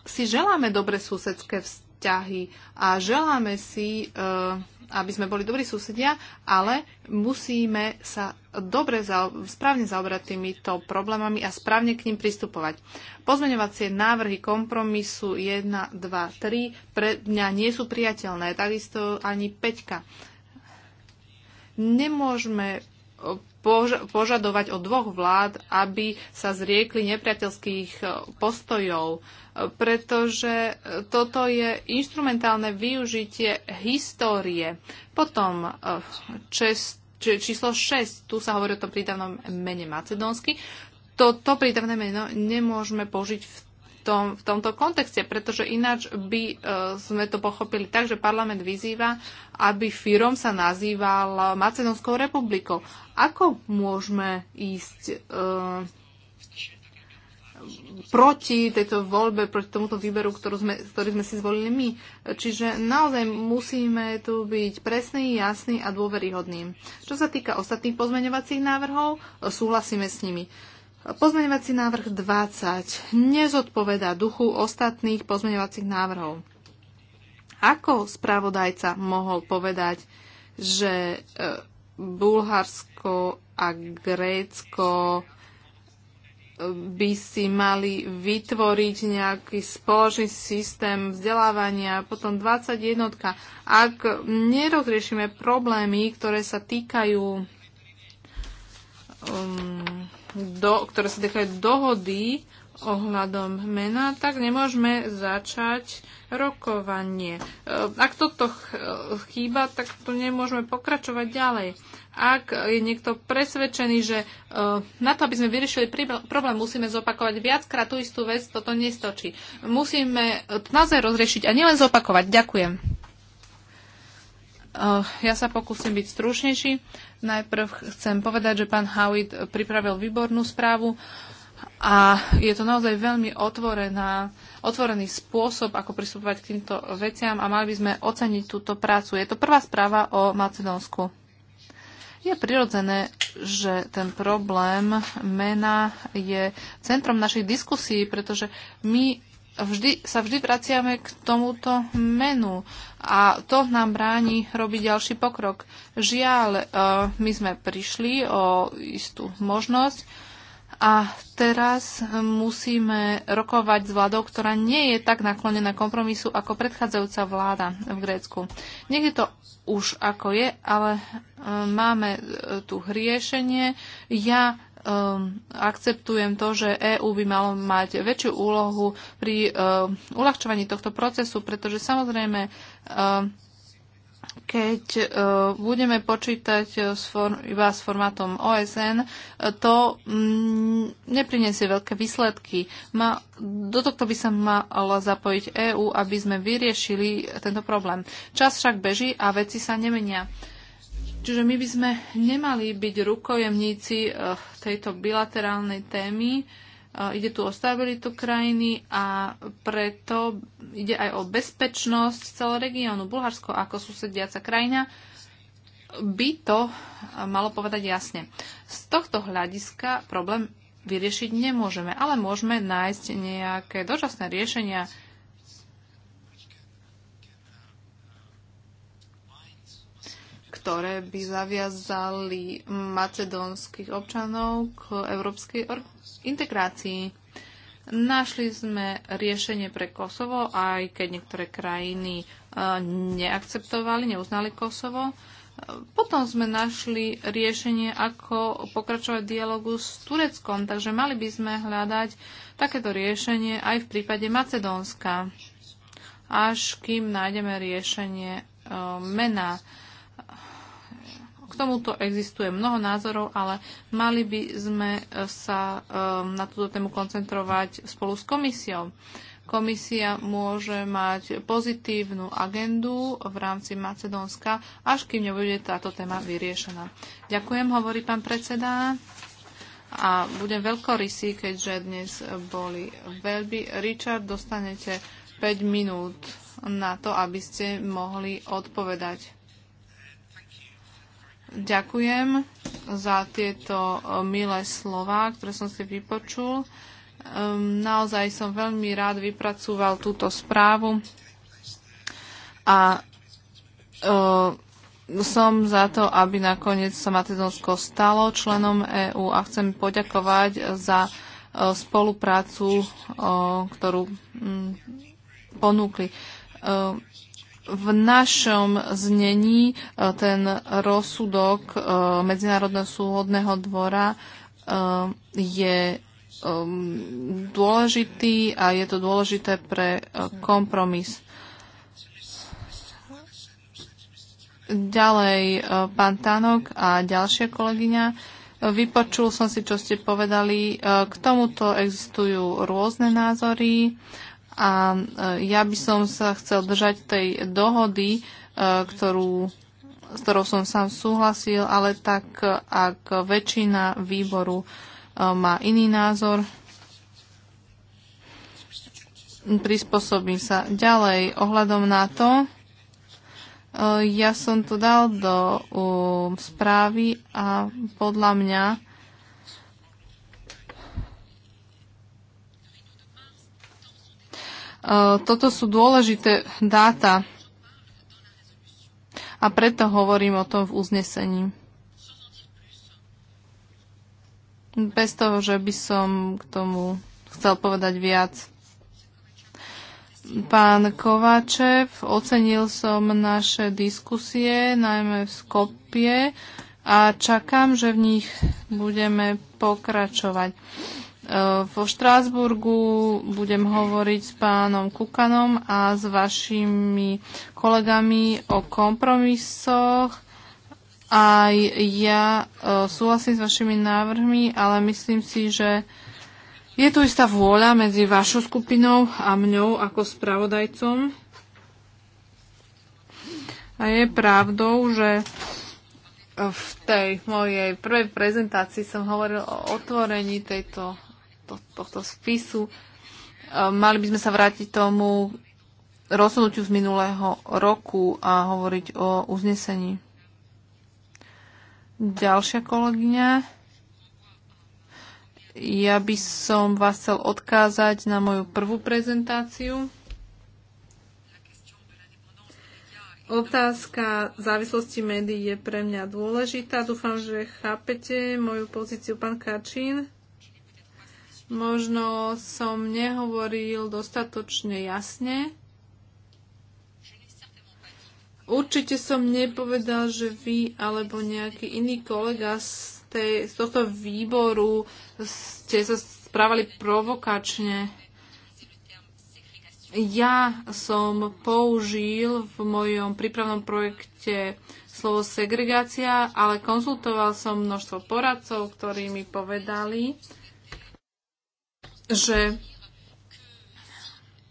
E: si želáme dobre susedské vzťahy a želáme si uh, aby sme boli dobrí susedia, ale musíme sa dobre, správne zaobrať týmito problémami a správne k ním pristupovať. Pozmeňovacie návrhy kompromisu 1, 2, 3 pre mňa nie sú priateľné, takisto ani 5. Nemôžeme požadovať od dvoch vlád, aby sa zriekli nepriateľských e, postojov, e, pretože e, toto je instrumentálne využitie histórie. Potom čest, číslo 6, tu sa hovorí o tom prídavnom mene macedónsky. Toto prídavné meno nemôžeme použiť v tom, v tomto kontexte, pretože ináč by e, sme to pochopili tak, že parlament vyzýva, aby firom sa nazýval Macedonskou republikou. Ako môžeme ísť e, proti tejto voľbe, proti tomuto výberu, ktorú sme, ktorý sme si zvolili my. Čiže naozaj musíme tu byť presný, jasný a dôveryhodný. Čo sa týka ostatných pozmeňovacích návrhov, súhlasíme s nimi. Uh, Pozmeňovací návrh 20 nezodpovedá duchu ostatných pozmeňovacích návrhov. Ako spravodajca mohol povedať, že e, Bulharsko a Grécko e, by si mali vytvoriť nejaký spoločný systém vzdelávania, potom 21. Ak nerozriešime problémy, ktoré sa týkajú um, do, ktoré sa týkajú dohody ohľadom mena, tak nemôžeme začať rokovanie. E, ak toto e, chýba, tak to nemôžeme pokračovať ďalej. Ak je niekto presvedčený, že e, na to, aby sme vyriešili problém, musíme zopakovať viackrát tú istú vec, toto nestočí. Musíme to naozaj rozriešiť a nielen zopakovať. Ďakujem. Ja sa pokúsim byť stručnejší. Najprv chcem povedať, že pán Howitt pripravil výbornú správu a je to naozaj veľmi otvorená, otvorený spôsob, ako pristupovať k týmto veciam a mali by sme oceniť túto prácu. Je to prvá správa o Macedónsku. Je prirodzené, že ten problém mena je centrom našich diskusí, pretože my vždy, sa vždy vraciame k tomuto menu a to nám bráni robiť ďalší pokrok. Žiaľ, e, my sme prišli o istú možnosť a teraz musíme rokovať s vládou, ktorá nie je tak naklonená kompromisu ako predchádzajúca vláda v Grécku. Niekde to už ako je, ale e, máme e, tu riešenie. Ja um, akceptujem to, že EÚ by malo mať väčšiu úlohu pri um, uľahčovaní tohto procesu, pretože samozrejme, um, keď uh, budeme počítať e, s for, iba s formátom OSN, e, to um, mm, nepriniesie veľké výsledky. Ma, do tohto by sa mala zapojiť EÚ, aby sme vyriešili tento problém. Čas však beží a veci sa nemenia. Uh, Čiže my by sme nemali byť rukojemníci eh, tejto bilaterálnej témy. Eh, ide tu o stabilitu krajiny a preto ide aj o bezpečnosť celého regiónu. Bulharsko ako susediaca krajina by to eh, malo povedať jasne. Z tohto hľadiska problém vyriešiť nemôžeme, ale môžeme nájsť nejaké dočasné riešenia, ktoré by zaviazali macedónskych občanov k európskej integrácii. Našli sme riešenie pre Kosovo, aj keď niektoré krajiny e, neakceptovali, neuznali Kosovo. E, potom sme našli riešenie, ako pokračovať dialogu s Tureckom, takže mali by sme hľadať takéto riešenie aj v prípade Macedónska, až kým nájdeme riešenie e, mena tomuto existuje mnoho názorov, ale mali by sme eh, sa eh, na túto tému koncentrovať spolu s komisiou. Komisia môže mať pozitívnu agendu v rámci Macedónska, až kým nebude táto téma vyriešená. Ďakujem, hovorí pán predseda. A budem veľkorysý, keďže dnes boli veľby. Richard, dostanete 5 minút na to, aby ste mohli odpovedať. Ďakujem za tieto e, milé slova, ktoré som si vypočul. Naozaj som veľmi rád vypracúval túto správu a e, som za to, aby nakoniec sa Matizonsko stalo členom EÚ a chcem poďakovať za e, spoluprácu, ktorú mm, ponúkli v našom znení e, ten rozsudok e, Medzinárodného súhodného dvora e, je dôležitý a je to dôležité pre kompromis. Ďalej pán Tanok a ďalšia kolegyňa. Vypočul som si, čo ste povedali. K tomuto existujú rôzne názory. A e, ja by som sa chcel držať tej dohody, e, ktorú, s ktorou som sám súhlasil, ale tak, ak väčšina výboru e, má iný názor, prispôsobím sa. Ďalej, ohľadom na to, ja som to dal do správy a podľa mňa E, toto sú dôležité dáta a preto hovorím o tom v uznesení. Bez toho, že by som k tomu chcel povedať viac. Pán Kováčev, ocenil som naše diskusie, najmä v Skopie a čakám, že v nich budeme pokračovať. Eh, vo Štrásburgu, budem hovoriť s pánom Kukanom a s vašimi kolegami o kompromisoch. Aj ja eh, súhlasím s vašimi návrhmi, ale myslím si, že je tu istá vôľa medzi vašou skupinou a mňou ako spravodajcom. A je pravdou, že v tej mojej prvej prezentácii som hovoril o otvorení tejto to, tohto spisu. E, mali by sme sa vrátiť tomu rozhodnutiu z minulého roku a hovoriť o uznesení. Ďalšia kolegyňa. Ja by som vás chcel odkázať na moju prvú prezentáciu. Otázka závislosti médií je pre mňa dôležitá. Dúfam, že chápete moju pozíciu, pán Kačín. Možno som nehovoril dostatočne jasne. Určite som nepovedal, že vy alebo nejaký iný kolega z, tej, z tohto výboru ste sa správali provokačne. Ja som použil v mojom prípravnom projekte slovo segregácia, ale konzultoval som množstvo poradcov, ktorí mi povedali, že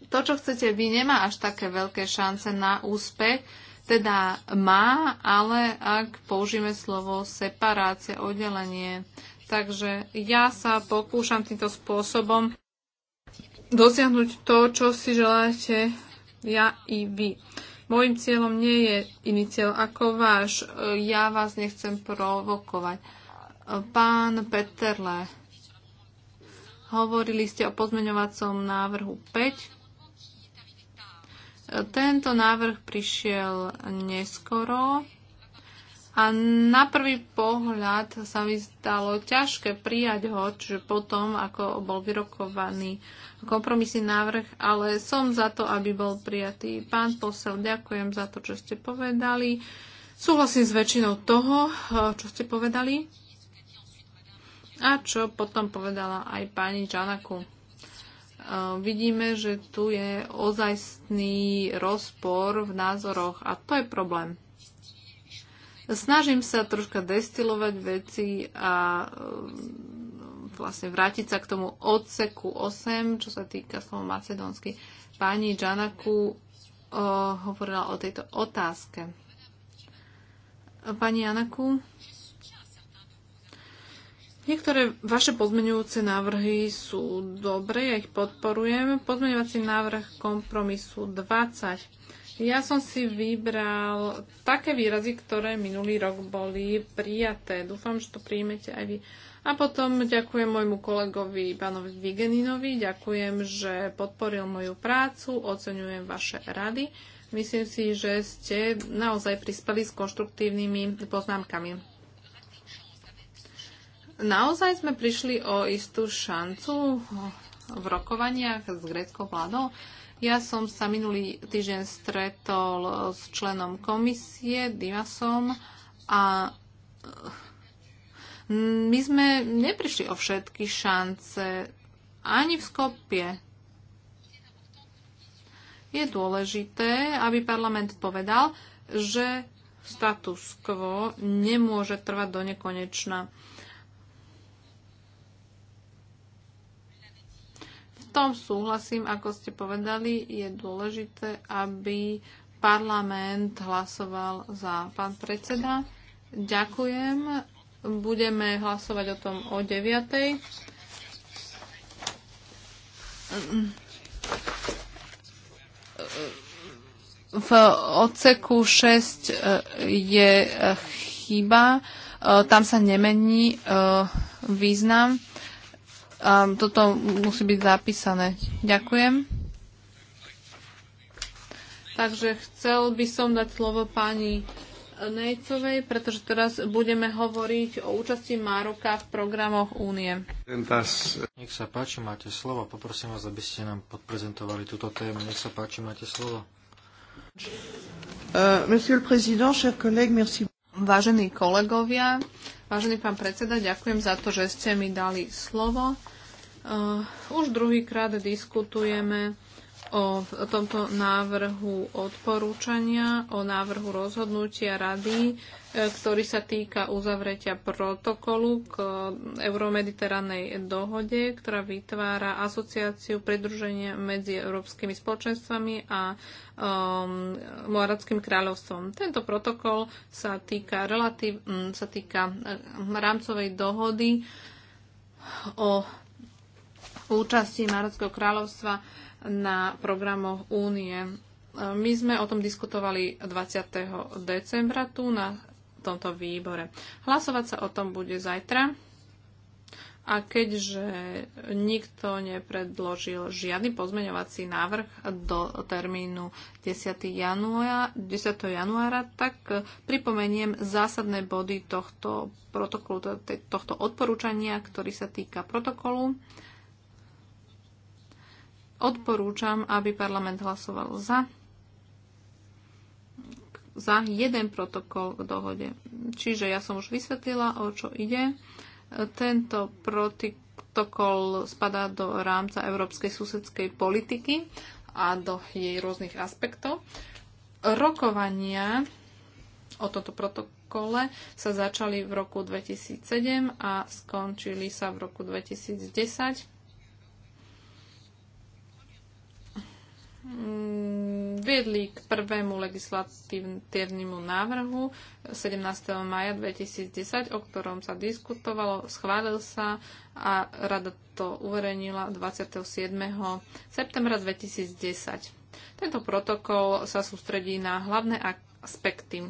E: to, čo chcete vy, nemá až také veľké šance na úspech, teda má, ale ak použijeme slovo separácia, oddelenie. Takže ja sa pokúšam týmto spôsobom dosiahnuť to, čo si želáte ja i vy. Mojím cieľom nie je iný cieľ ako váš. Ja vás nechcem provokovať. Pán Peterle, Hovorili ste o pozmeňovacom návrhu 5. Tento návrh prišiel neskoro a na prvý pohľad sa mi stalo ťažké prijať ho, čiže potom, ako bol vyrokovaný kompromisný návrh, ale som za to, aby bol prijatý. Pán posel, ďakujem za to, čo ste povedali. Súhlasím s väčšinou toho, čo ste povedali. A čo potom povedala aj pani Čanaku. Ehm, vidíme, že tu je ozajstný rozpor v názoroch a to je problém. Snažím sa troška destilovať veci a ehm, vlastne vrátiť sa k tomu odseku 8, čo sa týka slovo macedónsky. Pani Janaku uh, ehm, hovorila o tejto otázke. Pani Janaku? Niektoré vaše pozmeňujúce návrhy sú dobré, ja ich podporujem. Pozmeňovací návrh kompromisu 20. Ja som si vybral také výrazy, ktoré minulý rok boli prijaté. Dúfam, že to príjmete aj vy. A potom ďakujem môjmu kolegovi pánovi Vigeninovi, ďakujem, že podporil moju prácu, oceňujem vaše rady. Myslím si, že ste naozaj prispeli s konštruktívnymi poznámkami. Naozaj sme prišli o istú šancu v rokovaniach s gréckou vládou. Ja som sa minulý týždeň stretol s členom komisie Dimasom a mm, my sme neprišli o všetky šance ani v Skopie. Je dôležité, aby parlament povedal, že status quo nemôže trvať do nekonečna tom súhlasím, ako ste povedali, je dôležité, aby parlament hlasoval za pán predseda. Ďakujem. Budeme hlasovať o tom o 9. V odseku 6 eh, je eh, chyba, eh, tam sa nemení význam Um, toto musí byť zapísané. Ďakujem. Takže chcel by som dať slovo pani Nejcovej, pretože teraz budeme hovoriť o účasti Maroka v programoch únie.
D: Nech sa páči, máte slovo. Poprosím vás, aby ste nám podprezentovali túto tému. Nech sa páči, máte slovo. Uh,
E: Vážení kolegovia, Vážený pán predseda, ďakujem za to, že ste mi dali slovo. Uh, už druhýkrát diskutujeme o tomto návrhu odporúčania, o návrhu rozhodnutia rady, e, ktorý sa týka uzavretia protokolu k euromediteránej dohode, ktorá vytvára asociáciu pridruženia medzi európskymi spoločenstvami a um, Moradským kráľovstvom. Tento protokol sa týka, relatív, sa týka e, rámcovej dohody o účasti Maradského kráľovstva na programoch únie. E, my sme o tom diskutovali 20. decembra tu na tomto výbore. Hlasovať sa o tom bude zajtra. A keďže nikto nepredložil žiadny pozmeňovací návrh do termínu 10. Januára, 10. januára, tak e, pripomeniem zásadné body tohto protokolu, teda tohto odporúčania, ktorý sa týka protokolu. Odporúčam, aby parlament hlasoval za za jeden protokol k dohode. Čiže ja som už vysvetlila, o čo ide. Tento protokol spadá do rámca európskej susedskej politiky a do jej rôznych aspektov. Rokovania o tomto protokole sa začali v roku 2007 a skončili sa v roku 2010 Mm, viedli k prvému legislatívnemu návrhu 17. maja 2010, o ktorom sa diskutovalo, schválil sa a rada to uverejnila 27. septembra 2010. Tento protokol sa sústredí na hlavné aspekty,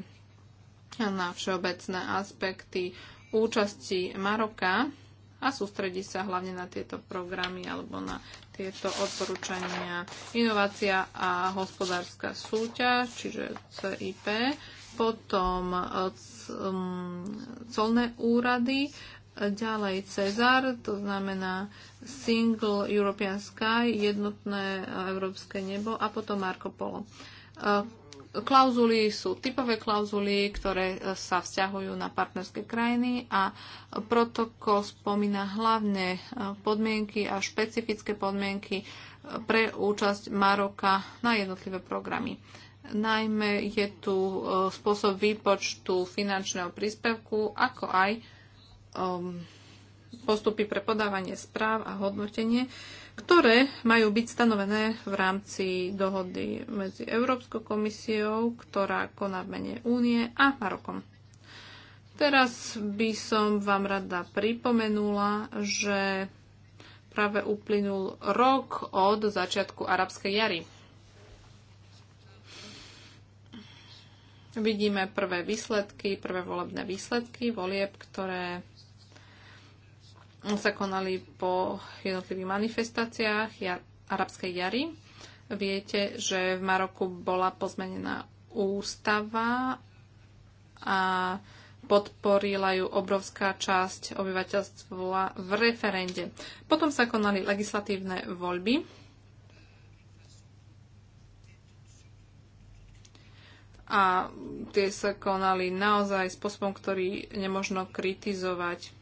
E: na všeobecné aspekty účasti Maroka a sústredí sa hlavne na tieto programy alebo na tieto odporúčania. Inovácia a hospodárska súťaž, čiže CIP, potom eh, mm, colné úrady, ďalej Cezar, to znamená Single European Sky, jednotné eh, európske nebo a potom Marco Polo. Eh, klauzuly sú typové klauzuly, ktoré e, sa vzťahujú na partnerské krajiny a protokol spomína hlavne e, podmienky a špecifické podmienky e, pre účasť Maroka na jednotlivé programy. Najmä je tu spôsob výpočtu finančného príspevku, ako aj um, postupy pre podávanie správ a hodnotenie, ktoré majú byť stanovené v rámci dohody medzi Európskou komisiou, ktorá koná v mene únie a Marokom. Teraz by som vám rada pripomenula, že práve uplynul rok od začiatku arabskej jary. Vidíme prvé výsledky, prvé volebné výsledky volieb, ktoré sa konali po jednotlivých manifestáciách jar, arabskej jary. Viete, že v Maroku bola pozmenená ústava a podporila ju obrovská časť obyvateľstva v referende. Potom sa konali legislatívne voľby. A tie sa konali naozaj spôsobom, ktorý nemožno kritizovať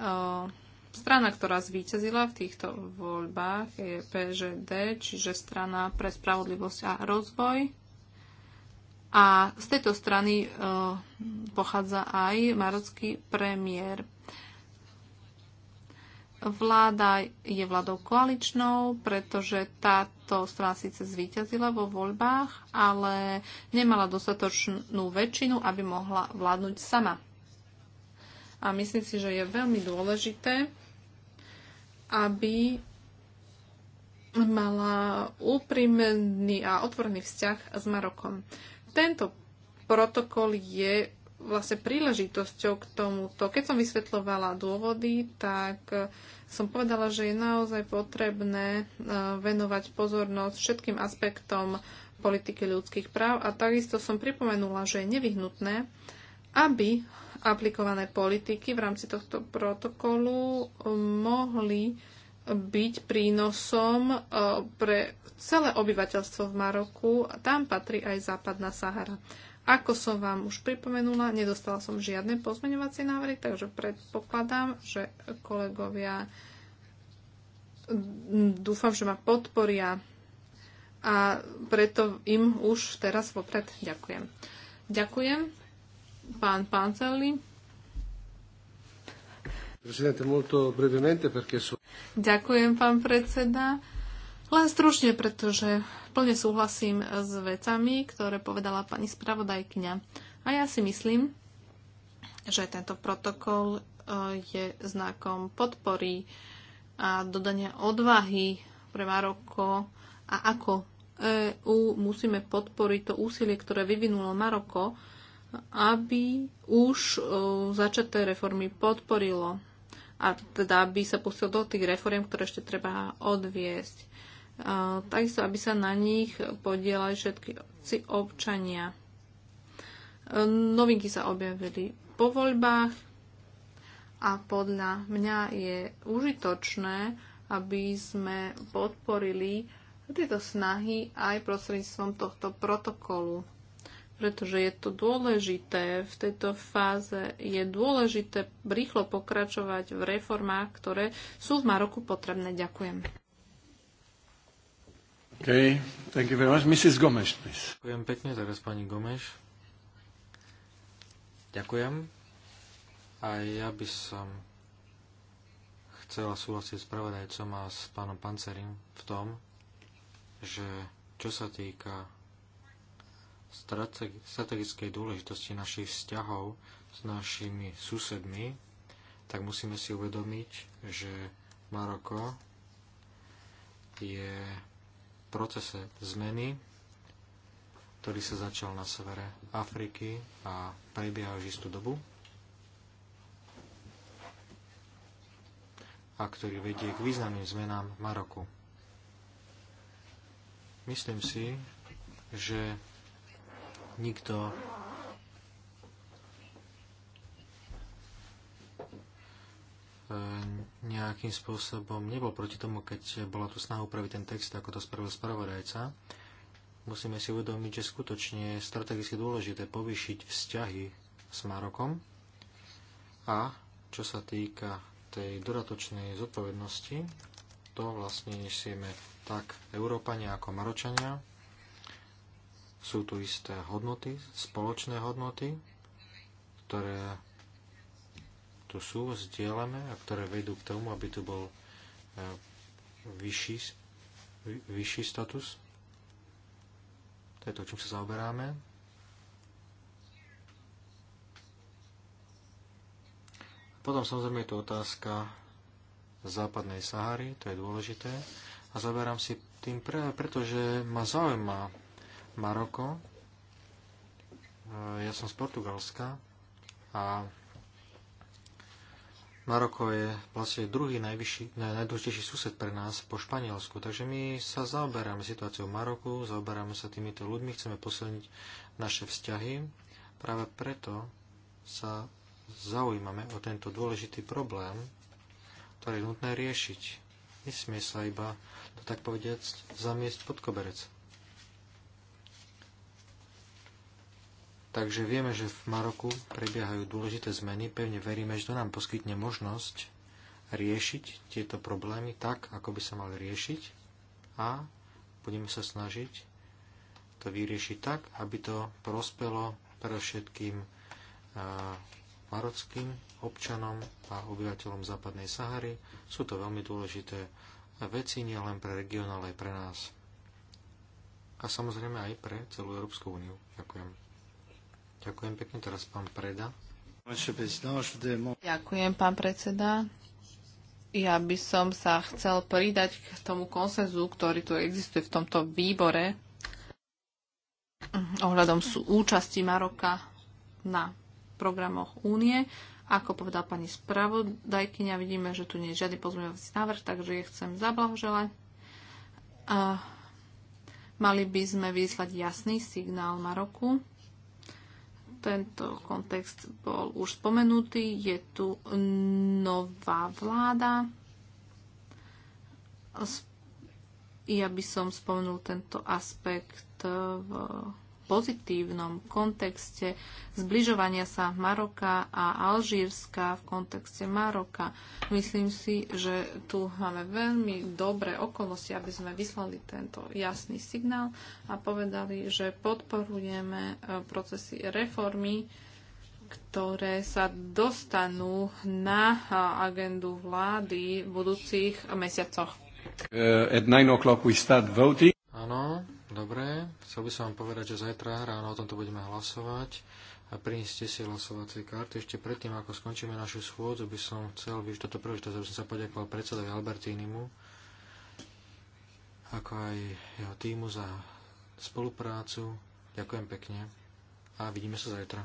E: Ehm, strana, ktorá zvíťazila v týchto voľbách je PŽD, čiže strana pre spravodlivosť a rozvoj. A z tejto strany e, pochádza aj marocký premiér. Vláda je vládou koaličnou, pretože táto strana síce zvíťazila vo voľbách, ale nemala dostatočnú väčšinu, aby mohla vládnuť sama. A myslím si, že je veľmi dôležité, aby mala úprimný a otvorný vzťah s Marokom. Tento protokol je vlastne príležitosťou k tomuto. Keď som vysvetľovala dôvody, tak som povedala, že je naozaj potrebné e, venovať pozornosť všetkým aspektom politiky ľudských práv a takisto som pripomenula, že je nevyhnutné, aby aplikované politiky v rámci tohto protokolu eh, mohli byť prínosom eh, pre celé obyvateľstvo v Maroku. a Tam patrí aj západná Sahara. Ako som vám už pripomenula, nedostala som žiadne pozmeňovacie návrhy, takže predpokladám, že kolegovia mm, dúfam, že ma podporia a preto im už teraz vopred ďakujem. Ďakujem. Pán Pancelli. Ďakujem, pán predseda. Len stručne, pretože plne súhlasím s vecami, ktoré povedala pani spravodajkňa. A ja si myslím, že tento protokol e, je znakom podpory a dodania odvahy pre Maroko a ako EÚ musíme podporiť to úsilie, ktoré vyvinulo Maroko aby už e, začaté reformy podporilo a teda aby sa pustil do tých reform, ktoré ešte treba odviesť. E, takisto, aby sa na nich podielali všetci občania. E, novinky sa objavili po voľbách a podľa mňa je užitočné, aby sme podporili tieto snahy aj prostredníctvom tohto protokolu pretože je to dôležité. V tejto fáze je dôležité rýchlo pokračovať v reformách, ktoré sú v Maroku potrebné. Ďakujem.
D: Okay. Thank you very much. Mrs. Gomes, please. Ďakujem pekne, teraz pani Gomes. Ďakujem. A ja by som chcela súhlasiť s pravodajcom a s pánom Pancerim v tom, že čo sa týka strategickej dôležitosti našich vzťahov s našimi susedmi, tak musíme si uvedomiť, že Maroko je v procese zmeny, ktorý sa začal na severe Afriky a prebieha už istú dobu a ktorý vedie k významným zmenám v Maroku. Myslím si, že nikto. E, nejakým spôsobom nebol proti tomu, keď bola tu snaha upraviť ten text, ako to spravil spravodajca. Musíme si uvedomiť, že skutočne je strategicky dôležité povýšiť vzťahy s Marokom a čo sa týka tej dodatočnej zodpovednosti, to vlastne nesieme tak Európania ako Maročania. Sú tu isté hodnoty, spoločné hodnoty, ktoré tu sú, zdieľame a ktoré vedú k tomu, aby tu bol e, vyšší, vyšší status. To je to, čím sa zaoberáme. Potom samozrejme je tu otázka západnej Sahary, to je dôležité. A zaberám si tým, pre, pretože ma zaujíma Maroko. Eh, ja som z Portugalska a Maroko je vlastne druhý najvyšší, najdôležitejší sused pre nás po Španielsku. Takže my sa zaoberáme situáciou v Maroku, zaoberáme sa týmito ľuďmi, chceme posilniť naše vzťahy. Práve preto sa zaujímame o tento dôležitý problém, ktorý je nutné riešiť. Nesmie sa iba, to tak povediať, zamiesť pod koberec. Takže vieme, že v Maroku prebiehajú dôležité zmeny. Pevne veríme, že to nám poskytne možnosť riešiť tieto problémy tak, ako by sa mali riešiť a budeme sa snažiť to vyriešiť tak, aby to prospelo pre všetkým e, marockým občanom a obyvateľom západnej Sahary. Sú to veľmi dôležité veci nie len pre región, ale aj pre nás. A samozrejme aj pre celú Európsku úniu. Ďakujem. Ďakujem pekne, teraz pán Preda.
E: Ďakujem, pán predseda. Ja by som sa chcel pridať k tomu konsenzu, ktorý tu existuje v tomto výbore mhm, ohľadom sú účasti Maroka na programoch únie. Ako povedala pani spravodajkyňa, vidíme, že tu nie je žiadny pozmeňovací návrh, takže je chcem zablahoželať. mali by sme vyslať jasný signál Maroku, tento kontext bol už spomenutý. Je tu nová vláda. Ja by som spomenul tento aspekt v pozitívnom kontexte zbližovania sa Maroka a Alžírska v kontexte Maroka. Myslím si, že tu máme veľmi dobré okolnosti, aby sme vyslali tento jasný signál a povedali, že podporujeme e, procesy reformy, ktoré sa dostanú na e, agendu vlády v budúcich mesiacoch.
B: Uh, at 9 o'clock we start
D: voting. Áno, Dobre, chcel by som vám povedať, že zajtra ráno o tomto budeme hlasovať a prinieste si hlasovacie karty. Ešte predtým, ako skončíme našu schôdzu, by som chcel využiť toto príležitosť, aby som sa poďakoval predsedovi Albertínimu, ako aj jeho týmu za spoluprácu. Ďakujem pekne a vidíme sa zajtra.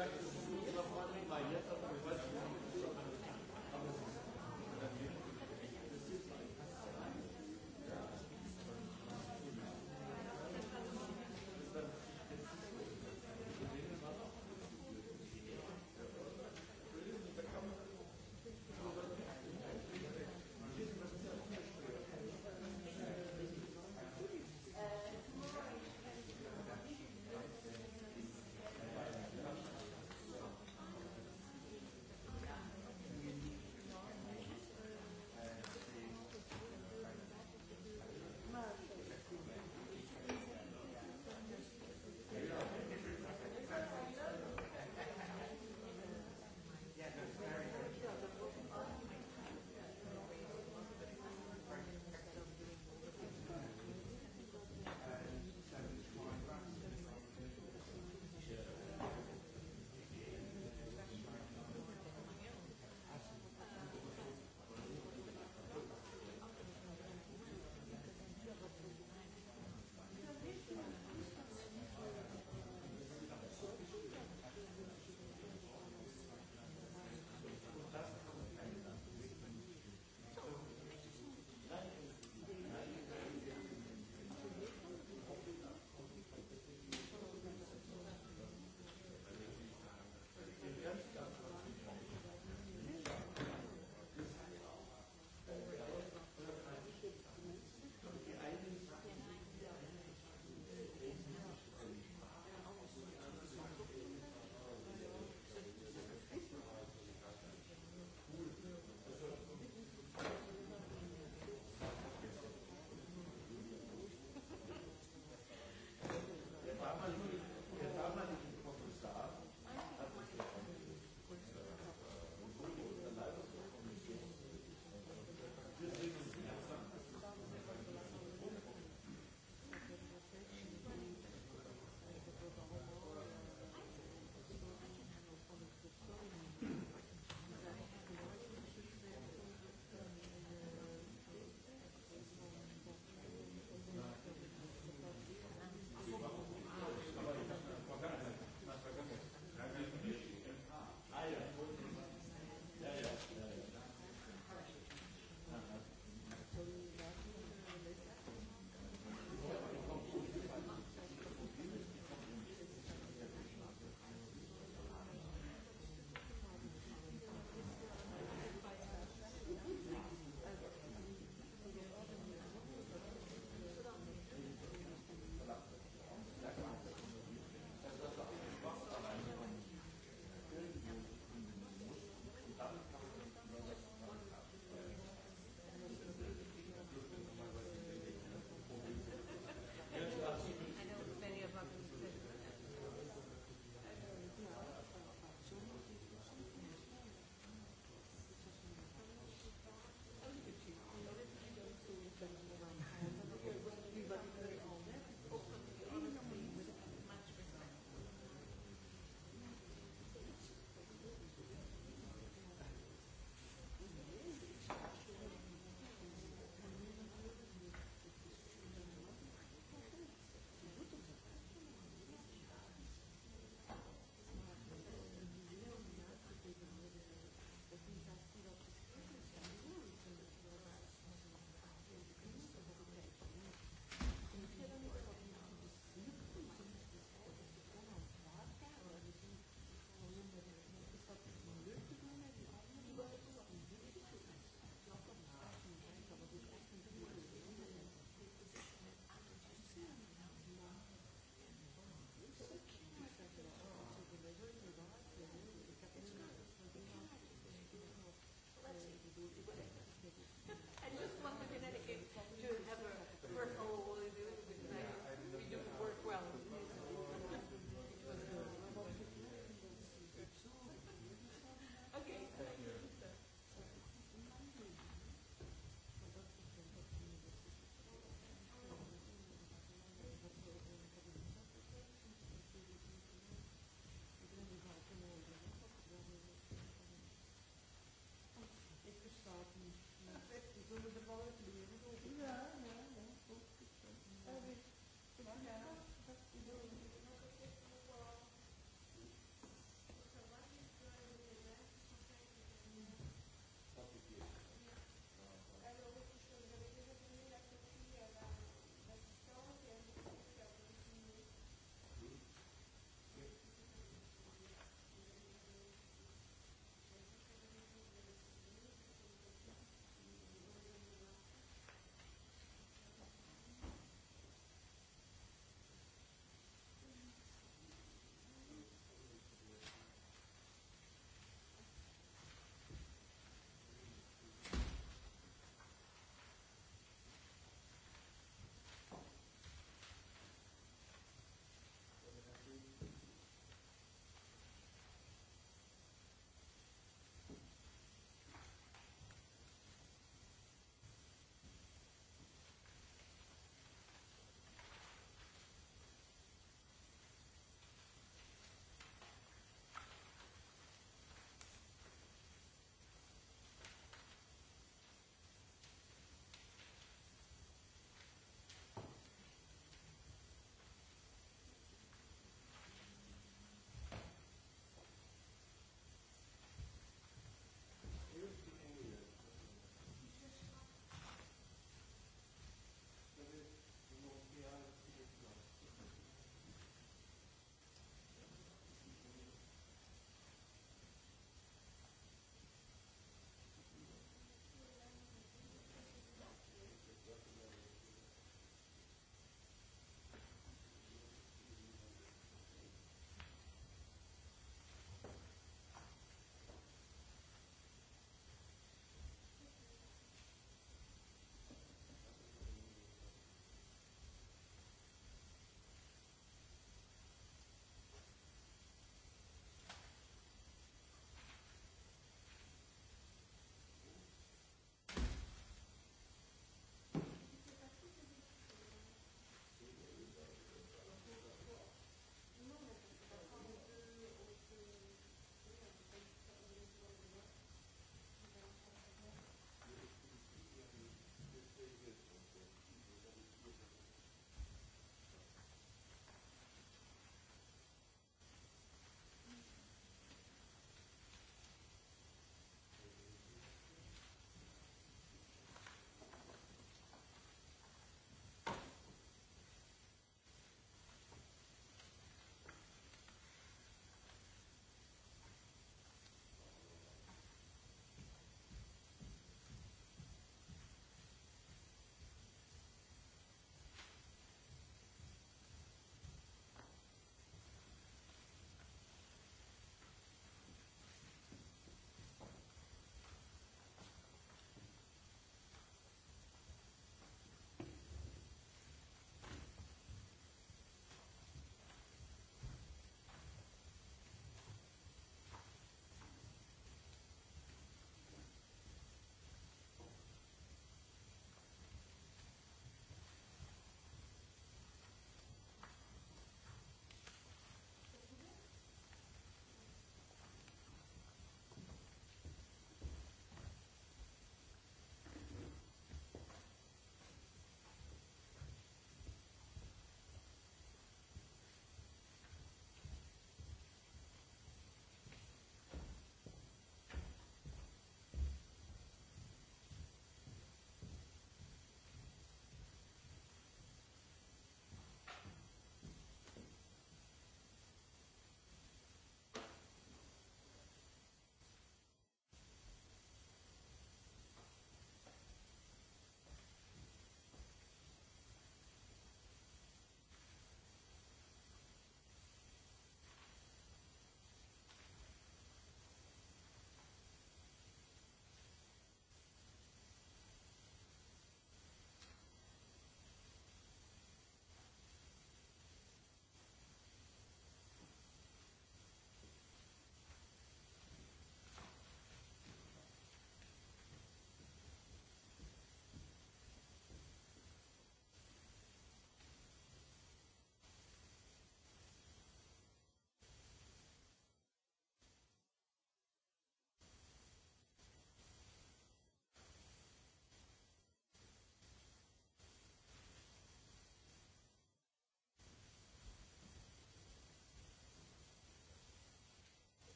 B: Thank you.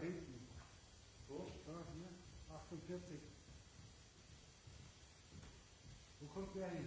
B: hinten. So, hier, 48. Wo kommt der hin?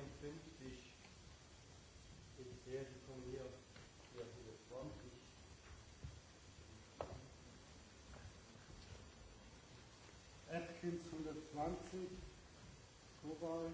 B: empfindlich in Serien von Atkins 120, Kobalt.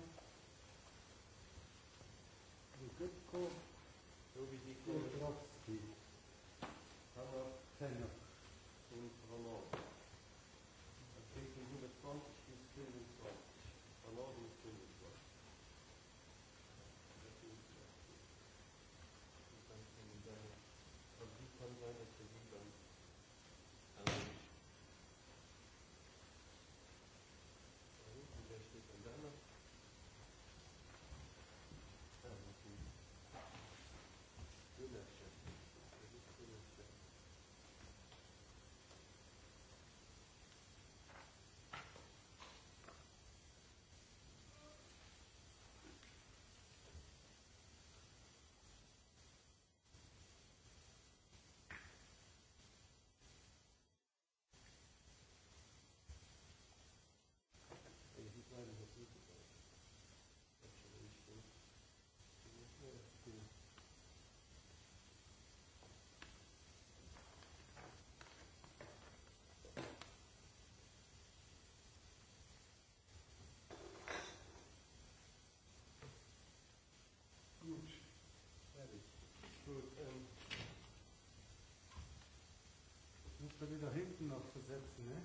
B: Briten noch zu setzen. Ne?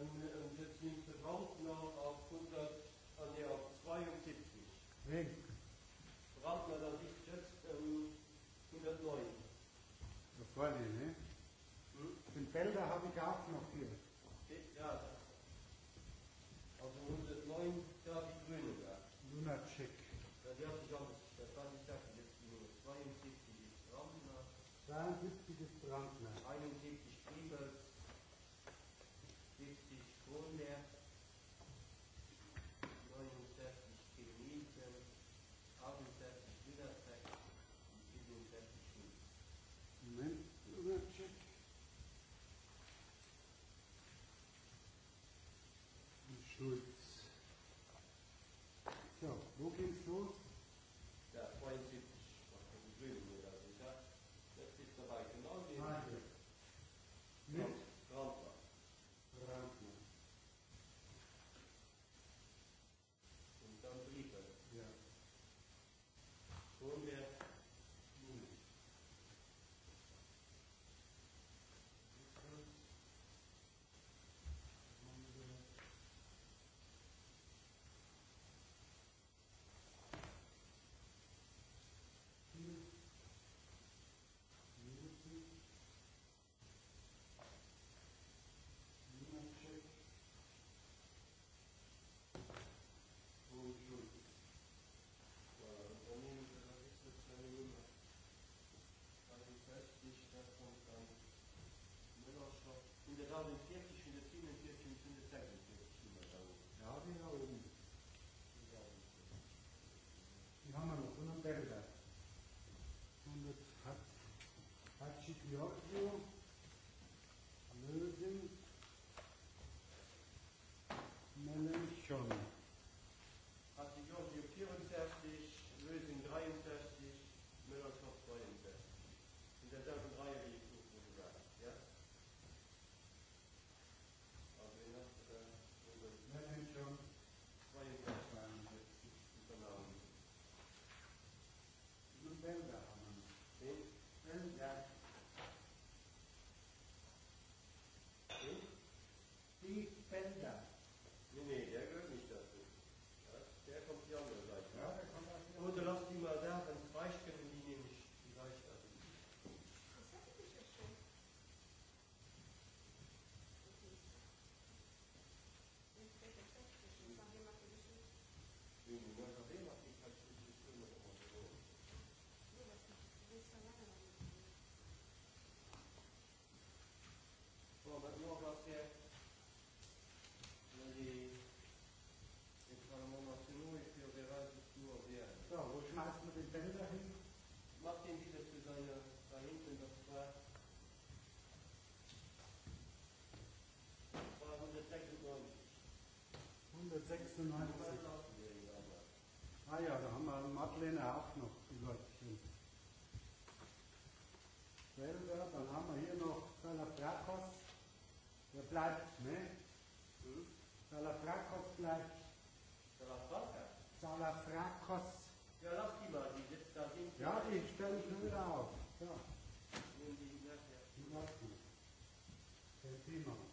B: Und jetzt ähm, sind wir Brandner auf 100, nee, auf 72. Wen? Brandner, das ist jetzt ähm, 109. Da vorne, ne? Hm? Den Felder habe ich auch noch hier. Ja, also 109, glaube ich Grüne da. Lunacek. Ja, die habe das kann ich sagen, jetzt nur 72 ist Brandner. 72 ist Brandner. 1996. Ah ja, da haben wir Madeleine auch noch, die Leutchen. Selber, dann haben wir hier noch Salafrakos. Der bleibt, ne? Hm? Salafrakos bleibt. Salafrakos? Salafrakos. Ja, lass die mal, die sitzt da hinten. Ja, die stelle ich nur wieder auf. Ja. Die lassen. Der Simon.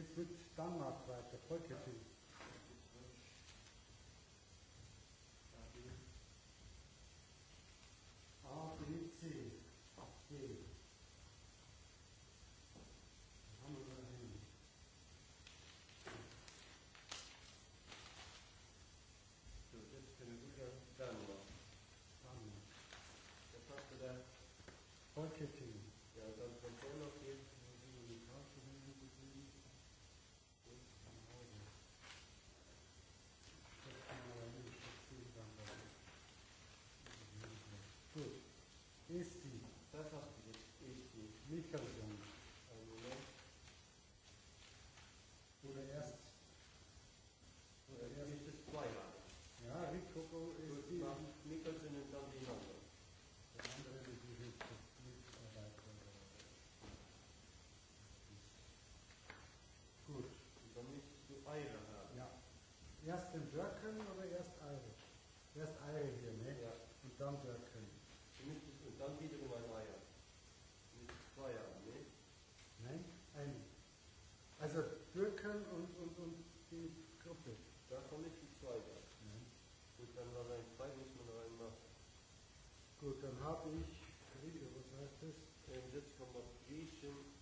B: Dit wird Danmark weiter, Folketing. A, B, C, D. Haben So, erst den Dirk können oder erst Eire? Erst Eire hier, ne? Ja. Und dann Dirk können. Und dann wiederum ein Eier. Mit zwei Eiern, ne? Nein, ein. Also Dürken und, und, und die Gruppe. Da komme ich die zwei da. Nein. Gut, dann war ein zwei muss man reinmachen. Gut, dann habe ich, was heißt das? Jetzt kommt noch Griechen.